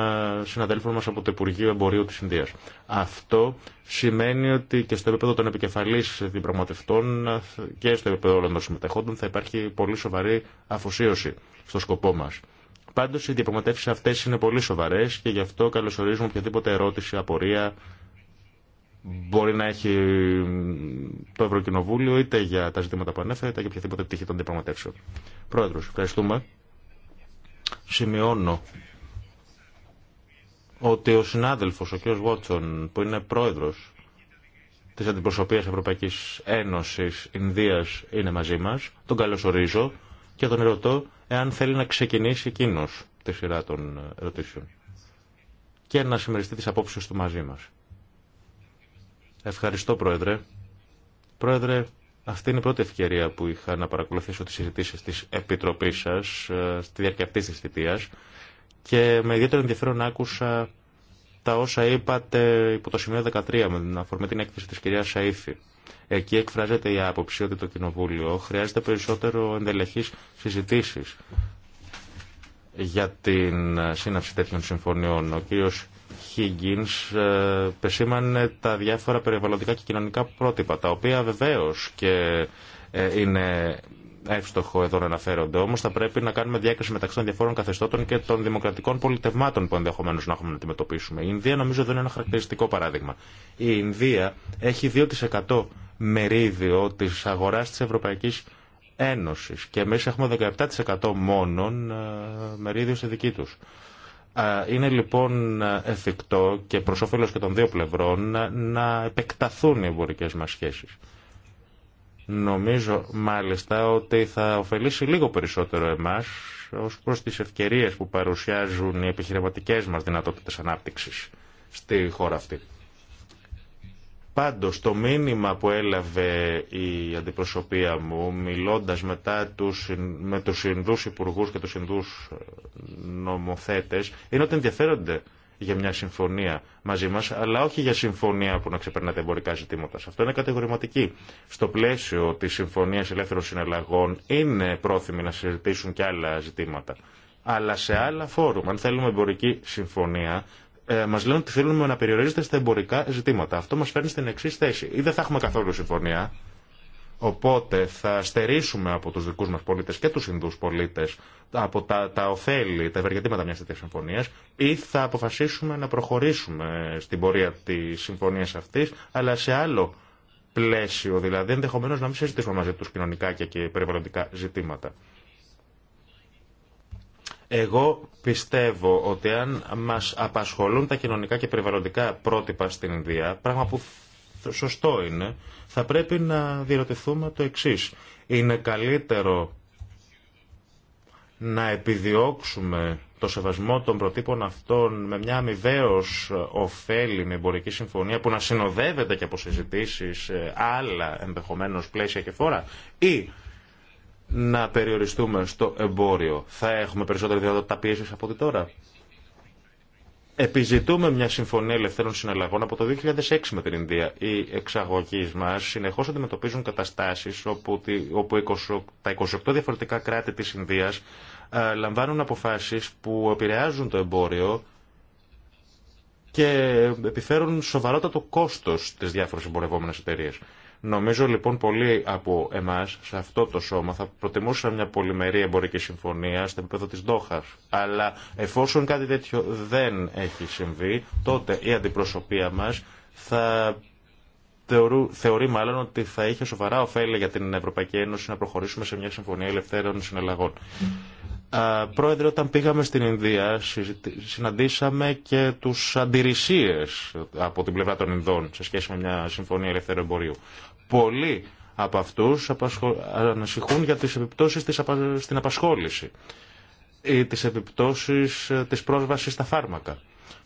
συναδέλφων μας από το Υπουργείο Εμπορίου της Ινδίας. Αυτό σημαίνει ότι και στο επίπεδο των επικεφαλής διπραγματευτών ε, και στο επίπεδο όλων των συμμετεχόντων θα υπάρχει πολύ σοβαρή αφοσίωση στο σκοπό μας. Πάντως οι διαπραγματεύσεις αυτές είναι πολύ σοβαρές και γι' αυτό καλωσορίζουμε οποιαδήποτε ερώτηση, απορία μπορεί να έχει το Ευρωκοινοβούλιο είτε για τα ζητήματα που ανέφερε είτε για οποιαδήποτε πτυχή των διαπραγματεύσεων. Πρόεδρος, ευχαριστούμε. Σημειώνω ότι ο συνάδελφος, ο κ. Βότσον, που είναι πρόεδρος της Αντιπροσωπείας Ευρωπαϊκής Ένωσης Ινδίας, είναι μαζί μας. Τον καλωσορίζω και τον ρωτώ εάν θέλει να ξεκινήσει εκείνο τη σειρά των ερωτήσεων και να συμμεριστεί τις απόψεις του μαζί μας. Ευχαριστώ, Πρόεδρε. Πρόεδρε, αυτή είναι η πρώτη ευκαιρία που είχα να παρακολουθήσω τις συζητήσεις της Επιτροπής σας ε, στη διάρκεια αυτής της θητείας και με ιδιαίτερο ενδιαφέρον άκουσα τα όσα είπατε υπό το σημείο 13 με την αφορμή την έκθεση της κυρίας Σαΐφη. Εκεί εκφράζεται η άποψη ότι το Κοινοβούλιο χρειάζεται περισσότερο εντελεχείς συζητήσεις για την σύναψη τέτοιων συμφωνιών. Ο κύριος Higgins ε, πεσήμανε τα διάφορα περιβαλλοντικά και κοινωνικά πρότυπα, τα οποία βεβαίως και ε, είναι εύστοχο εδώ να αναφέρονται. Όμω θα πρέπει να κάνουμε διάκριση μεταξύ των διαφόρων καθεστώτων και των δημοκρατικών πολιτευμάτων που ενδεχομένω να έχουμε να αντιμετωπίσουμε. Η Ινδία νομίζω δεν είναι ένα χαρακτηριστικό παράδειγμα. Η Ινδία έχει 2% μερίδιο τη αγορά τη Ευρωπαϊκή Ένωση και εμεί έχουμε 17% μόνο ε, μερίδιο στη δική του. Ε, είναι λοιπόν ε, εφικτό και προ όφελο και των δύο πλευρών να επεκταθούν οι εμπορικέ μα σχέσει. Νομίζω μάλιστα ότι θα ωφελήσει λίγο περισσότερο εμάς ως προς τις ευκαιρίες που παρουσιάζουν οι επιχειρηματικές μας δυνατότητες ανάπτυξης στη χώρα αυτή. Πάντως το μήνυμα που έλαβε η αντιπροσωπεία μου μιλώντας μετά τους, με τους Ινδούς υπουργούς και τους Ινδούς νομοθέτες είναι ότι ενδιαφέρονται για μια συμφωνία μαζί μα, αλλά όχι για συμφωνία που να ξεπερνά τα εμπορικά ζητήματα. αυτό είναι κατηγορηματική. Στο πλαίσιο τη Συμφωνία Ελεύθερων Συναλλαγών είναι πρόθυμοι να συζητήσουν και άλλα ζητήματα. Αλλά σε άλλα φόρουμ, αν θέλουμε εμπορική συμφωνία, ε, μα λένε ότι θέλουμε να περιορίζεται στα εμπορικά ζητήματα. Αυτό μα φέρνει στην εξή θέση. Ή δεν θα έχουμε καθόλου συμφωνία, Οπότε θα στερήσουμε από του δικού μα πολίτε και του Ινδού πολίτε, από τα, τα ωφέλη, τα ευεργετήματα μια τέτοια συμφωνία ή θα αποφασίσουμε να προχωρήσουμε στην πορεία τη συμφωνία αυτή, αλλά σε άλλο πλαίσιο, δηλαδή ενδεχομένω να μην συζητήσουμε μαζί του κοινωνικά και, και περιβαλλοντικά ζητήματα. Εγώ πιστεύω ότι αν μας απασχολούν τα κοινωνικά και περιβαλλοντικά πρότυπα στην Ινδία, πράγμα που σωστό είναι, θα πρέπει να διερωτηθούμε το εξής. Είναι καλύτερο να επιδιώξουμε το σεβασμό των προτύπων αυτών με μια αμοιβαίω ωφέλιμη εμπορική συμφωνία που να συνοδεύεται και από συζητήσει άλλα ενδεχομένω πλαίσια και φόρα ή να περιοριστούμε στο εμπόριο. Θα έχουμε περισσότερη δυνατότητα πίεση από ό,τι τώρα. Επιζητούμε μια συμφωνία ελευθέρων συναλλαγών από το 2006 με την Ινδία. Οι εξαγωγεί μα συνεχώ αντιμετωπίζουν καταστάσει όπου, όπου τα 28 διαφορετικά κράτη τη Ινδία λαμβάνουν αποφάσει που επηρεάζουν το εμπόριο και επιφέρουν σοβαρότατο κόστο στι διάφορε εμπορευόμενε εταιρείε. Νομίζω λοιπόν πολλοί από εμά σε αυτό το σώμα θα προτιμούσαν μια πολυμερή εμπορική συμφωνία στο επίπεδο τη Δόχα. Αλλά εφόσον κάτι τέτοιο δεν έχει συμβεί, τότε η αντιπροσωπεία μα θα θεωρού, θεωρεί μάλλον ότι θα είχε σοβαρά ωφέλη για την Ευρωπαϊκή Ένωση να προχωρήσουμε σε μια συμφωνία ελευθέρων συναλλαγών πρόεδρε, όταν πήγαμε στην Ινδία, συναντήσαμε και του αντιρρησίε από την πλευρά των Ινδών σε σχέση με μια συμφωνία ελευθερου εμπορίου. Πολλοί από αυτού ανασυχούν για τι επιπτώσει στην απασχόληση ή τι επιπτώσει ε, τη πρόσβαση στα φάρμακα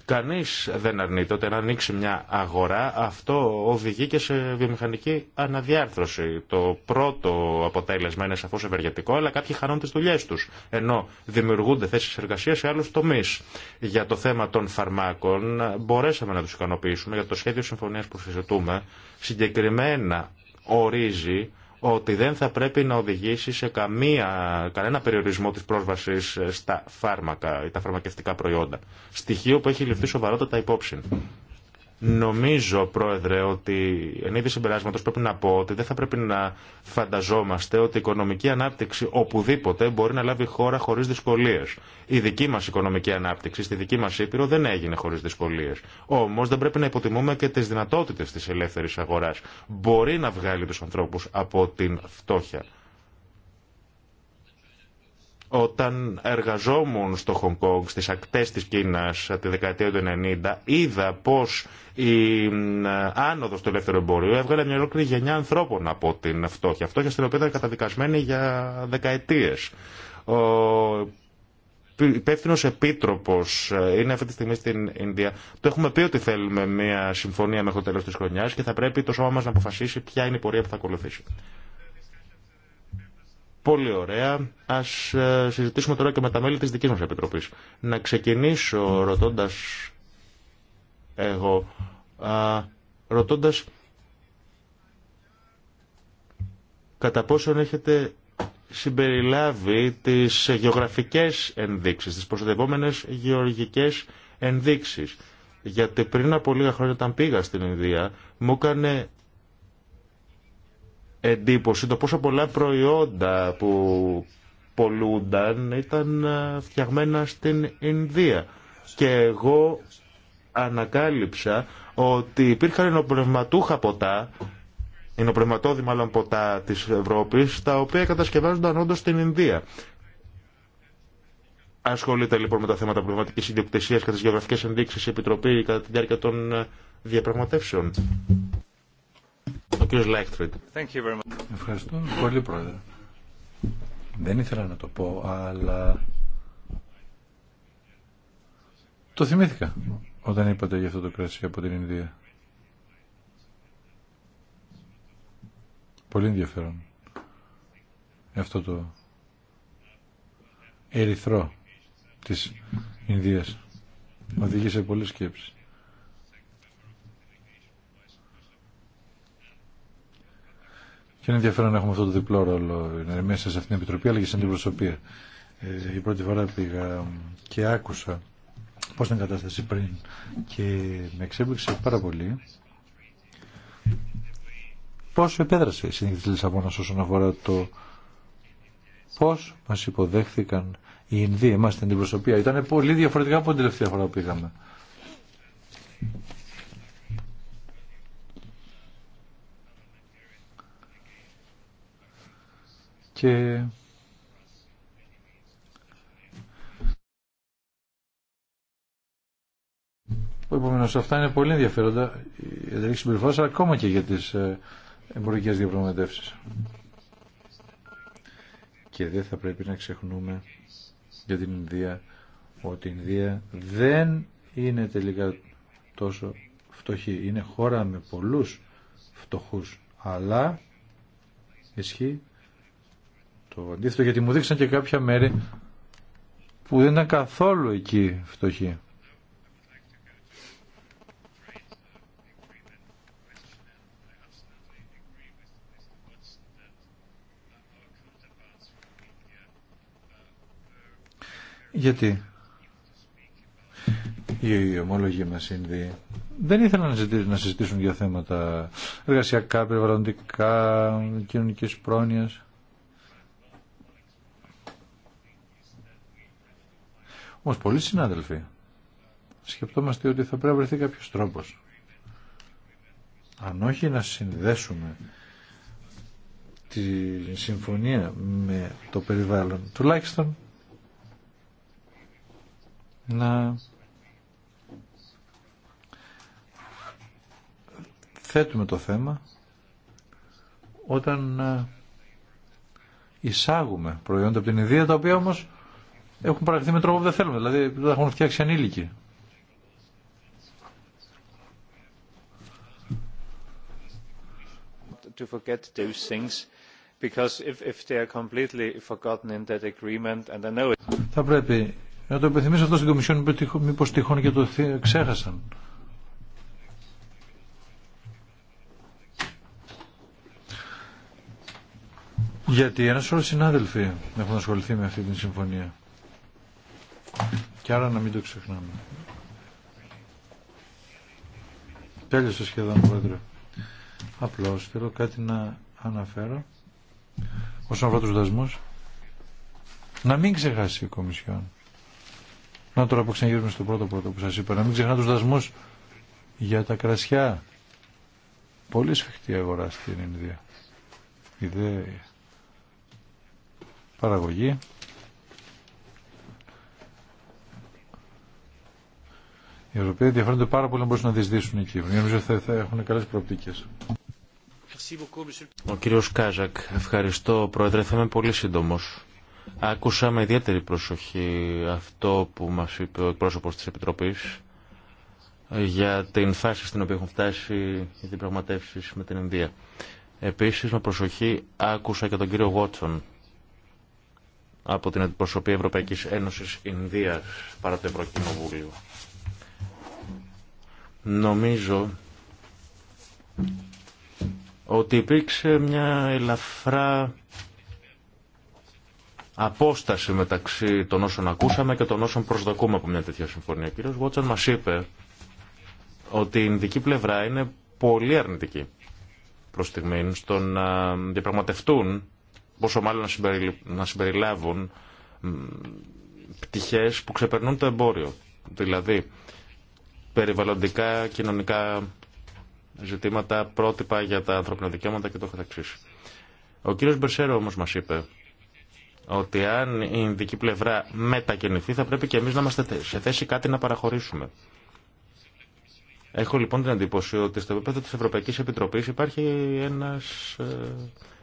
κανείς δεν αρνείται ότι να ανοίξει μια αγορά αυτό οδηγεί και σε βιομηχανική αναδιάρθρωση. Το πρώτο αποτέλεσμα είναι σαφώς ευεργετικό, αλλά κάποιοι χάνουν τις δουλειές τους, ενώ δημιουργούνται θέσεις εργασίας σε άλλους τομείς. Για το θέμα των φαρμάκων μπορέσαμε να τους ικανοποιήσουμε, για το σχέδιο συμφωνίας που συζητούμε συγκεκριμένα ορίζει ότι δεν θα πρέπει να οδηγήσει σε καμία, κανένα περιορισμό της πρόσβασης ε, στα φάρμακα ή τα φαρμακευτικά προϊόντα. Στοιχείο που έχει ληφθεί σοβαρότατα υπόψη. Νομίζω, Πρόεδρε, ότι εν είδη συμπεράσματο πρέπει να πω ότι δεν θα πρέπει να φανταζόμαστε ότι η οικονομική ανάπτυξη οπουδήποτε μπορεί να λάβει χώρα χωρί δυσκολίε. Η δική μα οικονομική ανάπτυξη στη δική μα Ήπειρο δεν έγινε χωρί δυσκολίε. Όμω δεν πρέπει να υποτιμούμε και τι δυνατότητε τη ελεύθερη αγορά. Μπορεί να βγάλει του ανθρώπου από την φτώχεια. Όταν εργαζόμουν στο Χονγκ Κόγκ, στις ακτές της Κίνας τη δεκαετία του 90, είδα πως η άνοδος του ελεύθερου εμπορίου έβγαλε μια ολόκληρη γενιά ανθρώπων από την φτώχεια. Φτώχεια στην οποία ήταν καταδικασμένη για δεκαετίες. Ο υπεύθυνο επίτροπο ε, είναι αυτή τη στιγμή στην Ινδία. Το έχουμε πει ότι θέλουμε μια συμφωνία μέχρι το τέλο τη χρονιά και θα πρέπει το σώμα μα να αποφασίσει ποια είναι η πορεία που θα ακολουθήσει. Πολύ ωραία. Ας ε, συζητήσουμε τώρα και με τα μέλη της δικής μας Επιτροπής. Να ξεκινήσω ρωτώντα εγώ, α, ρωτώντας κατά πόσον έχετε συμπεριλάβει τις γεωγραφικές ενδείξεις, τις προστατευόμενες γεωργικές ενδείξεις. Γιατί πριν από λίγα χρόνια όταν πήγα στην Ινδία μου έκανε εντύπωση το πόσο πολλά προϊόντα που πολλούνταν ήταν ε, φτιαγμένα στην Ινδία. Και εγώ ανακάλυψα ότι υπήρχαν ενοπνευματούχα ποτά, ενοπνευματώδη μάλλον ποτά της Ευρώπης, τα οποία κατασκευάζονταν όντως στην Ινδία. Ασχολείται λοιπόν με τα θέματα πνευματικής ιδιοκτησίας και τις γεωγραφικές ενδείξεις η Επιτροπή κατά τη διάρκεια των ε, διαπραγματεύσεων. Ο Ευχαριστώ πολύ, Πρόεδρε. Δεν ήθελα να το πω, αλλά το θυμήθηκα όταν είπατε για αυτό το κρασί από την Ινδία. Πολύ ενδιαφέρον. Αυτό το ερυθρό της Ινδίας οδηγεί σε πολλές σκέψεις. Και είναι ενδιαφέρον να έχουμε αυτό το διπλό ρόλο μέσα σε αυτήν την επιτροπή αλλά και στην αντιπροσωπεία. Ε, η πρώτη φορά πήγα και άκουσα πώς ήταν η κατάσταση πριν και με εξέπληξε πάρα πολύ πόσο επέδρασε η συνήθεια της Λισαβόνα όσον αφορά το πώς μας υποδέχθηκαν οι Ινδοί εμάς στην αντιπροσωπεία. Ήταν πολύ διαφορετικά από την τελευταία φορά που πήγαμε. και Επομένω, αυτά είναι πολύ ενδιαφέροντα για τη συμπεριφορά, ακόμα και για τι ε, εμπορικέ διαπραγματεύσει. Και δεν θα πρέπει να ξεχνούμε για την Ινδία ότι η Ινδία δεν είναι τελικά τόσο φτωχή. Είναι χώρα με πολλούς φτωχούς, αλλά ισχύει το αντίθετο γιατί μου δείξαν και κάποια μέρη που δεν ήταν καθόλου εκεί φτωχοί. Γιατί οι ομόλογοι μας είναι δεν ήθελαν να συζητήσουν, να συζητήσουν για θέματα εργασιακά, περιβαλλοντικά, κοινωνικής πρόνοιας. Όμως πολλοί συνάδελφοι σκεπτόμαστε ότι θα πρέπει να βρεθεί κάποιος τρόπος. Αν όχι να συνδέσουμε τη συμφωνία με το περιβάλλον, τουλάχιστον να θέτουμε το θέμα όταν ε, εισάγουμε προϊόντα από την ιδέα τα οποία όμως έχουν παραχθεί με τρόπο που δεν θέλουμε, δηλαδή τα έχουν φτιάξει ανήλικοι. To forget those things, because if, if they are completely forgotten in that agreement, and I know it. Θα πρέπει να το επιθυμίσω αυτό στην Κομισιόν, μήπως τυχόν και το ξέχασαν. Γιατί ένα σωρό συνάδελφοι έχουν ασχοληθεί με αυτή την συμφωνία. Και άρα να μην το ξεχνάμε. Τέλειωσε σχεδόν, Πρόεδρε. Απλώς θέλω κάτι να αναφέρω όσον αφορά τους δασμούς. Να μην ξεχάσει η Κομισιόν. Να τώρα που στο πρώτο πρώτο που σας είπα. Να μην ξεχνά τους δασμούς για τα κρασιά. Πολύ σφιχτή αγορά στην Ινδία. Η δε παραγωγή Οι Ευρωπαίοι ενδιαφέρονται πάρα πολύ να μπορούν να διεισδύσουν εκεί. Νομίζω θα, θα έχουν καλέ προοπτικέ. Ο κύριο Κάζακ, ευχαριστώ πρόεδρε. Θα είμαι πολύ σύντομο. Άκουσα με ιδιαίτερη προσοχή αυτό που μα είπε ο εκπρόσωπο τη Επιτροπή για την φάση στην οποία έχουν φτάσει οι διαπραγματεύσει με την Ινδία. Επίση, με προσοχή άκουσα και τον κύριο Βότσον από την Αντιπροσωπή Ευρωπαϊκή Ένωση Ινδία παρά το Ευρωκοινοβούλιο. Νομίζω ότι υπήρξε μια ελαφρά απόσταση μεταξύ των όσων ακούσαμε και των όσων προσδοκούμε από μια τέτοια συμφωνία. Ο κύριος Βότσαν μας είπε ότι η δική πλευρά είναι πολύ αρνητική προς στιγμή στο να διαπραγματευτούν, πόσο μάλλον να συμπεριλάβουν πτυχές που ξεπερνούν το εμπόριο. Δηλαδή, περιβαλλοντικά, κοινωνικά ζητήματα, πρότυπα για τα ανθρώπινα δικαιώματα και το καθεξής. Ο κύριος Μπερσέρο όμως μας είπε ότι αν η ειδική πλευρά μετακινηθεί θα πρέπει και εμείς να είμαστε σε θέση κάτι να παραχωρήσουμε. Έχω λοιπόν την εντύπωση ότι στο επίπεδο της Ευρωπαϊκής Επιτροπής υπάρχει ένας, ε,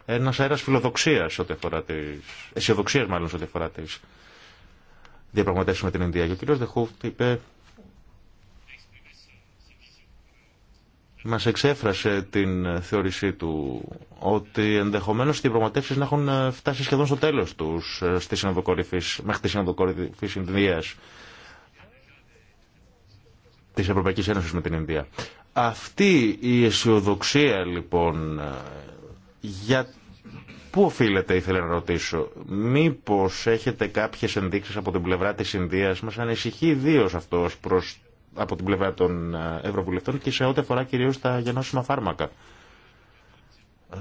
ένας αέρας φιλοδοξίας ό,τι αφορά τις... αισιοδοξίας μάλλον ό,τι αφορά τις διαπραγματεύσεις με την Ινδία. Και ο κύριος Δεχούφτ είπε μας εξέφρασε την θεώρησή του ότι ενδεχομένως οι διαπραγματεύσεις να έχουν ε, φτάσει σχεδόν στο τέλος τους ε, στη μέχρι τη συνοδοκορυφή Ινδίας της Ευρωπαϊκής Ένωσης με την Ινδία. Αυτή η αισιοδοξία λοιπόν ε, για πού οφείλεται ήθελα να ρωτήσω. Μήπως έχετε κάποιες ενδείξεις από την πλευρά της Ινδίας μας ανησυχεί ιδίω αυτός προς από την πλευρά των ε, Ευρωβουλευτών και σε ό,τι αφορά κυρίως τα γενώσιμα φάρμακα.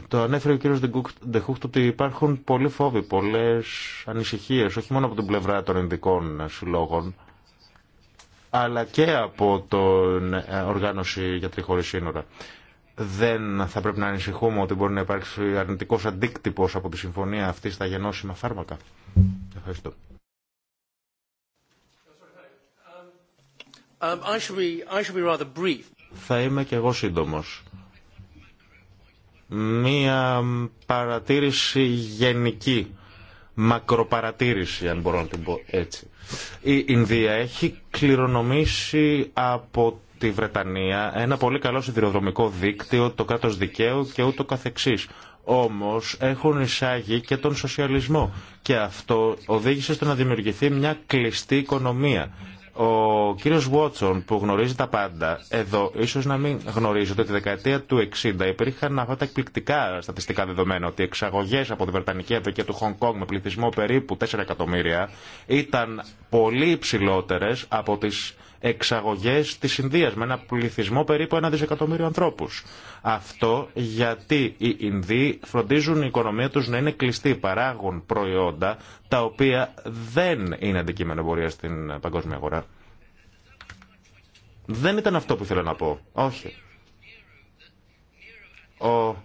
Το ανέφερε ο κ. Ντεχούχτ ότι υπάρχουν πολλοί φόβοι, πολλές ανησυχίες, όχι μόνο από την πλευρά των ειδικών συλλόγων, αλλά και από την ε, οργάνωση για τριχωρή σύνορα. Δεν θα πρέπει να ανησυχούμε ότι μπορεί να υπάρξει αρνητικό αντίκτυπο από τη συμφωνία αυτή στα γενώσιμα φάρμακα. Ευχαριστώ. Um, Θα είμαι και εγώ σύντομος. Μία παρατήρηση γενική, μακροπαρατήρηση αν μπορώ να την πω έτσι. Η Ινδία έχει κληρονομήσει από τη Βρετανία ένα πολύ καλό σιδηροδρομικό δίκτυο, το κράτος δικαίου και ούτω καθεξής. Όμως έχουν εισάγει και τον σοσιαλισμό και αυτό οδήγησε στο να δημιουργηθεί μια κλειστή οικονομία ο κύριος Βότσον που γνωρίζει τα πάντα εδώ, ίσως να μην γνωρίζει ότι τη δεκαετία του 60 υπήρχαν αυτά τα εκπληκτικά στατιστικά δεδομένα ότι οι εξαγωγές από τη Βρετανική και του Χονγκ Κόνγκ με πληθυσμό περίπου 4 εκατομμύρια ήταν πολύ υψηλότερες από τις εξαγωγές της Ινδίας με ένα πληθυσμό περίπου ένα δισεκατομμύριο ανθρώπους. Αυτό γιατί οι Ινδοί φροντίζουν η οικονομία τους να είναι κλειστή, παράγουν προϊόντα τα οποία δεν είναι αντικείμενο εμπορία στην παγκόσμια αγορά. Δεν ήταν αυτό που ήθελα να πω. Όχι. Ο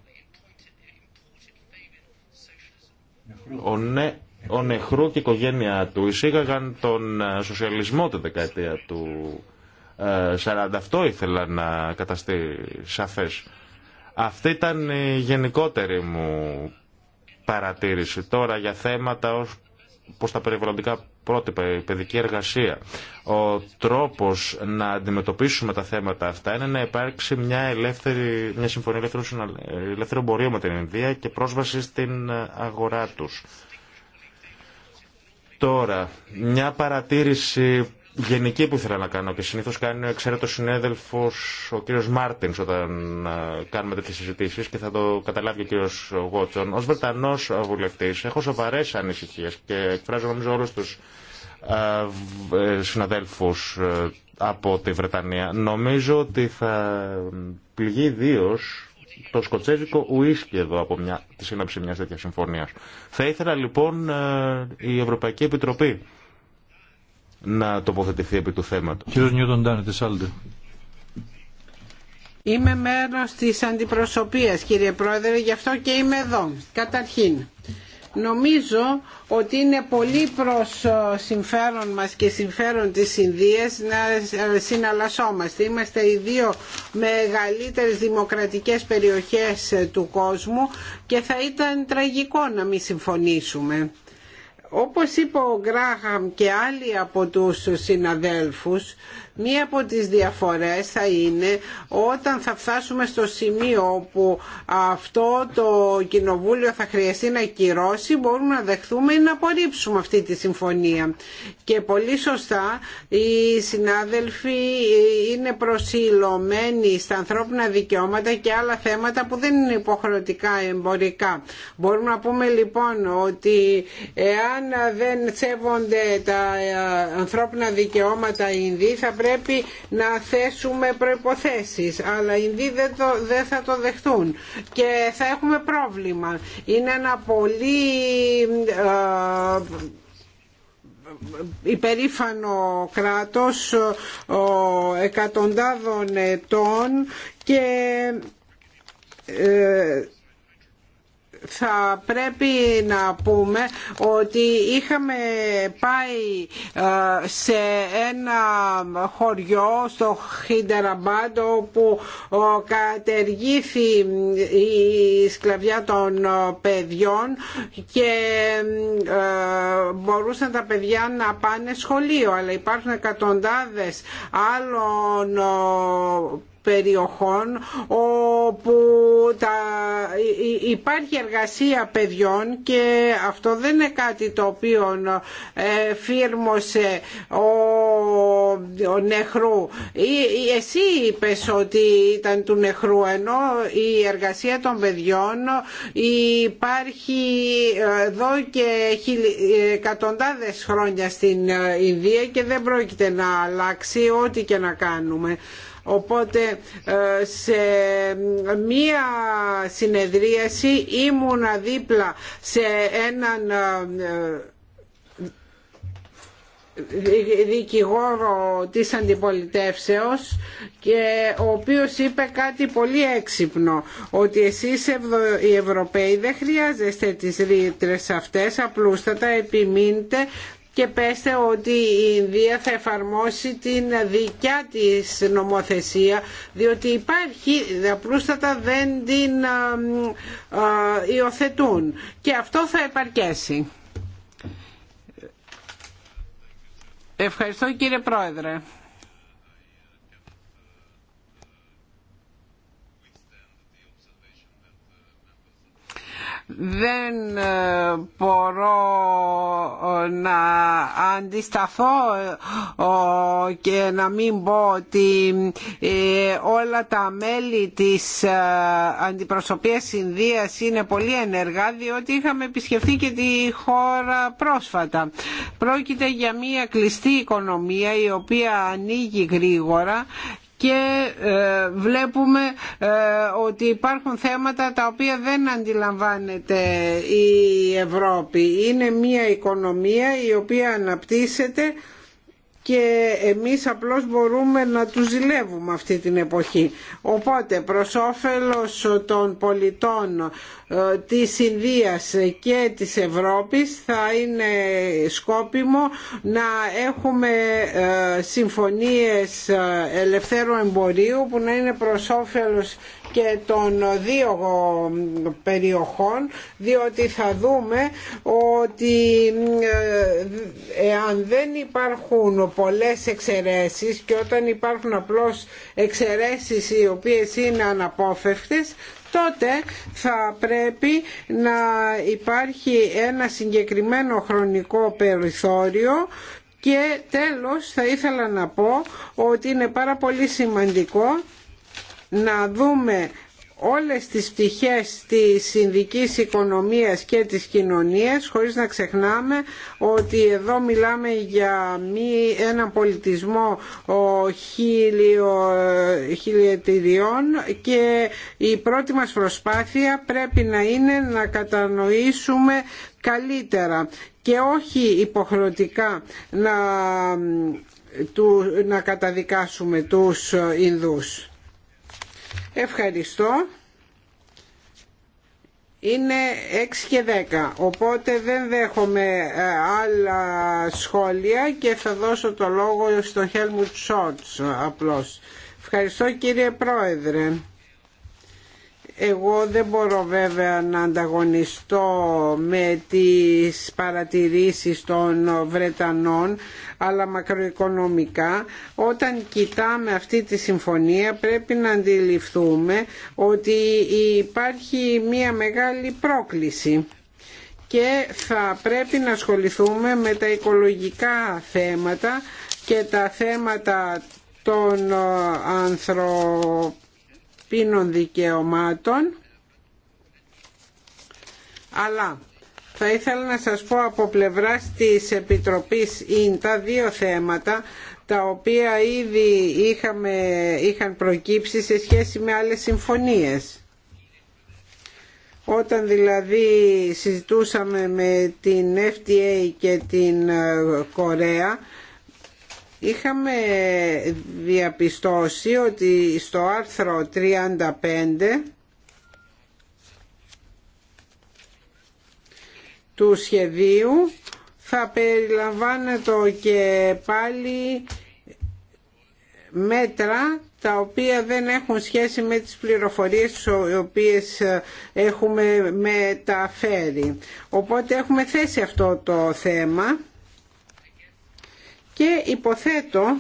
ο, ναι- ο Νεχρού και η οικογένειά του εισήγαγαν τον ε, σοσιαλισμό τη δεκαετία του 40. Ε, Αυτό ήθελα να καταστεί σαφές. Αυτή ήταν η γενικότερη μου παρατήρηση τώρα για θέματα ως πως τα περιβαλλοντικά πρότυπα, η παιδική εργασία. Ο τρόπος να αντιμετωπίσουμε τα θέματα αυτά είναι να υπάρξει μια, ελεύθερη, μια συμφωνία ελεύθερου, ελεύθερου με την Ινδία και πρόσβαση στην ε, αγορά τους. Τώρα, μια παρατήρηση γενική που ήθελα να κάνω και συνήθω κάνει ο εξαίρετο συνέδελφο ο κύριο Μάρτιν όταν ε, κάνουμε τέτοιε συζητήσει και θα το καταλάβει ο κύριο Γότσον. Ω Βρετανό βουλευτή έχω σοβαρέ ανησυχίε και εκφράζω νομίζω όλου του ε, ε, συναδέλφου από τη Βρετανία. Νομίζω ότι θα πληγεί ιδίω το σκοτσέζικο ουίσκι εδώ από μια, τη σύναψη μια τετοια συμφωνια Θα ήθελα λοιπόν ε, η Ευρωπαϊκή Επιτροπή να τοποθετηθεί επί του θέματος. Κύριος Νιούτον Ντάνε, Είμαι μέρος της αντιπροσωπείας κύριε Πρόεδρε, γι' αυτό και είμαι εδώ. Καταρχήν, Νομίζω ότι είναι πολύ προς ε, συμφέρον μας και συμφέρον της Ινδίας να ε, συναλλασσόμαστε. Είμαστε οι δύο μεγαλύτερες δημοκρατικές περιοχές ε, του κόσμου και θα ήταν τραγικό να μην συμφωνήσουμε. Όπως είπε ο Γκράχαμ και άλλοι από τους συναδέλφους, Μία από τις διαφορές θα είναι όταν θα φτάσουμε στο σημείο όπου αυτό το κοινοβούλιο θα χρειαστεί να κυρώσει μπορούμε να δεχθούμε ή να απορρίψουμε αυτή τη συμφωνία. Και πολύ σωστά οι συνάδελφοι είναι προσιλωμένοι στα ανθρώπινα δικαιώματα και άλλα θέματα που δεν είναι υποχρεωτικά εμπορικά. Μπορούμε να πούμε λοιπόν ότι εάν δεν σέβονται τα ανθρώπινα δικαιώματα οι θα πρέπει να θέσουμε προϋποθέσεις αλλά οι δεν, δεν θα το δεχτούν και θα έχουμε πρόβλημα. Είναι ένα πολύ ε, υπερήφανο κράτος εκατοντάδων ετών και ε, θα πρέπει να πούμε ότι είχαμε πάει ε, σε ένα χωριό στο Χιντεραμπάντ που ε, κατεργήθη η σκλαβιά των ε, παιδιών και μπορούσαν τα παιδιά να πάνε σχολείο αλλά υπάρχουν εκατοντάδες άλλων περιοχών όπου τα, υπάρχει εργασία παιδιών και αυτό δεν είναι κάτι το οποίο ε, φύρμωσε ο, ο Νεχρού. Εσύ είπε ότι ήταν του Νεχρού ενώ η εργασία των παιδιών υπάρχει ε, εδώ και ε, εκατοντάδες χρόνια στην Ινδία και δεν πρόκειται να αλλάξει ό,τι και να κάνουμε. Οπότε ε, σε μία συνεδρίαση ήμουνα δίπλα σε έναν ε, ε, δικηγόρο της αντιπολιτεύσεως και ο οποίος είπε κάτι πολύ έξυπνο ότι εσείς οι Ευρωπαίοι δεν χρειάζεστε τις ρήτρε αυτές απλούστατα επιμείνετε και πέστε ότι η Ινδία θα εφαρμόσει την δικιά της νομοθεσία διότι υπάρχει, απλούστατα δεν την υιοθετούν και αυτό θα επαρκέσει. Ευχαριστώ κύριε Πρόεδρε. δεν ε, μπορώ ε, να αντισταθώ ε, και να μην πω ότι όλα τα μέλη της αντιπροσωπείας Ινδίας είναι πολύ ενεργά διότι είχαμε επισκεφθεί και τη χώρα πρόσφατα. Πρόκειται για μια κλειστή οικονομία η οποία ανοίγει γρήγορα και ε, βλέπουμε ε, ότι υπάρχουν θέματα τα οποία δεν αντιλαμβάνεται η Ευρώπη. Είναι μια οικονομία η οποία αναπτύσσεται και εμείς απλώς μπορούμε να τους ζηλεύουμε αυτή την εποχή. Οπότε προς όφελος των πολιτών ε, της Ινδίας και της Ευρώπης θα είναι σκόπιμο να έχουμε ε, συμφωνίες ε, ελευθέρου εμπορίου που να είναι προς όφελος και των δύο περιοχών διότι θα δούμε ότι ε, εάν δεν υπάρχουν πολλές εξαιρέσεις και όταν υπάρχουν απλώς εξαιρέσεις οι οποίες είναι αναπόφευκτες τότε θα πρέπει να υπάρχει ένα συγκεκριμένο χρονικό περιθώριο και τέλος θα ήθελα να πω ότι είναι πάρα πολύ σημαντικό να δούμε όλες τις πτυχές της συνδικής οικονομίας και της κοινωνίας χωρίς να ξεχνάμε ότι εδώ μιλάμε για μη, έναν πολιτισμό χιλιο, χιλιετηριών και η πρώτη μας προσπάθεια πρέπει να είναι να κατανοήσουμε καλύτερα και όχι υποχρεωτικά να, να καταδικάσουμε τους Ινδούς. Ευχαριστώ. Είναι 6 και 10, οπότε δεν δέχομαι ε, άλλα σχόλια και θα δώσω το λόγο στο Χέλμουτ Σότς απλώς. Ευχαριστώ κύριε Πρόεδρε. Εγώ δεν μπορώ βέβαια να ανταγωνιστώ με τις παρατηρήσεις των Βρετανών αλλά μακροοικονομικά όταν κοιτάμε αυτή τη συμφωνία πρέπει να αντιληφθούμε ότι υπάρχει μια μεγάλη πρόκληση και θα πρέπει να ασχοληθούμε με τα οικολογικά θέματα και τα θέματα των ε, ανθρώπων ανθρωπίνων δικαιωμάτων αλλά θα ήθελα να σας πω από πλευράς της Επιτροπής τα δύο θέματα τα οποία ήδη είχαμε, είχαν προκύψει σε σχέση με άλλες συμφωνίες. Όταν δηλαδή συζητούσαμε με την FTA και την ε, Κορέα είχαμε διαπιστώσει ότι στο άρθρο 35 του σχεδίου θα περιλαμβάνεται και πάλι μέτρα τα οποία δεν έχουν σχέση με τις πληροφορίες τις οποίες έχουμε μεταφέρει. Οπότε έχουμε θέσει αυτό το θέμα και υποθέτω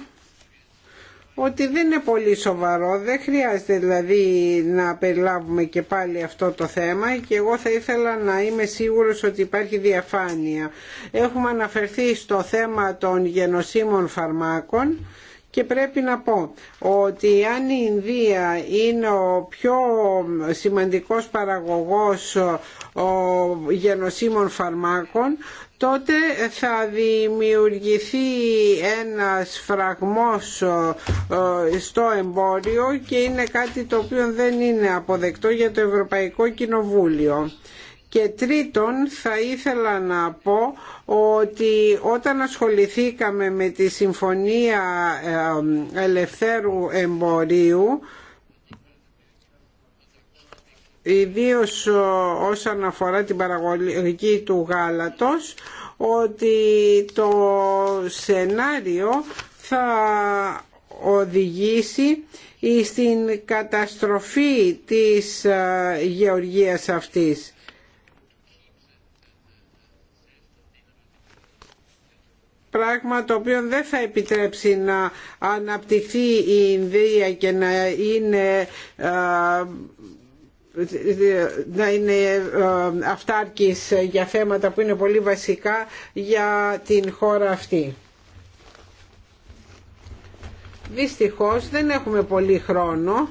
ότι δεν είναι πολύ σοβαρό, δεν χρειάζεται δηλαδή να περιλάβουμε και πάλι αυτό το θέμα και εγώ θα ήθελα να είμαι σίγουρος ότι υπάρχει διαφάνεια. Έχουμε αναφερθεί στο θέμα των γενοσύμων φαρμάκων και πρέπει να πω ότι αν η Ινδία είναι ο πιο σημαντικός παραγωγός γενοσύμων φαρμάκων τότε θα δημιουργηθεί ένας φραγμός ε, στο εμπόριο και είναι κάτι το οποίο δεν είναι αποδεκτό για το Ευρωπαϊκό Κοινοβούλιο. Και τρίτον θα ήθελα να πω ότι όταν ασχοληθήκαμε με τη Συμφωνία ε, ε, Ελευθέρου Εμπορίου ιδίως όσον αφορά την παραγωγική του γάλατος ότι το σενάριο θα οδηγήσει στην καταστροφή της γεωργίας αυτής. πράγμα το οποίο δεν θα επιτρέψει να αναπτυχθεί η Ινδία και να είναι να είναι ε, αυτάρκης για θέματα που είναι πολύ βασικά για την χώρα αυτή. Δυστυχώς δεν έχουμε πολύ χρόνο.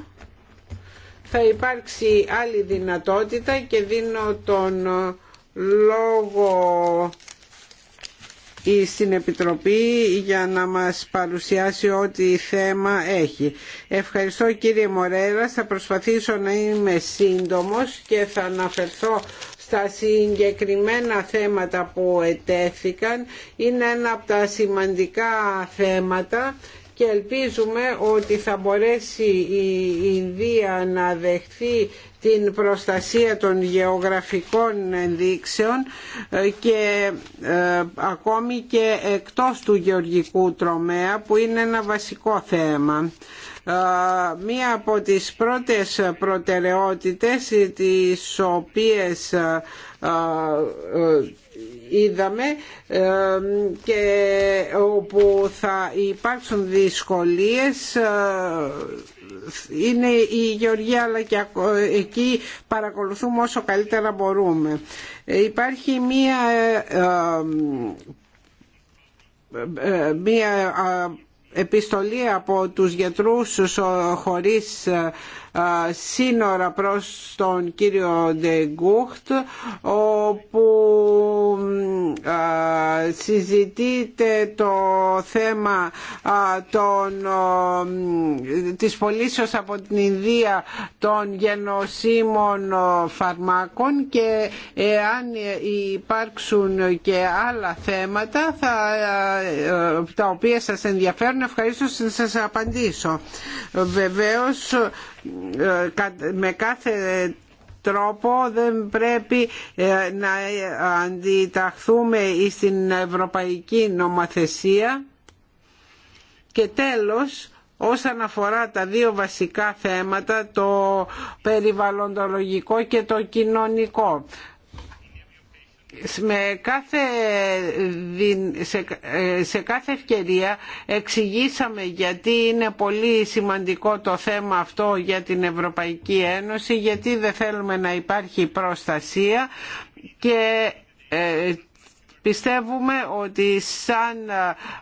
Θα υπάρξει άλλη δυνατότητα και δίνω τον λόγο στην Επιτροπή για να μας παρουσιάσει ό,τι θέμα έχει. Ευχαριστώ κύριε Μορέρα, θα προσπαθήσω να είμαι σύντομος και θα αναφερθώ στα συγκεκριμένα θέματα που ετέθηκαν. Είναι ένα από τα σημαντικά θέματα και ελπίζουμε ότι θα μπορέσει η Ινδία να δεχθεί την προστασία των γεωγραφικών ενδείξεων ε, και ε, ακόμη και εκτός του γεωργικού τρομέα που είναι ένα βασικό θέμα. Ε, μία από τις πρώτες προτεραιότητες τις οποίες είδαμε και όπου θα υπάρξουν δυσκολίες ε, είναι η Γεωργία αλλά και εκεί παρακολουθούμε όσο καλύτερα μπορούμε. Ε, υπάρχει μία ε, μία επιστολή από τους γιατρούς χωρίς σύνορα προς τον κύριο Ντεγκούχτ όπου συζητείται το θέμα των, της πωλήσεως από την Ινδία των γενοσύμων φαρμάκων και εάν υπάρξουν και άλλα θέματα θα, τα οποία σας ενδιαφέρουν ευχαριστώ να σας απαντήσω. Βεβαίως ε, με κάθε τρόπο δεν πρέπει ε, να αντιταχθούμε στην ευρωπαϊκή νομοθεσία και τέλος όσον αφορά τα δύο βασικά θέματα το περιβαλλοντολογικό και το κοινωνικό κάθε, σε, κάθε ευκαιρία εξηγήσαμε γιατί είναι πολύ σημαντικό το θέμα αυτό για την Ευρωπαϊκή Ένωση, γιατί δεν θέλουμε να υπάρχει προστασία και ε, Πιστεύουμε ότι σαν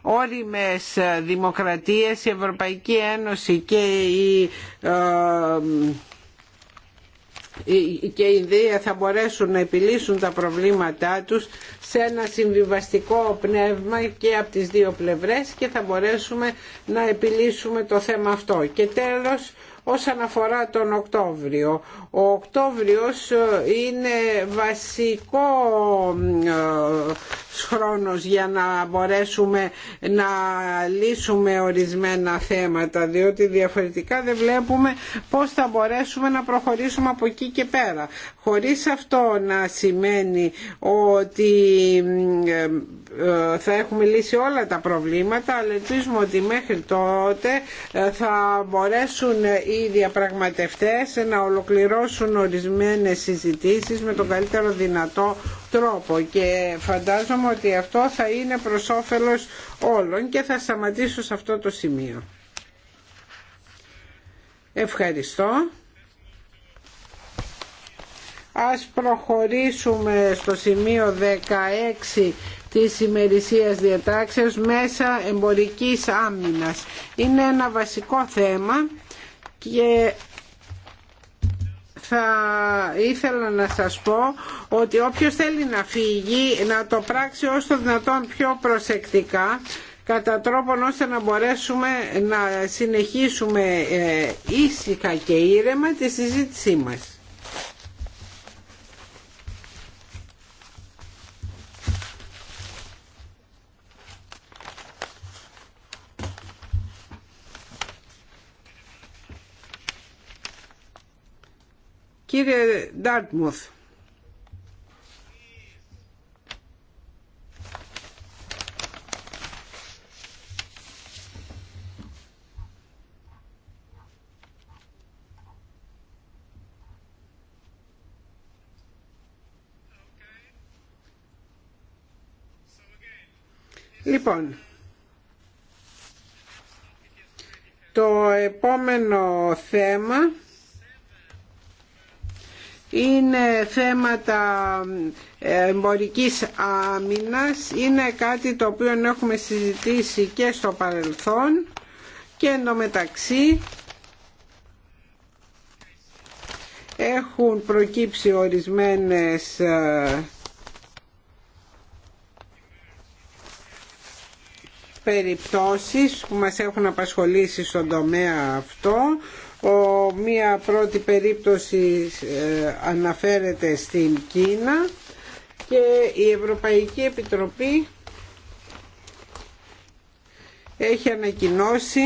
όριμες δημοκρατίες η Ευρωπαϊκή Ένωση και η ε, ε, και η δύο θα μπορέσουν να επιλύσουν τα προβλήματά τους σε ένα συμβιβαστικό πνεύμα και από τις δύο πλευρές και θα μπορέσουμε να επιλύσουμε το θέμα αυτό. Και τέλος, όσον αφορά τον Οκτώβριο, ο Οκτώβριος ε, είναι βασικό ε, χρόνος για να μπορέσουμε να λύσουμε ορισμένα θέματα διότι διαφορετικά δεν βλέπουμε πώς θα μπορέσουμε να προχωρήσουμε από εκεί και πέρα. Χωρίς αυτό να σημαίνει ότι ε, θα έχουμε λύσει όλα τα προβλήματα αλλά ελπίζουμε ότι μέχρι τότε θα μπορέσουν οι διαπραγματευτές να ολοκληρώσουν ολοκληρώσουν ορισμένες συζητήσεις με τον καλύτερο δυνατό τρόπο και φαντάζομαι ότι αυτό θα είναι προς όφελος όλων και θα σταματήσω σε αυτό το σημείο. Ευχαριστώ. Ας προχωρήσουμε στο σημείο 16 της ημερησίας διατάξεως μέσα εμπορικής άμυνας. Είναι ένα βασικό θέμα και θα ήθελα να σας πω ότι όποιος θέλει να φύγει να το πράξει όσο το δυνατόν πιο προσεκτικά κατά τρόπον ώστε να μπορέσουμε να συνεχίσουμε ε, ήσυχα και ήρεμα τη συζήτησή μας. Κύριε Ντάρτμουθ. Λοιπόν, το επόμενο θέμα είναι θέματα ε, εμπορικής άμυνας, είναι κάτι το οποίο έχουμε συζητήσει και στο παρελθόν και εντωμεταξύ έχουν προκύψει ορισμένες ε, περιπτώσεις που μας έχουν απασχολήσει στον τομέα αυτό μία πρώτη περίπτωση ε, αναφέρεται στην Κίνα και η Ευρωπαϊκή Επιτροπή έχει ανακοινώσει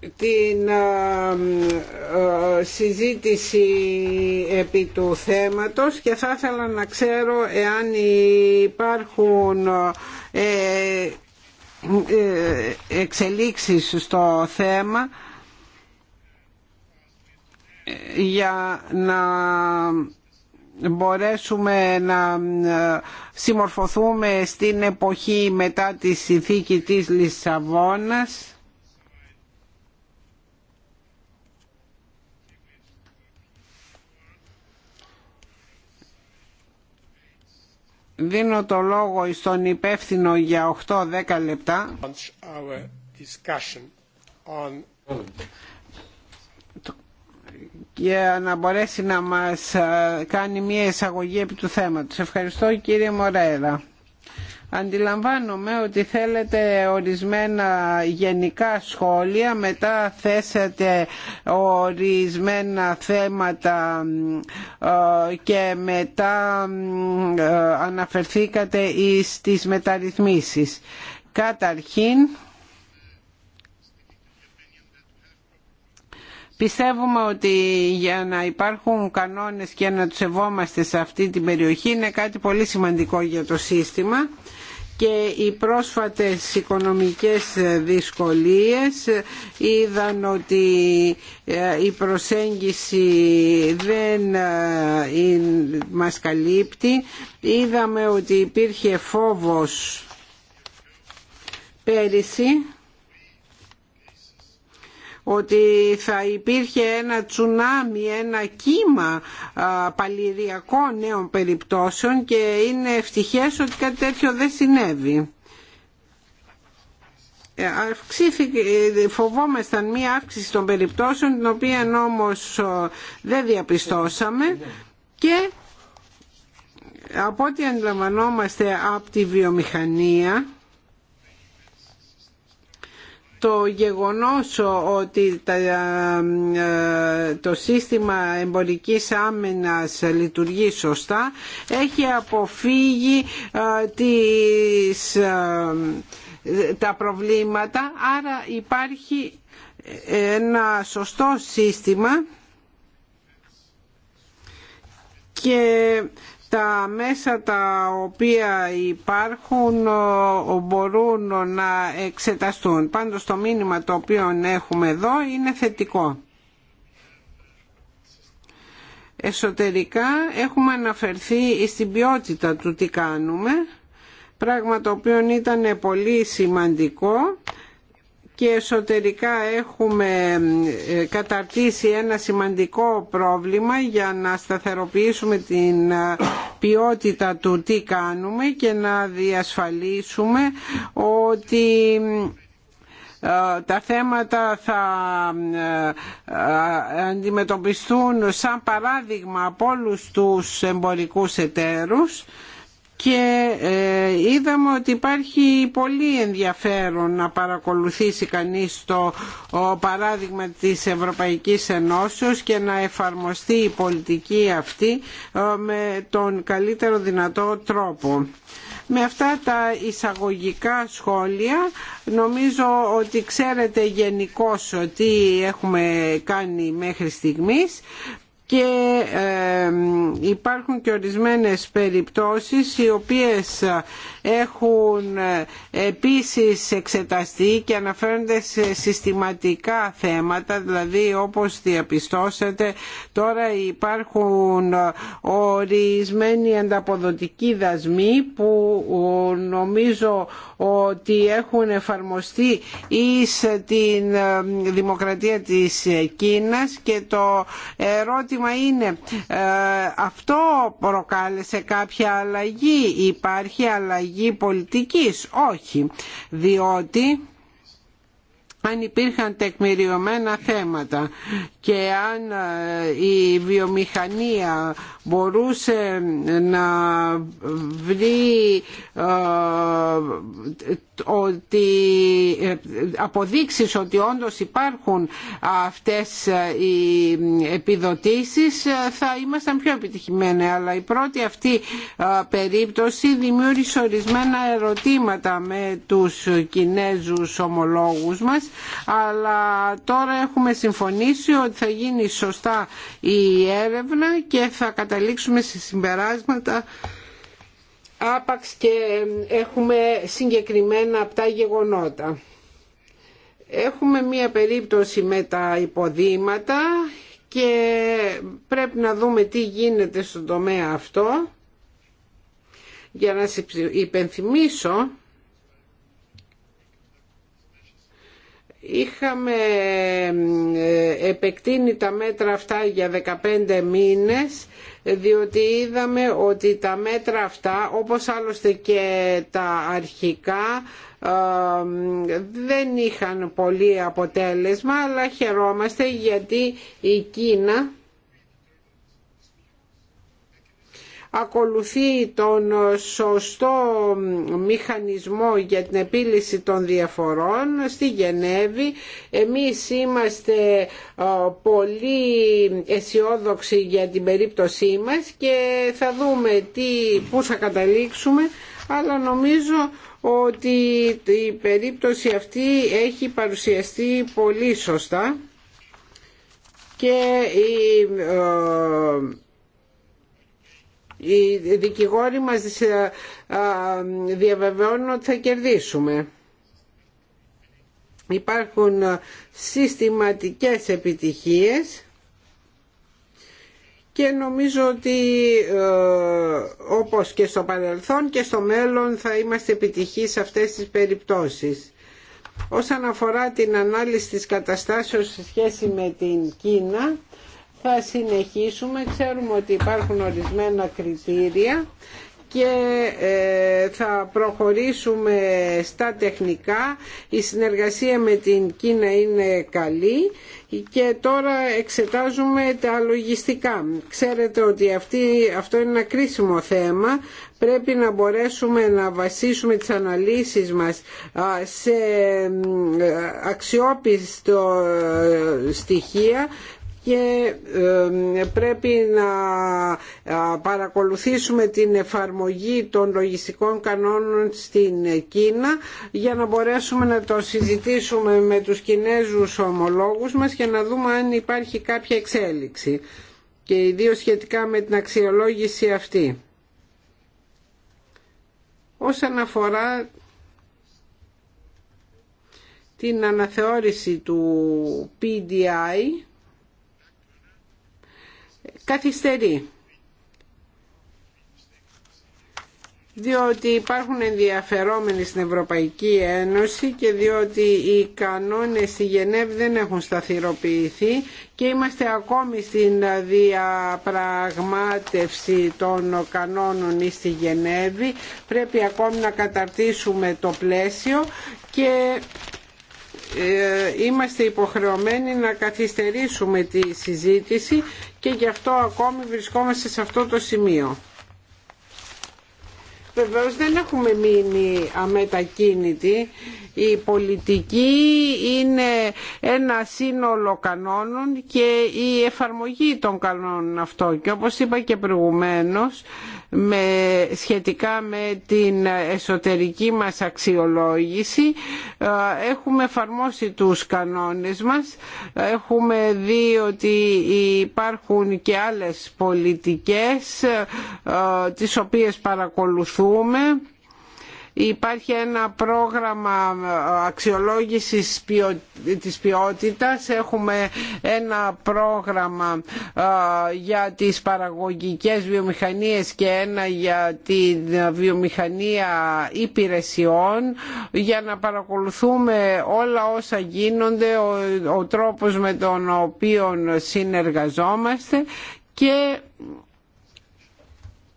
την συζήτηση επί του θέματος και θα ήθελα να ξέρω εάν υπάρχουν ε, ε, εξελίξεις στο θέμα για να μπορέσουμε να συμμορφωθούμε στην εποχή μετά τη συνθήκη της Λισαβόνας Δίνω το λόγο στον υπεύθυνο για 8-10 λεπτά. για να μπορέσει να μας ε, κάνει μια εισαγωγή επί του θέματος. Ευχαριστώ κύριε Μορέρα. Αντιλαμβάνομαι ότι θέλετε ορισμένα γενικά σχόλια, μετά θέσατε ορισμένα θέματα ε, και μετά ε, αναφερθήκατε στις μεταρρυθμίσεις. Καταρχήν, Πιστεύουμε ότι για να υπάρχουν κανόνες και να τους σεβόμαστε σε αυτή την περιοχή είναι κάτι πολύ σημαντικό για το σύστημα και οι πρόσφατες οικονομικές δυσκολίες είδαν ότι ε, η προσέγγιση δεν ε, μας καλύπτει είδαμε ότι υπήρχε φόβος πέρυσι ότι θα υπήρχε ένα τσουνάμι, ένα κύμα παλιριακών νέων περιπτώσεων και είναι ευτυχές ότι κάτι τέτοιο δεν συνέβη ε, αυξήθηκε, ε, φοβόμασταν μία αύξηση των περιπτώσεων την οποία όμως δεν διαπιστώσαμε και από ό,τι αντιλαμβανόμαστε από τη βιομηχανία το γεγονός ότι ε, το σύστημα εμπορικής άμενας λειτουργεί σωστά έχει αποφύγει ε, τις, ε, τα προβλήματα άρα υπάρχει ένα σωστό σύστημα και τα μέσα τα οποία υπάρχουν μπορούν να εξεταστούν. Πάντως το μήνυμα το οποίο έχουμε εδώ είναι θετικό. Εσωτερικά έχουμε αναφερθεί στην ποιότητα του τι κάνουμε, πράγμα το οποίο ήταν πολύ σημαντικό και εσωτερικά έχουμε ε, καταρτήσει ένα σημαντικό πρόβλημα για να σταθεροποιήσουμε την ε, ποιότητα του τι κάνουμε και να διασφαλίσουμε ότι ε, τα θέματα θα αντιμετωπιστούν σαν παράδειγμα από όλους τους εμπορικούς εταίρους και ε, είδαμε ότι υπάρχει πολύ ενδιαφέρον να παρακολουθήσει κανείς το παράδειγμα της Ευρωπαϊκής Ενώσεως και να εφαρμοστεί η πολιτική αυτή ε, με τον καλύτερο δυνατό τρόπο. Με αυτά τα εισαγωγικά σχόλια νομίζω ότι ξέρετε γενικώ τι έχουμε κάνει μέχρι στιγμής και ε, υπάρχουν και ορισμένες περιπτώσεις οι οποίες ε, έχουν ε, επίσης εξεταστεί και αναφέρονται σε συστηματικά θέματα δηλαδή όπως διαπιστώσατε τώρα υπάρχουν ε, ορισμένοι ανταποδοτικοί δασμοί που νομίζω ότι έχουν εφαρμοστεί εις την ε, δημοκρατία της Κίνας και το ερώτημα είναι αυτό προκάλεσε κάποια αλλαγή υπάρχει αλλαγή αλλαγή πολιτικής. Όχι, διότι αν υπήρχαν τεκμηριωμένα θέματα και αν ε, η βιομηχανία μπορούσε να βρει ε, ότι ε, αποδείξεις ότι όντως υπάρχουν αυτές οι επιδοτήσεις θα ήμασταν πιο επιτυχημένοι αλλά η πρώτη αυτή περίπτωση δημιούργησε ορισμένα ερωτήματα με τους Κινέζους ομολόγους μας αλλά τώρα έχουμε συμφωνήσει ότι θα γίνει σωστά η έρευνα και θα καταλήξουμε σε συμπεράσματα άπαξ και έχουμε συγκεκριμένα από τα γεγονότα. Έχουμε μία περίπτωση με τα υποδήματα και πρέπει να δούμε τι γίνεται στον τομέα αυτό. Για να σας υπενθυμίσω Είχαμε ε, επεκτείνει τα μέτρα αυτά για 15 μήνες διότι είδαμε ότι τα μέτρα αυτά όπως άλλωστε και τα αρχικά ε, δεν είχαν πολύ αποτέλεσμα αλλά χαιρόμαστε γιατί η Κίνα ακολουθεί τον σωστό μηχανισμό για την επίλυση των διαφορών στη Γενέβη. Εμείς είμαστε πολύ αισιόδοξοι για την περίπτωσή μας και θα δούμε τι, πού θα καταλήξουμε αλλά νομίζω ότι η περίπτωση αυτή έχει παρουσιαστεί πολύ σωστά και η ε, οι δικηγόροι μας ε, ε, διαβεβαιώνουν ότι θα κερδίσουμε. Υπάρχουν ε, συστηματικές επιτυχίες και νομίζω ότι όπως και στο παρελθόν και στο μέλλον θα είμαστε επιτυχείς σε αυτές τις περιπτώσεις. Όσον αφορά την ανάλυση της καταστάσεως σε σχέση με την Κίνα, θα συνεχίσουμε. Ξέρουμε ότι υπάρχουν ορισμένα κριτήρια και ε, θα προχωρήσουμε στα τεχνικά. Η συνεργασία με την Κίνα είναι καλή και τώρα εξετάζουμε τα λογιστικά. Ξέρετε ότι αυτό είναι ένα κρίσιμο θέμα. Πρέπει να μπορέσουμε να βασίσουμε τις αναλύσεις μας σε αξιόπιστο ε, στοιχεία και πρέπει να παρακολουθήσουμε την εφαρμογή των λογιστικών κανόνων στην Κίνα για να μπορέσουμε να το συζητήσουμε με τους Κινέζους ομολόγους μας και να δούμε αν υπάρχει κάποια εξέλιξη και ιδίως σχετικά με την αξιολόγηση αυτή. Όσον αφορά την αναθεώρηση του PDI καθυστερεί. διότι υπάρχουν ενδιαφερόμενοι στην Ευρωπαϊκή Ένωση και διότι οι κανόνες στη Γενέβη δεν έχουν σταθεροποιηθεί και είμαστε ακόμη στην διαπραγμάτευση των κανόνων στη Γενέβη. Πρέπει ακόμη να καταρτήσουμε το πλαίσιο και ε, είμαστε υποχρεωμένοι να καθυστερήσουμε τη συζήτηση και γι' αυτό ακόμη βρισκόμαστε σε αυτό το σημείο. Βεβαίως δεν έχουμε μείνει αμετακίνητοι η πολιτική είναι ένα σύνολο κανόνων και η εφαρμογή των κανόνων αυτό Και όπως είπα και προηγουμένως, με, σχετικά με την εσωτερική μας αξιολόγηση έχουμε εφαρμόσει τους κανόνες μας έχουμε δει ότι υπάρχουν και άλλες πολιτικές τις οποίες παρακολουθούμε Υπάρχει ένα πρόγραμμα αξιολόγησης της ποιότητας. Έχουμε ένα πρόγραμμα για τις παραγωγικές βιομηχανίες και ένα για τη βιομηχανία υπηρεσιών για να παρακολουθούμε όλα όσα γίνονται, ο, ο τρόπος με τον οποίο συνεργαζόμαστε και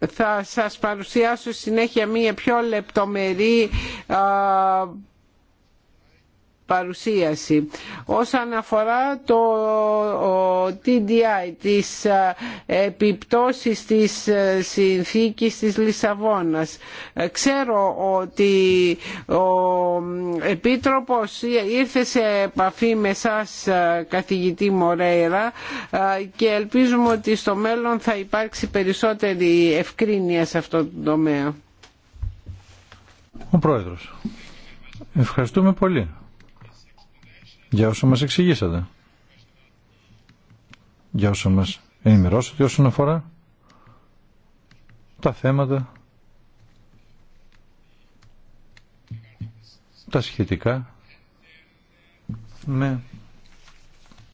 θα σας παρουσιάσω συνέχεια μία πιο λεπτομερή παρουσίαση. Όσον αφορά το TDI, τις ε, επιπτώσεις της ε, συνθήκης της Λισαβόνας, ε, ξέρω ότι ο Επίτροπος ήρθε σε επαφή με σας καθηγητή Μορέιρα και ελπίζουμε ότι στο μέλλον θα υπάρξει περισσότερη ευκρίνεια σε αυτό το τομέα. Ο Πρόεδρος. Ευχαριστούμε πολύ για όσο μας εξηγήσατε, για όσο μας ενημερώσατε όσον αφορά τα θέματα, τα σχετικά με